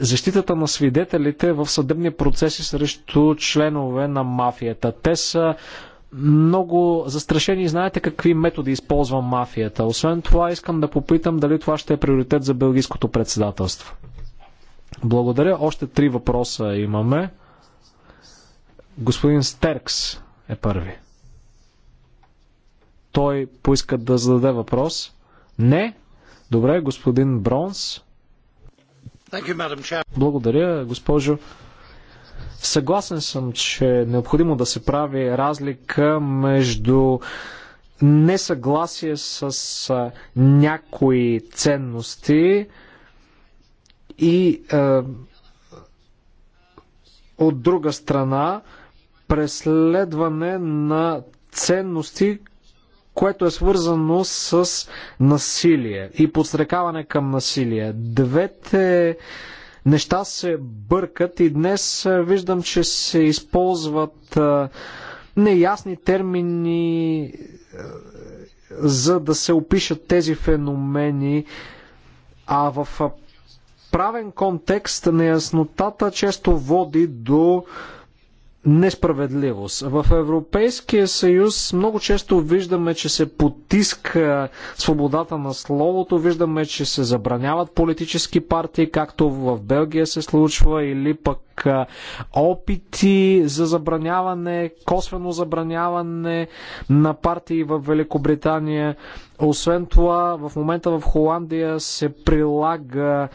защитата на свидетелите в съдебни процеси срещу членове на мафията. Те са много застрашени знаете какви методи използва мафията. Освен това, искам да попитам дали това ще е приоритет за белгийското председателство. Благодаря. Още три въпроса имаме. Господин Стеркс е първи. Той поиска да зададе въпрос. Не? Добре, господин Бронс. Благодаря, госпожо. Съгласен съм, че е необходимо да се прави разлика между несъгласие с някои ценности, и е, от друга страна преследване на ценности, което е свързано с насилие и подстрекаване към насилие. Двете неща се бъркат и днес е, виждам, че се използват е, неясни термини, е, за да се опишат тези феномени, а в правен контекст неяснотата често води до несправедливост. В Европейския съюз много често виждаме, че се потиска свободата на словото, виждаме, че се забраняват политически партии, както в Белгия се случва, или пък опити за забраняване, косвено забраняване на партии в Великобритания. Освен това, в момента в Холандия се прилага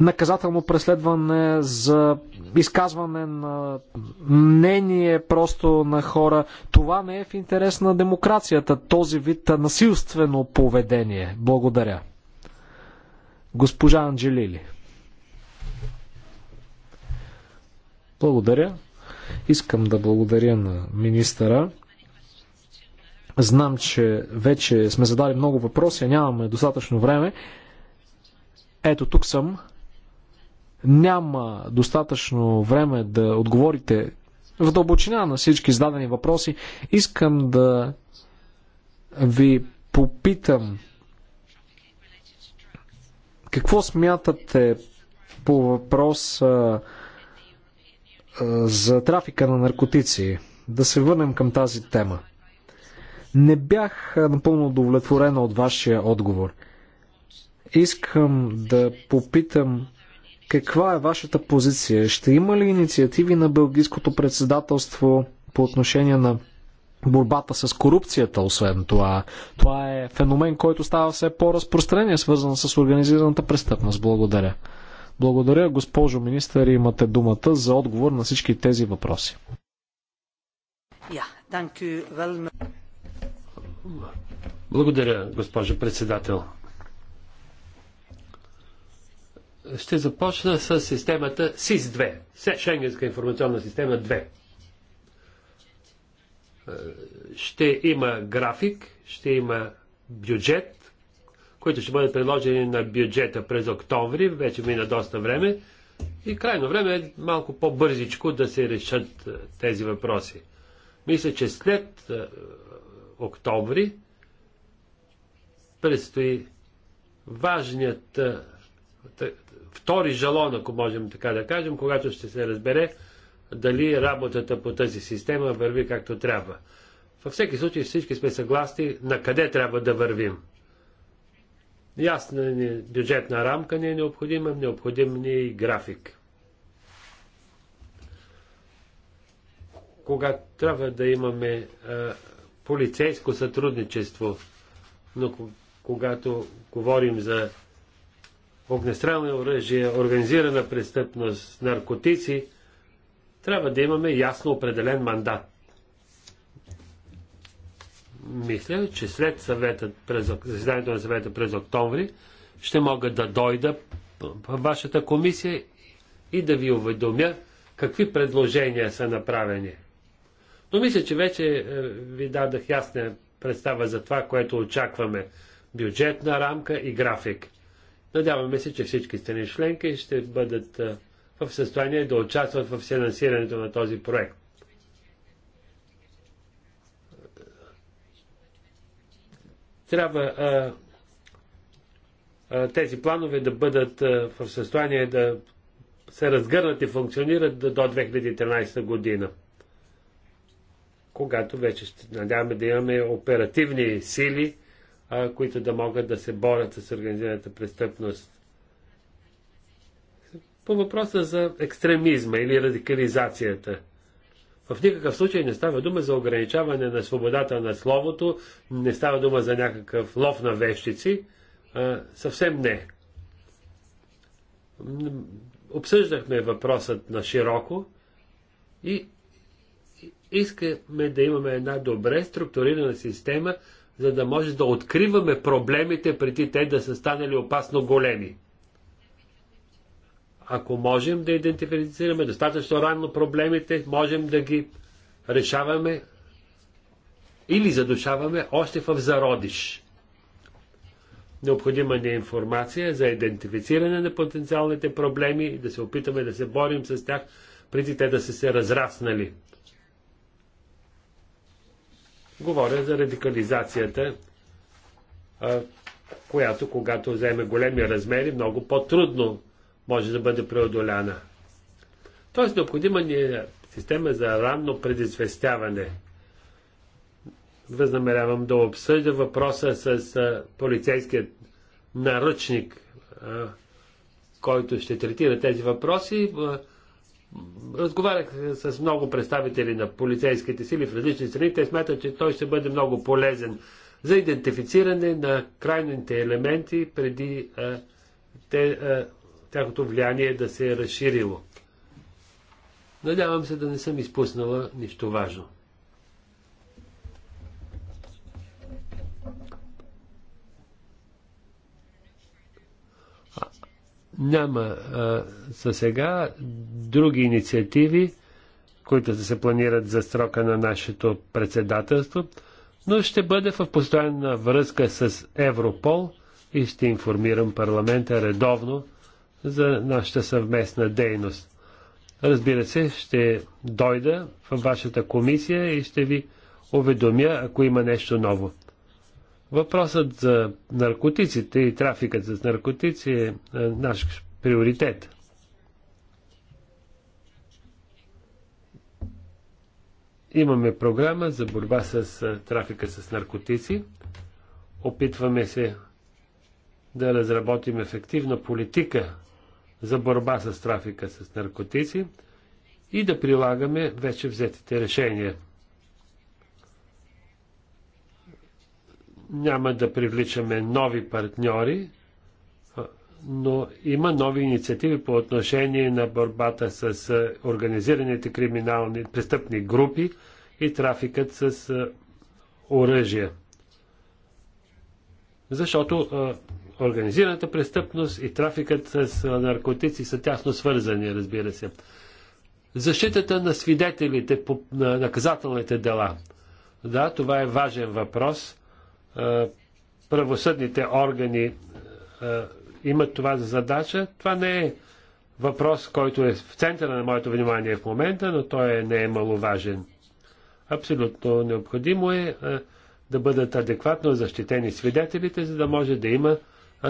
наказателно преследване, за изказване на мнение просто на хора. Това не е в интерес на демокрацията, този вид насилствено поведение. Благодаря. Госпожа Анджелили. Благодаря. Искам да благодаря на министъра. Знам, че вече сме задали много въпроси, а нямаме достатъчно време. Ето тук съм няма достатъчно време да отговорите в дълбочина на всички зададени въпроси, искам да ви попитам какво смятате по въпрос а, а, за трафика на наркотици? Да се върнем към тази тема. Не бях напълно удовлетворена от вашия отговор. Искам да попитам каква е вашата позиция? Ще има ли инициативи на Белгийското председателство по отношение на борбата с корупцията, освен това. Това е феномен, който става все по-разпространен, свързан с организираната престъпност. Благодаря. Благодаря, госпожо министър, имате думата за отговор на всички тези въпроси. Благодаря, госпожо председател ще започна с системата СИС-2, Шенгенска информационна система 2. Е, ще има график, ще има бюджет, които ще бъдат предложени на бюджета през октомври, вече мина доста време и крайно време е малко по-бързичко да се решат е, тези въпроси. Мисля, че след е, октомври предстои важният втори жалон, ако можем така да кажем, когато ще се разбере дали работата по тази система върви както трябва. Във всеки случай всички сме съгласни на къде трябва да вървим. Ясна ни е бюджетна рамка ни е необходима, необходим ни е и график. Кога трябва да имаме а, полицейско сътрудничество, но когато говорим за огнестрелни оръжия, организирана престъпност, наркотици, трябва да имаме ясно определен мандат. Мисля, че след съвета през, заседанието на съвета през октомври ще мога да дойда в вашата комисия и да ви уведомя какви предложения са направени. Но мисля, че вече е, ви дадах ясна представа за това, което очакваме. Бюджетна рамка и график. Надяваме се, че всички страни членки ще бъдат в състояние да участват в финансирането на този проект. Трябва а, а, тези планове да бъдат а, в състояние да се разгърнат и функционират до 2013 година когато вече ще надяваме да имаме оперативни сили, които да могат да се борят с организираната престъпност. По въпроса за екстремизма или радикализацията. В никакъв случай не става дума за ограничаване на свободата на словото, не става дума за някакъв лов на вещици. А, съвсем не. Обсъждахме въпросът на широко и искаме да имаме една добре структурирана система за да може да откриваме проблемите преди те да са станали опасно големи. Ако можем да идентифицираме достатъчно рано проблемите, можем да ги решаваме или задушаваме още в зародиш. Необходима ни е информация за идентифициране на потенциалните проблеми и да се опитаме да се борим с тях преди те да са се разраснали. Говоря за радикализацията, която когато вземе големи размери, много по-трудно може да бъде преодоляна. Тоест необходима ни е система за ранно предизвестяване. Възнамерявам да обсъдя въпроса с полицейският наръчник, който ще третира тези въпроси. Разговарях с много представители на полицейските сили в различни страни. Те смятат, че той ще бъде много полезен за идентифициране на крайните елементи преди а, те, а, тяхното влияние да се е разширило. Надявам се да не съм изпуснала нищо важно. Няма за сега други инициативи, които да се планират за срока на нашето председателство, но ще бъде в постоянна връзка с Европол и ще информирам парламента редовно за нашата съвместна дейност. Разбира се, ще дойда в вашата комисия и ще ви уведомя, ако има нещо ново. Въпросът за наркотиците и трафикът с наркотици е, е наш приоритет. Имаме програма за борба с е, трафика с наркотици. Опитваме се да разработим ефективна политика за борба с трафика с наркотици и да прилагаме вече взетите решения няма да привличаме нови партньори, но има нови инициативи по отношение на борбата с организираните криминални престъпни групи и трафикът с оръжия. Защото организираната престъпност и трафикът с наркотици са тясно свързани, разбира се. Защитата на свидетелите по наказателните дела. Да, това е важен въпрос – правосъдните органи имат това за задача, това не е въпрос, който е в центъра на моето внимание в момента, но той е не е маловажен. Абсолютно необходимо е да бъдат адекватно защитени свидетелите, за да може да има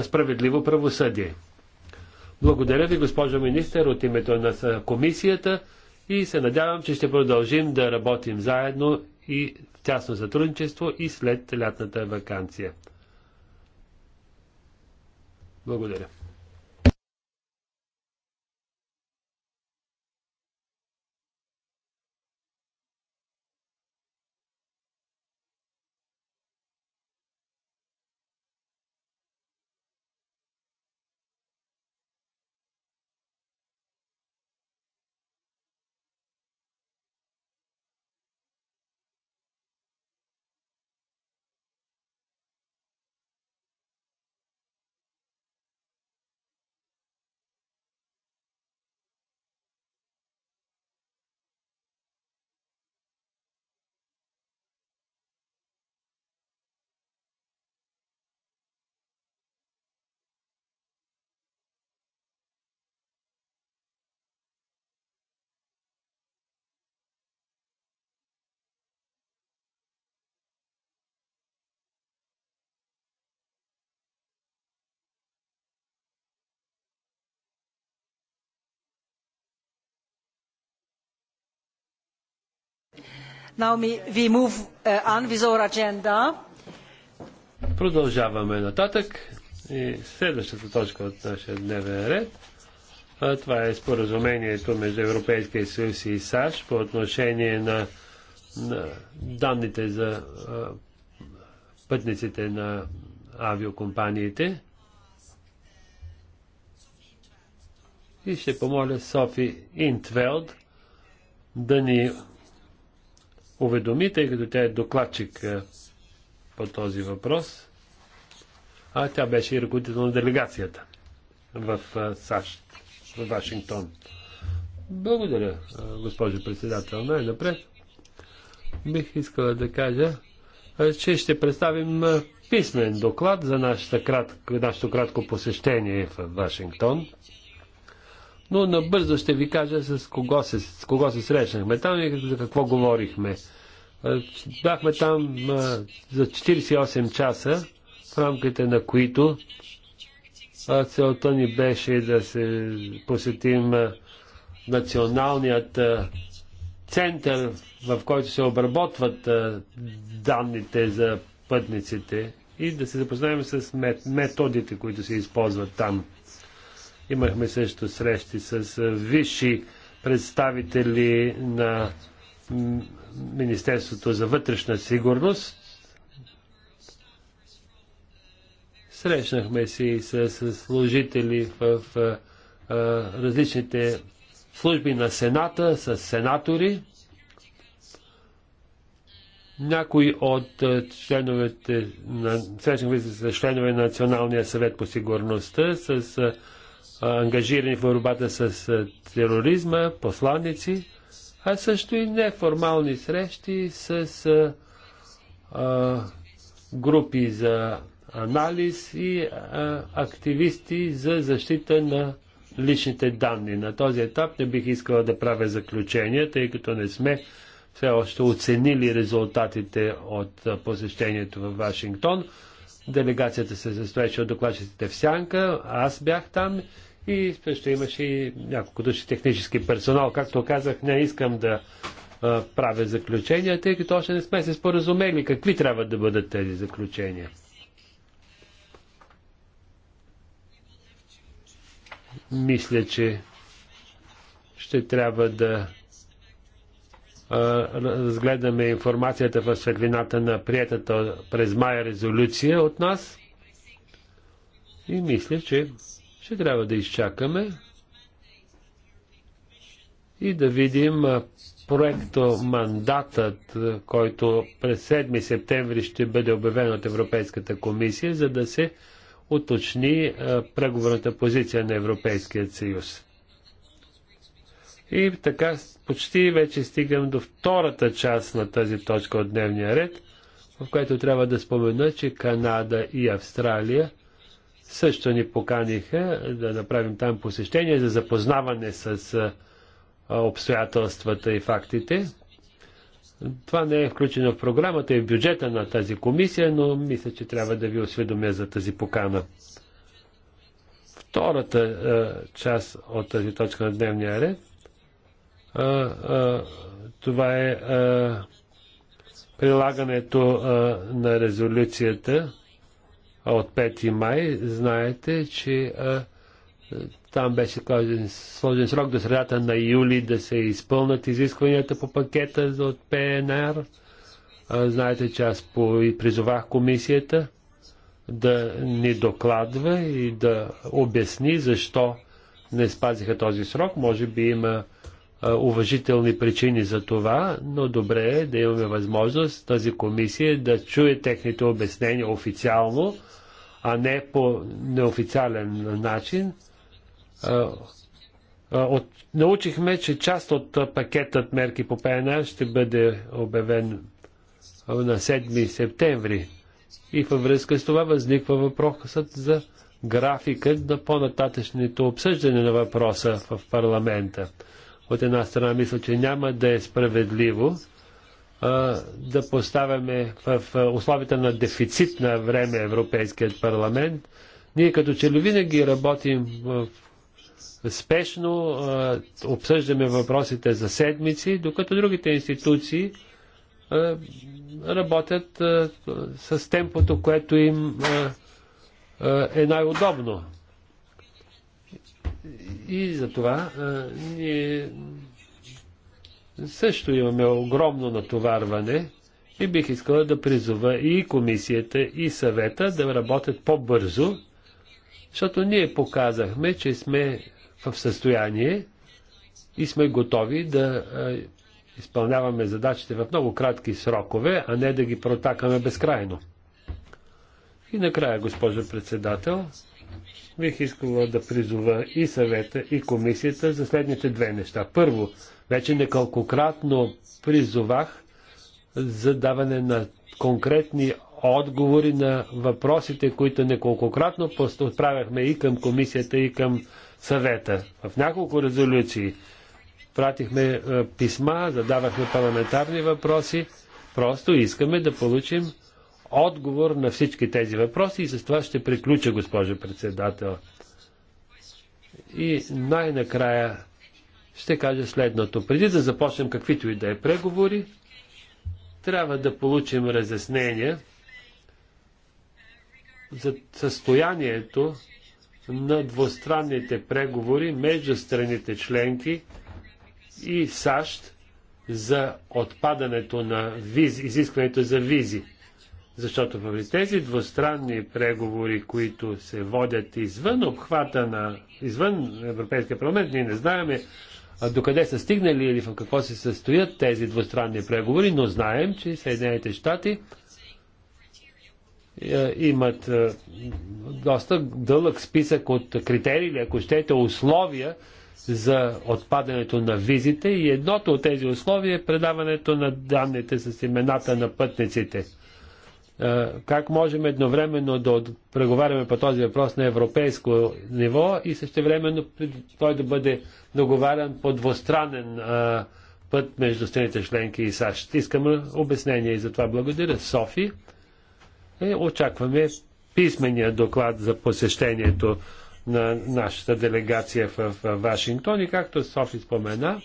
справедливо правосъдие. Благодаря ви, госпожо министър, от името на комисията и се надявам, че ще продължим да работим заедно и тясно сътрудничество и след лятната вакансия. Благодаря. Uh, Продължаваме нататък. И следващата точка от нашия дневен ред. Това е споразумението между Европейския съюз и САЩ по отношение на, на данните за а, пътниците на авиокомпаниите. И ще помоля Софи Интвелд да ни уведоми, тъй като тя е докладчик е, по този въпрос, а тя беше и ръководител на делегацията в е, САЩ, в Вашингтон. Благодаря, е, госпожо председател. Най-напред бих искала да кажа, че ще представим писмен доклад за нашата кратко, нашето кратко посещение в Вашингтон но набързо ще ви кажа с кого се, с кого се срещнахме там и за какво говорихме. Бяхме там а, за 48 часа, в рамките на които а, целта ни беше да се посетим а, националният а, център, в който се обработват а, данните за пътниците и да се запознаем с мет, методите, които се използват там. Имахме също срещи с висши представители на Министерството за вътрешна сигурност. Срещнахме си с служители в различните служби на Сената, с сенатори. Някои от членовете на, се с членове на Националния съвет по сигурността, с ангажирани в борбата с тероризма, посланици, а също и неформални срещи с групи за анализ и активисти за защита на личните данни. На този етап не бих искала да правя заключения, тъй като не сме все още оценили резултатите от посещението в Вашингтон. Делегацията се състоеше от докладчиците в Сянка, аз бях там и също имаше и няколко души технически персонал. Както казах, не искам да а, правя заключения, тъй като още не сме се споразумели какви трябва да бъдат тези заключения. Мисля, че ще трябва да разгледаме информацията в светлината на приятата през мая резолюция от нас. И мисля, че ще трябва да изчакаме и да видим проекто мандатът, който през 7 септември ще бъде обявен от Европейската комисия, за да се уточни преговорната позиция на Европейския съюз. И така почти вече стигам до втората част на тази точка от дневния ред, в която трябва да спомена, че Канада и Австралия – също ни поканиха да направим там посещение за запознаване с обстоятелствата и фактите. Това не е включено в програмата и в бюджета на тази комисия, но мисля, че трябва да ви осведомя за тази покана. Втората е, част от тази точка на дневния ред, е, е, това е прилагането на резолюцията от 5 май. Знаете, че а, там беше сложен срок до средата на юли да се изпълнат изискванията по пакета от ПНР. А, знаете, че аз по, и призовах комисията да ни докладва и да обясни защо не спазиха този срок. Може би има уважителни причини за това, но добре е да имаме възможност тази комисия да чуе техните обяснения официално, а не по неофициален начин. От, научихме, че част от пакетът мерки по ПНР ще бъде обявен на 7 септември. И във връзка с това възниква въпросът за графикът на по-нататъчното обсъждане на въпроса в парламента. От една страна мисля, че няма да е справедливо а, да поставяме в условията на дефицит на време Европейският парламент. Ние като че ли винаги работим в спешно а, обсъждаме въпросите за седмици, докато другите институции а, работят а, с темпото, което им е най-удобно. И за това ние също имаме огромно натоварване и бих искала да призова и комисията, и съвета да работят по-бързо, защото ние показахме, че сме в състояние и сме готови да изпълняваме задачите в много кратки срокове, а не да ги протакаме безкрайно. И накрая, госпожо председател, бих искала да призова и съвета, и комисията за следните две неща. Първо, вече неколкократно призовах за даване на конкретни отговори на въпросите, които неколкократно отправяхме и към комисията, и към съвета. В няколко резолюции пратихме е, писма, задавахме парламентарни въпроси. Просто искаме да получим отговор на всички тези въпроси и с това ще приключа, госпожо председател. И най-накрая ще кажа следното. Преди да започнем каквито и да е преговори, трябва да получим разяснение за състоянието на двустранните преговори между страните членки и САЩ за отпадането на визи, изискването за визи. Защото в тези двустранни преговори, които се водят извън обхвата на, извън Европейския парламент, ние не знаеме докъде са стигнали или в какво се състоят тези двустранни преговори, но знаем, че Съединените щати е, имат е, доста дълъг списък от критерии или, ако щете, условия за отпадането на визите и едното от тези условия е предаването на данните с имената на пътниците. Е, как можем едновременно да преговаряме по този въпрос на европейско ниво и същевременно той да бъде договарян по двустранен е, път между страните членки и САЩ? Искам обяснение и за това благодаря. Софи, и е, очакваме писмения доклад за посещението на нашата делегация в, в Вашингтон и както Софи спомена,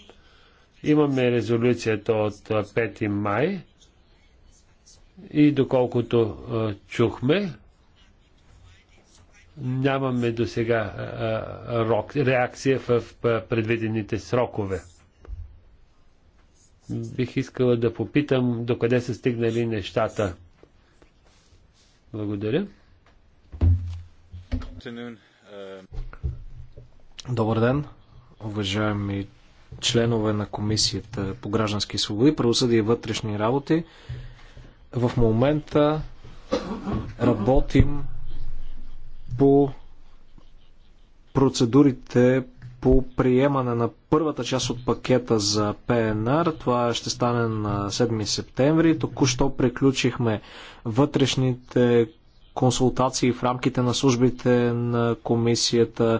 имаме резолюцията от 5 май и доколкото чухме, нямаме до сега реакция в предвидените срокове. Бих искала да попитам докъде са стигнали нещата. Благодаря. Добър ден, уважаеми членове на Комисията по граждански свободи, правосъдие и вътрешни работи. В момента работим по процедурите по приемане на първата част от пакета за ПНР. Това ще стане на 7 септември. Току-що приключихме вътрешните консултации в рамките на службите на комисията.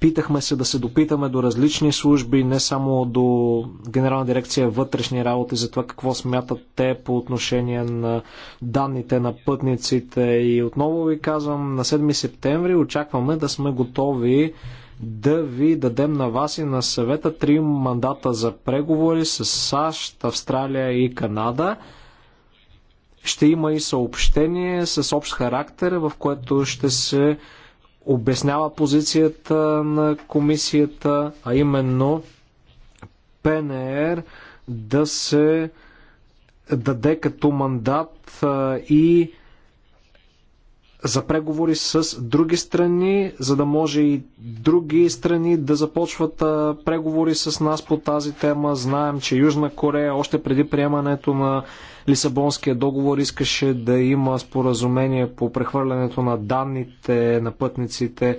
Питахме се да се допитаме до различни служби, не само до Генерална дирекция вътрешни работи, за това какво смятат те по отношение на данните на пътниците. И отново ви казвам, на 7 септември очакваме да сме готови да ви дадем на вас и на съвета три мандата за преговори с САЩ, Австралия и Канада. Ще има и съобщение с общ характер, в което ще се обяснява позицията на комисията, а именно ПНР да се даде като мандат и за преговори с други страни, за да може и други страни да започват преговори с нас по тази тема. Знаем, че Южна Корея още преди приемането на Лисабонския договор искаше да има споразумение по прехвърлянето на данните на пътниците.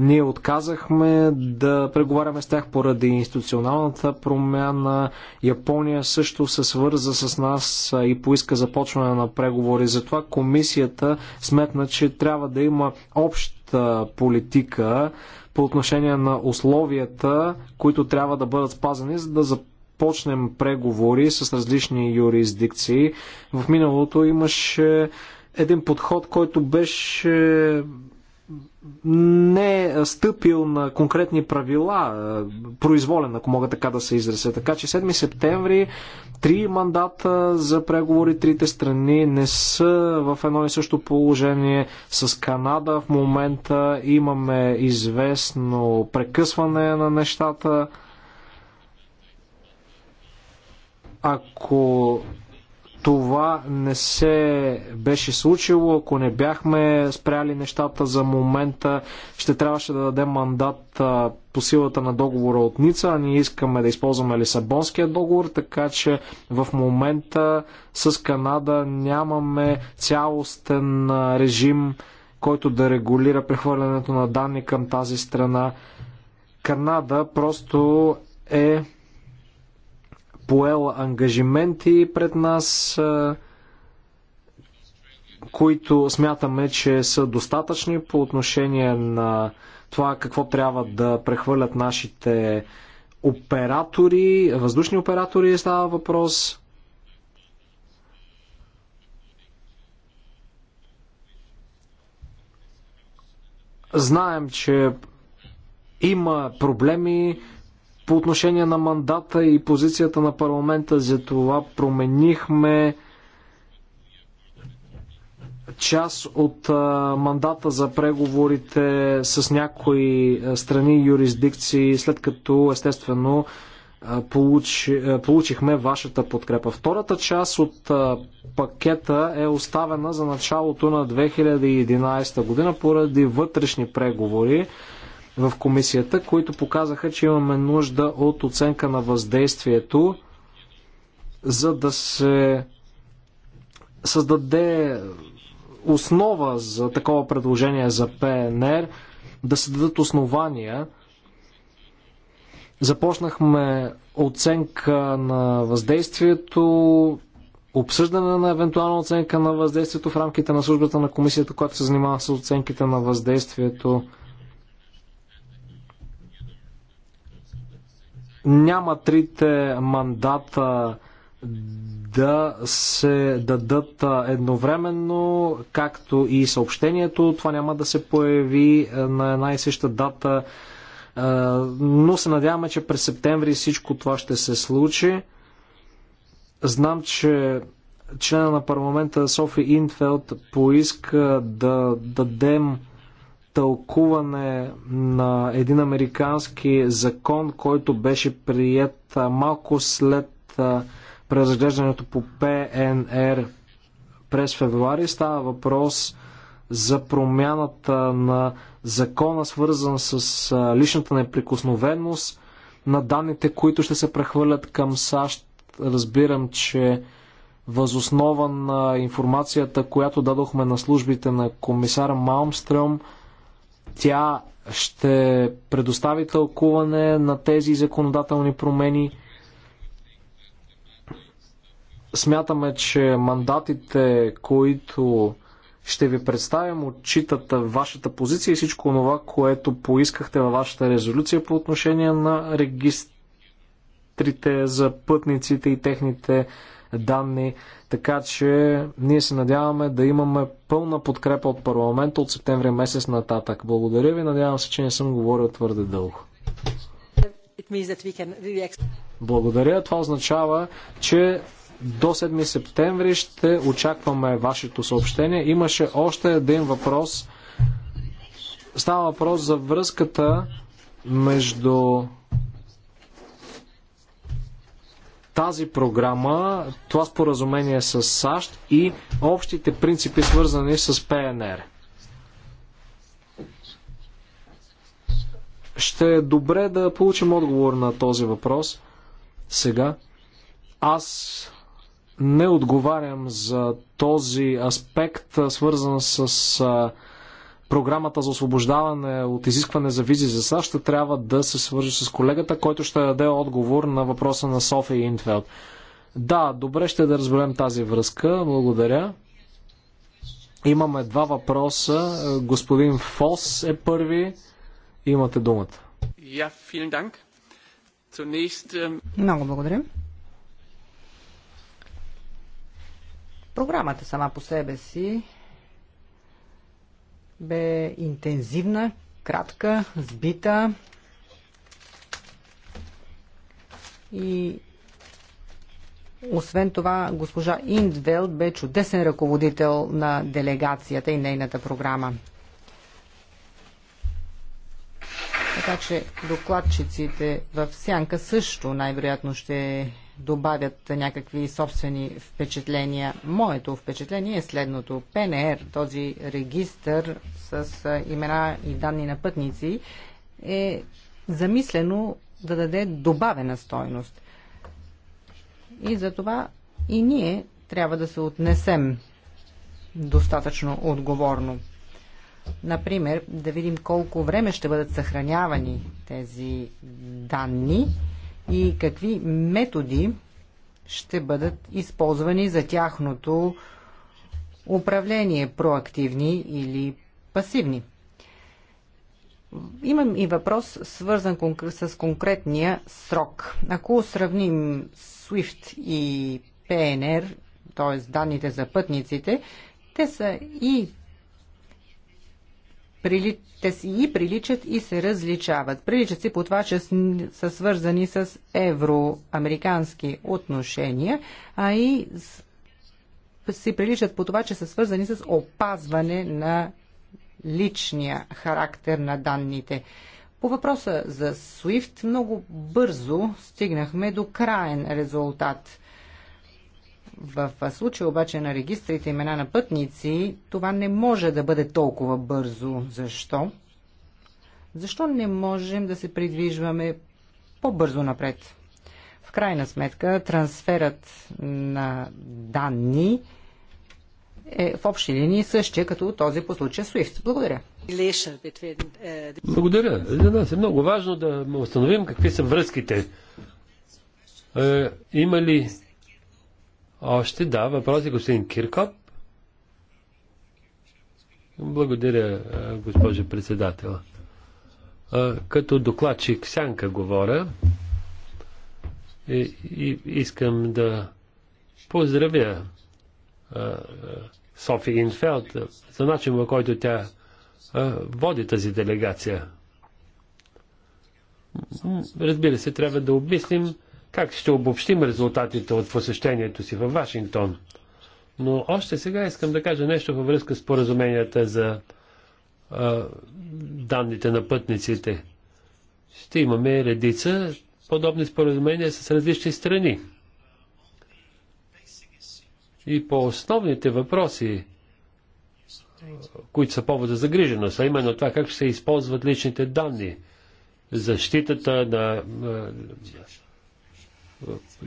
Ние отказахме да преговаряме с тях поради институционалната промяна. Япония също се свърза с нас и поиска започване на преговори. Затова комисията сметна, че трябва да има обща политика по отношение на условията, които трябва да бъдат спазани, за да започнем почнем преговори с различни юрисдикции. В миналото имаше един подход, който беше не е стъпил на конкретни правила, произволен, ако мога така да се изразя. Така че 7 септември, три мандата за преговори, трите страни не са в едно и също положение с Канада. В момента имаме известно прекъсване на нещата. Ако това не се беше случило, ако не бяхме спряли нещата за момента, ще трябваше да дадем мандат по силата на договора от Ница, а ние искаме да използваме Лисабонския договор, така че в момента с Канада нямаме цялостен режим, който да регулира прехвърлянето на данни към тази страна. Канада просто е поел ангажименти пред нас, които смятаме, че са достатъчни по отношение на това какво трябва да прехвърлят нашите оператори, въздушни оператори става въпрос. Знаем, че има проблеми по отношение на мандата и позицията на парламента. За това променихме част от мандата за преговорите с някои страни и юрисдикции, след като естествено получи, получихме вашата подкрепа. Втората част от пакета е оставена за началото на 2011 година поради вътрешни преговори в комисията, които показаха, че имаме нужда от оценка на въздействието, за да се създаде основа за такова предложение за ПНР, да се дадат основания. Започнахме оценка на въздействието, обсъждане на евентуална оценка на въздействието в рамките на службата на комисията, която се занимава с оценките на въздействието. няма трите мандата да се дадат едновременно, както и съобщението. Това няма да се появи на една и съща дата, но се надяваме, че през септември всичко това ще се случи. Знам, че члена на парламента Софи Инфелд поиска да дадем тълкуване на един американски закон, който беше прият малко след преразглеждането по ПНР през февруари. Става въпрос за промяната на закона, свързан с личната неприкосновеност на данните, които ще се прехвърлят към САЩ. Разбирам, че възоснова на информацията, която дадохме на службите на комисара Малмстрем, тя ще предостави тълкуване на тези законодателни промени. Смятаме, че мандатите, които ще ви представим, отчитат вашата позиция и всичко това, което поискахте във вашата резолюция по отношение на регистрите за пътниците и техните данни, така че ние се надяваме да имаме пълна подкрепа от парламента от септември месец нататък. Благодаря ви, надявам се, че не съм говорил твърде дълго. Благодаря. Това означава, че до 7 септември ще очакваме вашето съобщение. Имаше още един въпрос. Става въпрос за връзката между тази програма, това споразумение с САЩ и общите принципи, свързани с ПНР. Ще е добре да получим отговор на този въпрос сега. Аз не отговарям за този аспект, свързан с програмата за освобождаване от изискване за визи за САЩ, ще трябва да се свържи с колегата, който ще даде отговор на въпроса на София Инфелд. Да, добре ще да разберем тази връзка. Благодаря. Имаме два въпроса. Господин Фос е първи. Имате думата. Yeah, Zunächst... Ähm, Много благодаря. Програмата сама по себе си бе интензивна, кратка, сбита и освен това, госпожа Индвелд бе чудесен ръководител на делегацията и нейната програма. Така че докладчиците в Сянка също най-вероятно ще добавят някакви собствени впечатления. Моето впечатление е следното. ПНР, този регистър с имена и данни на пътници, е замислено да даде добавена стойност. И за това и ние трябва да се отнесем достатъчно отговорно. Например, да видим колко време ще бъдат съхранявани тези данни и какви методи ще бъдат използвани за тяхното управление, проактивни или пасивни. Имам и въпрос, свързан с конкретния срок. Ако сравним SWIFT и PNR, т.е. данните за пътниците, те са и те си и приличат и се различават. Приличат си по това, че са свързани с евроамерикански отношения, а и си приличат по това, че са свързани с опазване на личния характер на данните. По въпроса за SWIFT много бързо стигнахме до краен резултат – в случая обаче на регистрите имена на пътници това не може да бъде толкова бързо. Защо? Защо не можем да се придвижваме по-бързо напред? В крайна сметка трансферът на данни е в общи линии същия като този по случая SWIFT. Благодаря. Благодаря. За нас е много важно да установим какви са връзките. Е, има ли още да, въпрос е господин Киркоп. Благодаря, е, госпожо председател. Е, като докладчик Сянка говоря и, е, и искам да поздравя Софи Инфелд за начин, по който тя води тази делегация. Разбира се, трябва да обмислим как ще обобщим резултатите от посещението си във Вашингтон. Но още сега искам да кажа нещо във връзка с поразуменията за а, данните на пътниците. Ще имаме редица подобни споразумения с различни страни. И по основните въпроси, които са повод за загриженост, а именно това как ще се използват личните данни, защитата на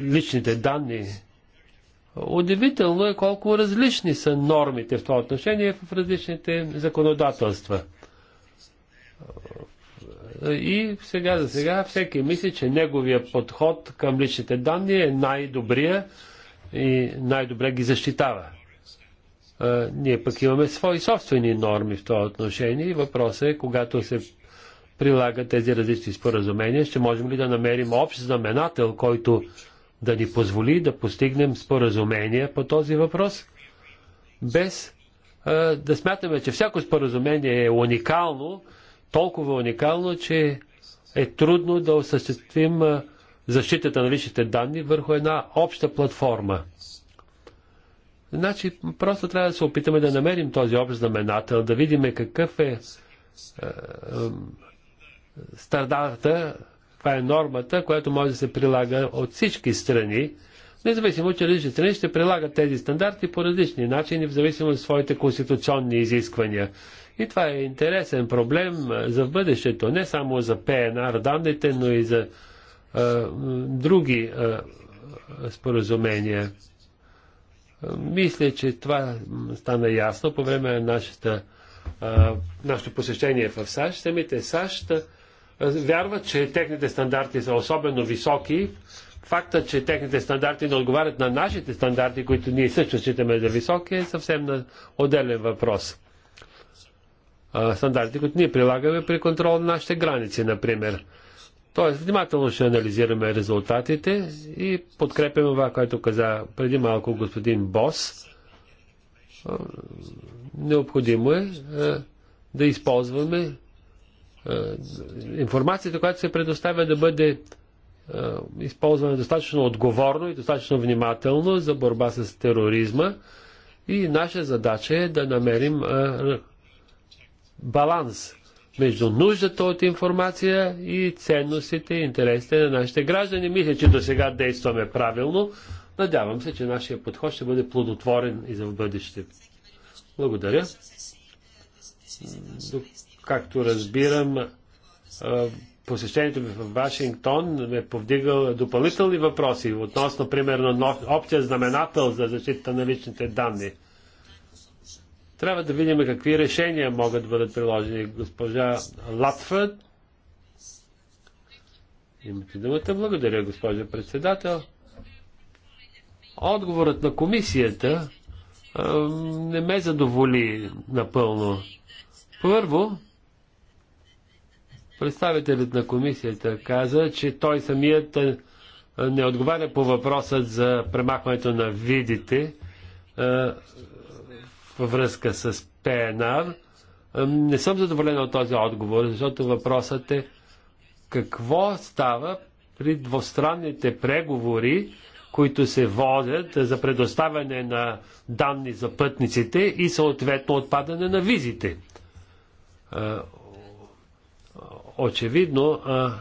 личните данни. Удивително е колко различни са нормите в това отношение в различните законодателства. И сега за сега всеки мисли, че неговия подход към личните данни е най-добрия и най-добре ги защитава. ние пък имаме свои собствени норми в това отношение и въпросът е, когато се прилагат тези различни споразумения, ще можем ли да намерим общ знаменател, който да ни позволи да постигнем споразумение по този въпрос, без а, да смятаме, че всяко споразумение е уникално, толкова уникално, че е трудно да осъществим а, защитата на личните данни върху една обща платформа. Значи, просто трябва да се опитаме да намерим този общ знаменател, да видим какъв е Стандарта, това е нормата, която може да се прилага от всички страни, независимо, че различни страни ще прилагат тези стандарти по различни начини, в зависимост от своите конституционни изисквания. И това е интересен проблем за бъдещето, не само за ПНР данните, но и за а, други а, споразумения. Мисля, че това стана ясно по време на нашата, а, нашето посещение в САЩ. Самите САЩ е, вярват, че техните стандарти са особено високи. Факта, че техните стандарти не отговарят на нашите стандарти, които ние също считаме за високи, е съвсем на отделен въпрос. Стандарти, които ние прилагаме при контрол на нашите граници, например. Тоест, внимателно ще анализираме резултатите и подкрепяме това, което каза преди малко господин Бос. Необходимо е, е да използваме е, информацията, която се предоставя да бъде е, използвана достатъчно отговорно и достатъчно внимателно за борба с тероризма. И наша задача е да намерим е, баланс между нуждата от информация и ценностите и интересите на нашите граждани. Мисля, че до сега действаме правилно. Надявам се, че нашия подход ще бъде плодотворен и за в бъдеще. Благодаря както разбирам, посещението ми в Вашингтон ме повдигал допълнителни въпроси относно, примерно, общия знаменател за защита на личните данни. Трябва да видим какви решения могат да бъдат приложени. Госпожа Латфърд. Имате думата. Благодаря, госпожа председател. Отговорът на комисията а, не ме задоволи напълно. Първо, Представителят на комисията каза, че той самият е, е, не отговаря по въпросът за премахването на видите е, във връзка с ПНР. Не съм задоволен от този отговор, защото въпросът е какво става при двустранните преговори, които се водят за предоставяне на данни за пътниците и съответно отпадане на визите очевидно а,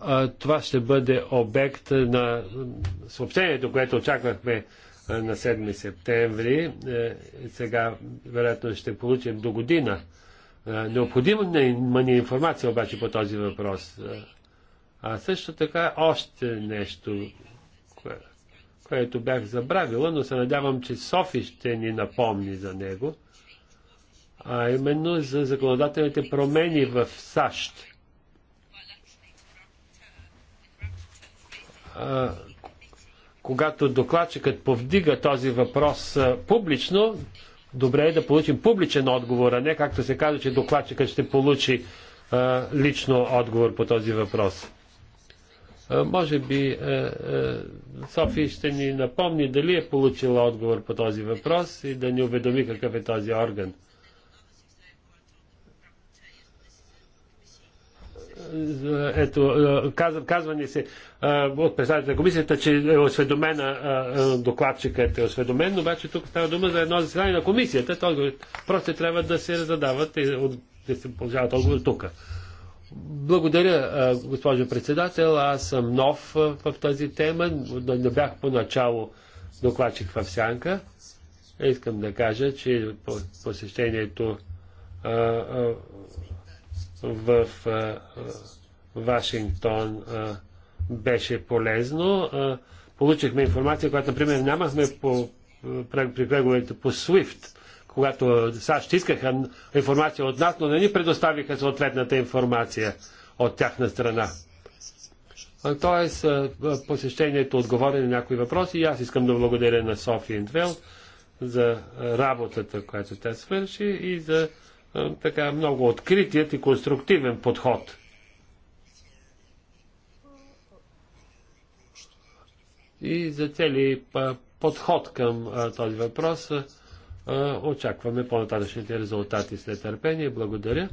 а, това ще бъде обект на съобщението, което очаквахме на 7 септември. Е, сега, вероятно, ще получим до година. Е, необходима ни информация обаче по този въпрос. Е, а също така още нещо, кое, което бях забравила, но се надявам, че Софи ще ни напомни за него – а именно за законодателните промени в САЩ. А, когато докладчикът повдига този въпрос а, публично, добре е да получим публичен отговор, а не както се казва, че докладчикът ще получи а, лично отговор по този въпрос. А, може би а, а, Софи ще ни напомни дали е получила отговор по този въпрос и да ни уведоми какъв е този орган. ето, е, казва, казва ни се е, от председателя на комисията, че е осведомена е, докладчикът е осведомен, обаче тук става дума за едно заседание на комисията. Този просто трябва да се задават и да се получават отговори тук. Благодаря, госпожо председател. Аз съм нов в тази тема. Не бях поначало докладчик в Сянка. Искам да кажа, че посещението в Вашингтон беше полезно. Получихме информация, която, например, нямахме по, при преговорите по SWIFT, когато САЩ искаха информация от нас, но не ни предоставиха съответната информация от тяхна страна. Тоест, посещението отговори на някои въпроси и аз искам да благодаря на Софи Индвел за работата, която тя свърши и за е, така много откритият и конструктивен подход. И за цели е, подход към е, този въпрос очакваме по-нататъчните резултати след търпение. Благодаря.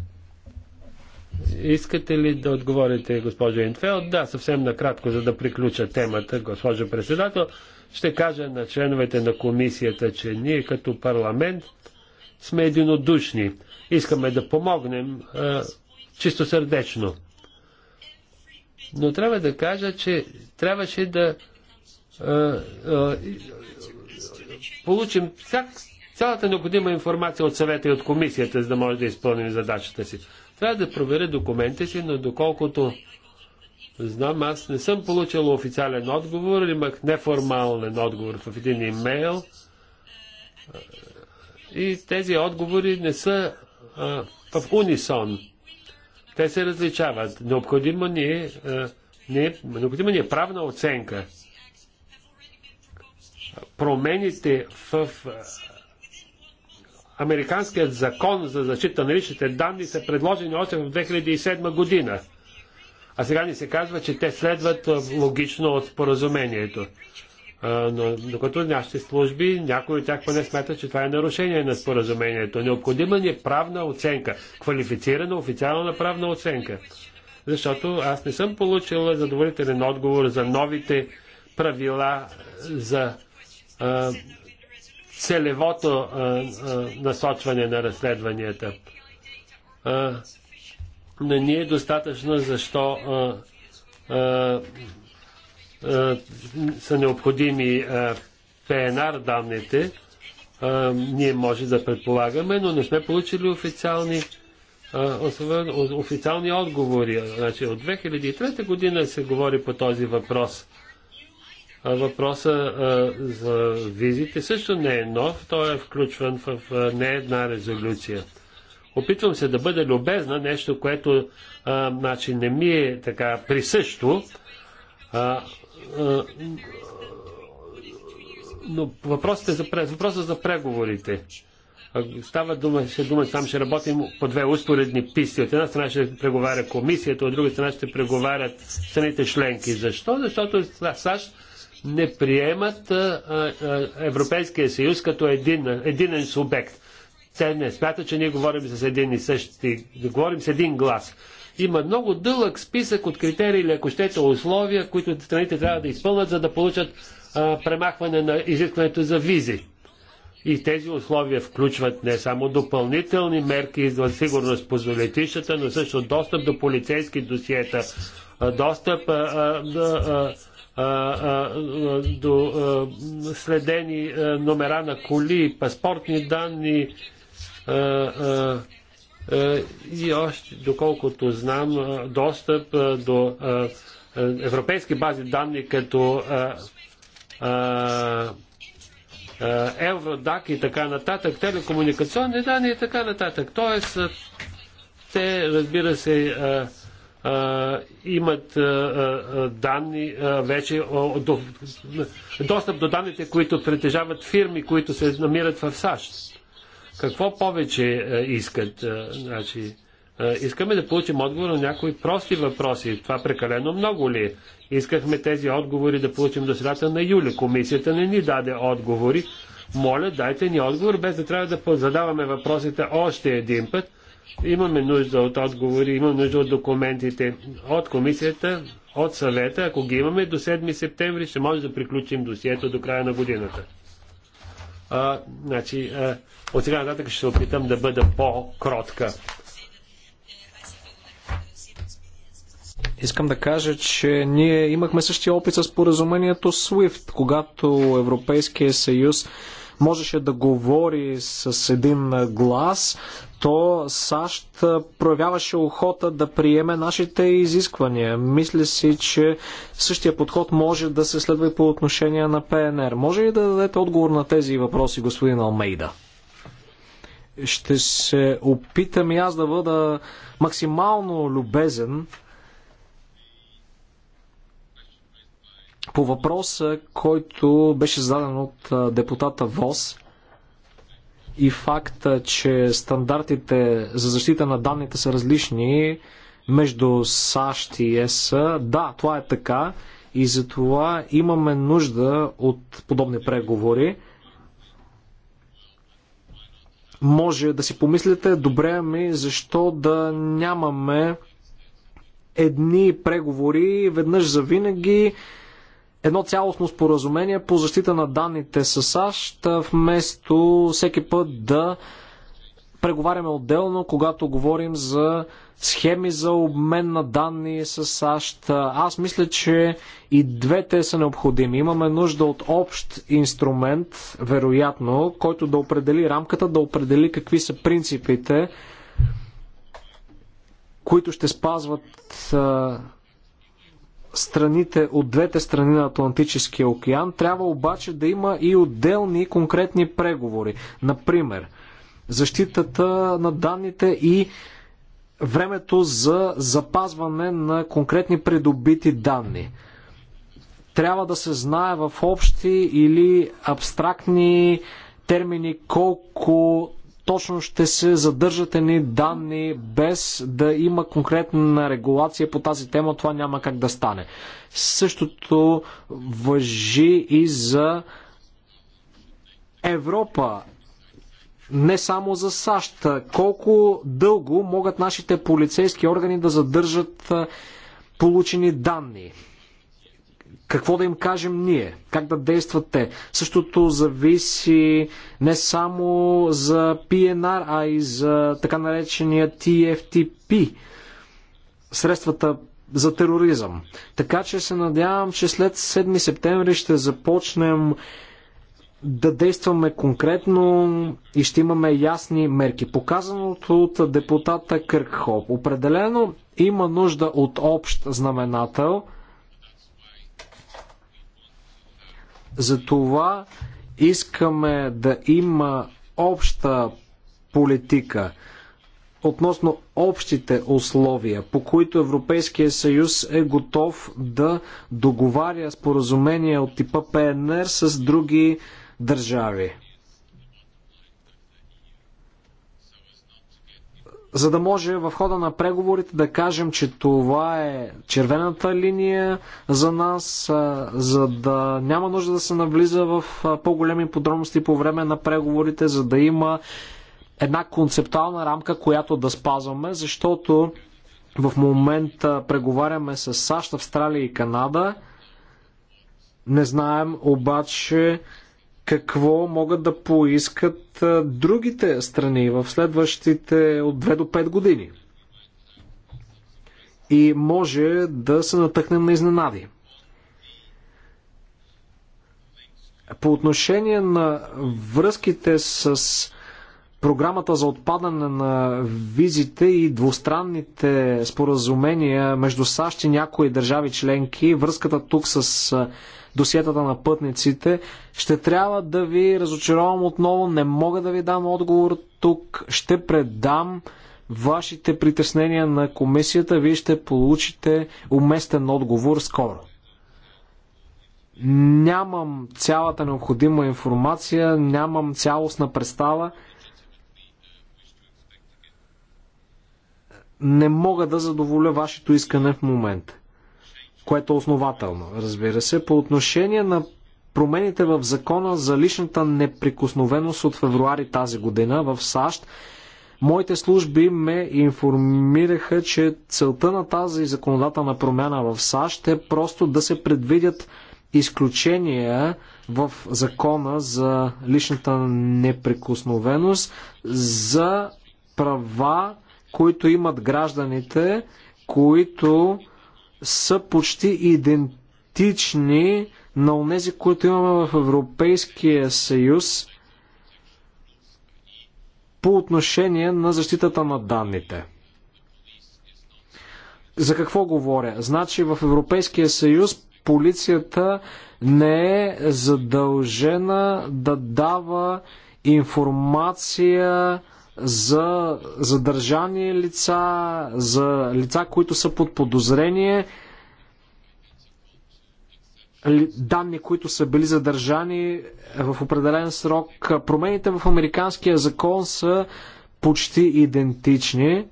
Искате ли да отговорите, госпожо Инфелд? Да, съвсем накратко, за да приключа темата, госпожо председател. Ще кажа на членовете на комисията, че ние като парламент сме единодушни Искаме да помогнем а, чисто сърдечно. Но трябва да кажа, че трябваше да а, а, получим всяк, цялата необходима информация от съвета и от комисията, за да може да изпълним задачата си. Трябва да проверя документите си, но доколкото знам, аз не съм получил официален отговор, имах неформален отговор в един имейл. И тези отговори не са в унисон. Те се различават. Необходимо ни е, не, необходимо ни е правна оценка. Промените в Американският закон за защита на личните данни са предложени още в 2007 година. А сега ни се казва, че те следват логично от споразумението но докато нашите служби, някои от тях поне смятат, че това е нарушение на споразумението. Необходима ни е правна оценка, квалифицирана официална правна оценка. Защото аз не съм получил задоволителен отговор за новите правила за а, целевото а, а, насочване на разследванията. А, не ни е достатъчно защо а, а, е, са необходими ПНР е, данните, е, ние може да предполагаме, но не сме получили официални, официални отговори. Значи от 2003 година се говори по този въпрос. Въпроса за визите също не е нов, той е включван в не една резолюция. Опитвам се да бъда любезна, нещо, което а, значи, не ми е така присъщо. А, но въпросът е за, въпросът е за преговорите. Става дума, ще дума, там ще работим по две успоредни писти. От една страна ще преговаря комисията, от друга страна ще преговарят страните членки. Защо? Защото САЩ не приемат а, а, Европейския съюз като един, единен субект. Те не смятат, че ние говорим с един и същи, говорим с един глас. Има много дълъг списък от критерии или, ако щете, условия, които страните трябва да изпълнят, за да получат а, премахване на изискването за визи. И тези условия включват не само допълнителни мерки за сигурност по залетищата, но също достъп до полицейски досиета, достъп а, а, а, до следени номера на коли, паспортни данни, е, и още, доколкото знам, е, достъп е, до европейски бази данни като Евродак и така нататък, телекомуникационни данни и така нататък. Тоест, те, разбира се, имат данни вече, достъп до данните, които притежават фирми, които се намират в САЩ. Какво повече е, искат? Е, значи, е, искаме да получим отговор на някои прости въпроси. Това прекалено много ли? Искахме тези отговори да получим до средата на юли. Комисията не ни даде отговори. Моля, дайте ни отговор, без да трябва да задаваме въпросите още един път. Имаме нужда от отговори, имаме нужда от документите от комисията, от съвета. Ако ги имаме до 7 септември, ще може да приключим досието до края на годината. А, значи, а, от сега нататък ще се опитам да бъда по-кротка. Искам да кажа, че ние имахме същия опит с поразумението SWIFT, когато Европейския съюз можеше да говори с един глас, то САЩ проявяваше охота да приеме нашите изисквания. Мисля си, че същия подход може да се следва и по отношение на ПНР. Може ли да дадете отговор на тези въпроси, господин Алмейда? Ще се опитам и аз да бъда максимално любезен по въпроса, който беше зададен от депутата ВОС и факта, че стандартите за защита на данните са различни между САЩ и ЕС. Да, това е така и затова имаме нужда от подобни преговори. Може да си помислите, добре ми, защо да нямаме едни преговори веднъж за винаги едно цялостно споразумение по защита на данните с САЩ, вместо всеки път да преговаряме отделно, когато говорим за схеми за обмен на данни с САЩ. Аз мисля, че и двете са необходими. Имаме нужда от общ инструмент, вероятно, който да определи рамката, да определи какви са принципите, които ще спазват страните от двете страни на Атлантическия океан, трябва обаче да има и отделни конкретни преговори. Например, защитата на данните и времето за запазване на конкретни придобити данни. Трябва да се знае в общи или абстрактни термини колко точно ще се задържат едни данни без да има конкретна регулация по тази тема, това няма как да стане. Същото въжи и за Европа не само за САЩ. Колко дълго могат нашите полицейски органи да задържат получени данни? какво да им кажем ние, как да действат те. Същото зависи не само за PNR, а и за така наречения TFTP, средствата за тероризъм. Така че се надявам, че след 7 септември ще започнем да действаме конкретно и ще имаме ясни мерки. Показаното от депутата Къркхоп. Определено има нужда от общ знаменател – Затова искаме да има обща политика относно общите условия, по които Европейския съюз е готов да договаря споразумения от типа ПНР с други държави. за да може в хода на преговорите да кажем, че това е червената линия за нас, за да няма нужда да се навлиза в по-големи подробности по време на преговорите, за да има една концептуална рамка, която да спазваме, защото в момента преговаряме с САЩ, Австралия и Канада. Не знаем обаче какво могат да поискат другите страни в следващите от 2 до 5 години. И може да се натъкнем на изненади. По отношение на връзките с програмата за отпадане на визите и двустранните споразумения между САЩ и някои държави членки, връзката тук с досиетата на пътниците. Ще трябва да ви разочаровам отново. Не мога да ви дам отговор тук. Ще предам вашите притеснения на комисията. Вие ще получите уместен отговор скоро. Нямам цялата необходима информация, нямам цялостна представа. не мога да задоволя вашето искане в момента което е основателно, разбира се. По отношение на промените в закона за личната неприкосновеност от февруари тази година в САЩ, моите служби ме информираха, че целта на тази законодателна промяна в САЩ е просто да се предвидят изключения в закона за личната неприкосновеност за права, които имат гражданите, които са почти идентични на тези, които имаме в Европейския съюз по отношение на защитата на данните. За какво говоря? Значи в Европейския съюз полицията не е задължена да дава информация за задържани лица, за лица, които са под подозрение, данни, които са били задържани е, в определен срок. Промените в американския закон са почти идентични.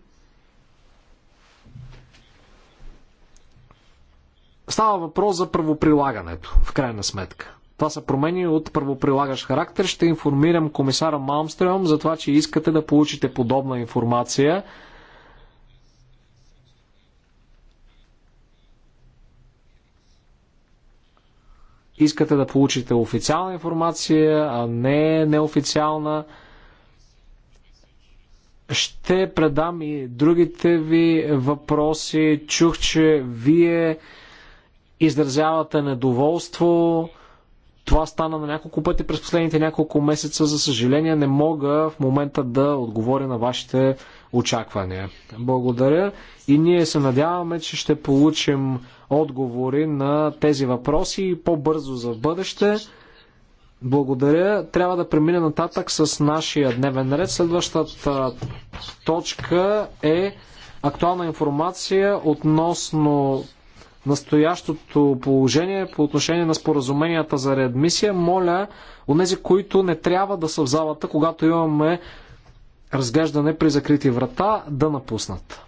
Става въпрос за правоприлагането, в крайна сметка. Това са промени от първоприлагащ характер. Ще информирам комисара Малмстрем за това, че искате да получите подобна информация. Искате да получите официална информация, а не неофициална. Ще предам и другите ви въпроси. Чух, че вие изразявате недоволство това стана на няколко пъти през последните няколко месеца. За съжаление не мога в момента да отговоря на вашите очаквания. Благодаря и ние се надяваме, че ще получим отговори на тези въпроси по-бързо за бъдеще. Благодаря. Трябва да премина нататък с нашия дневен ред. Следващата точка е актуална информация относно настоящото положение по отношение на споразуменията за реадмисия. Моля, онези, които не трябва да са в залата, когато имаме разглеждане при закрити врата, да напуснат.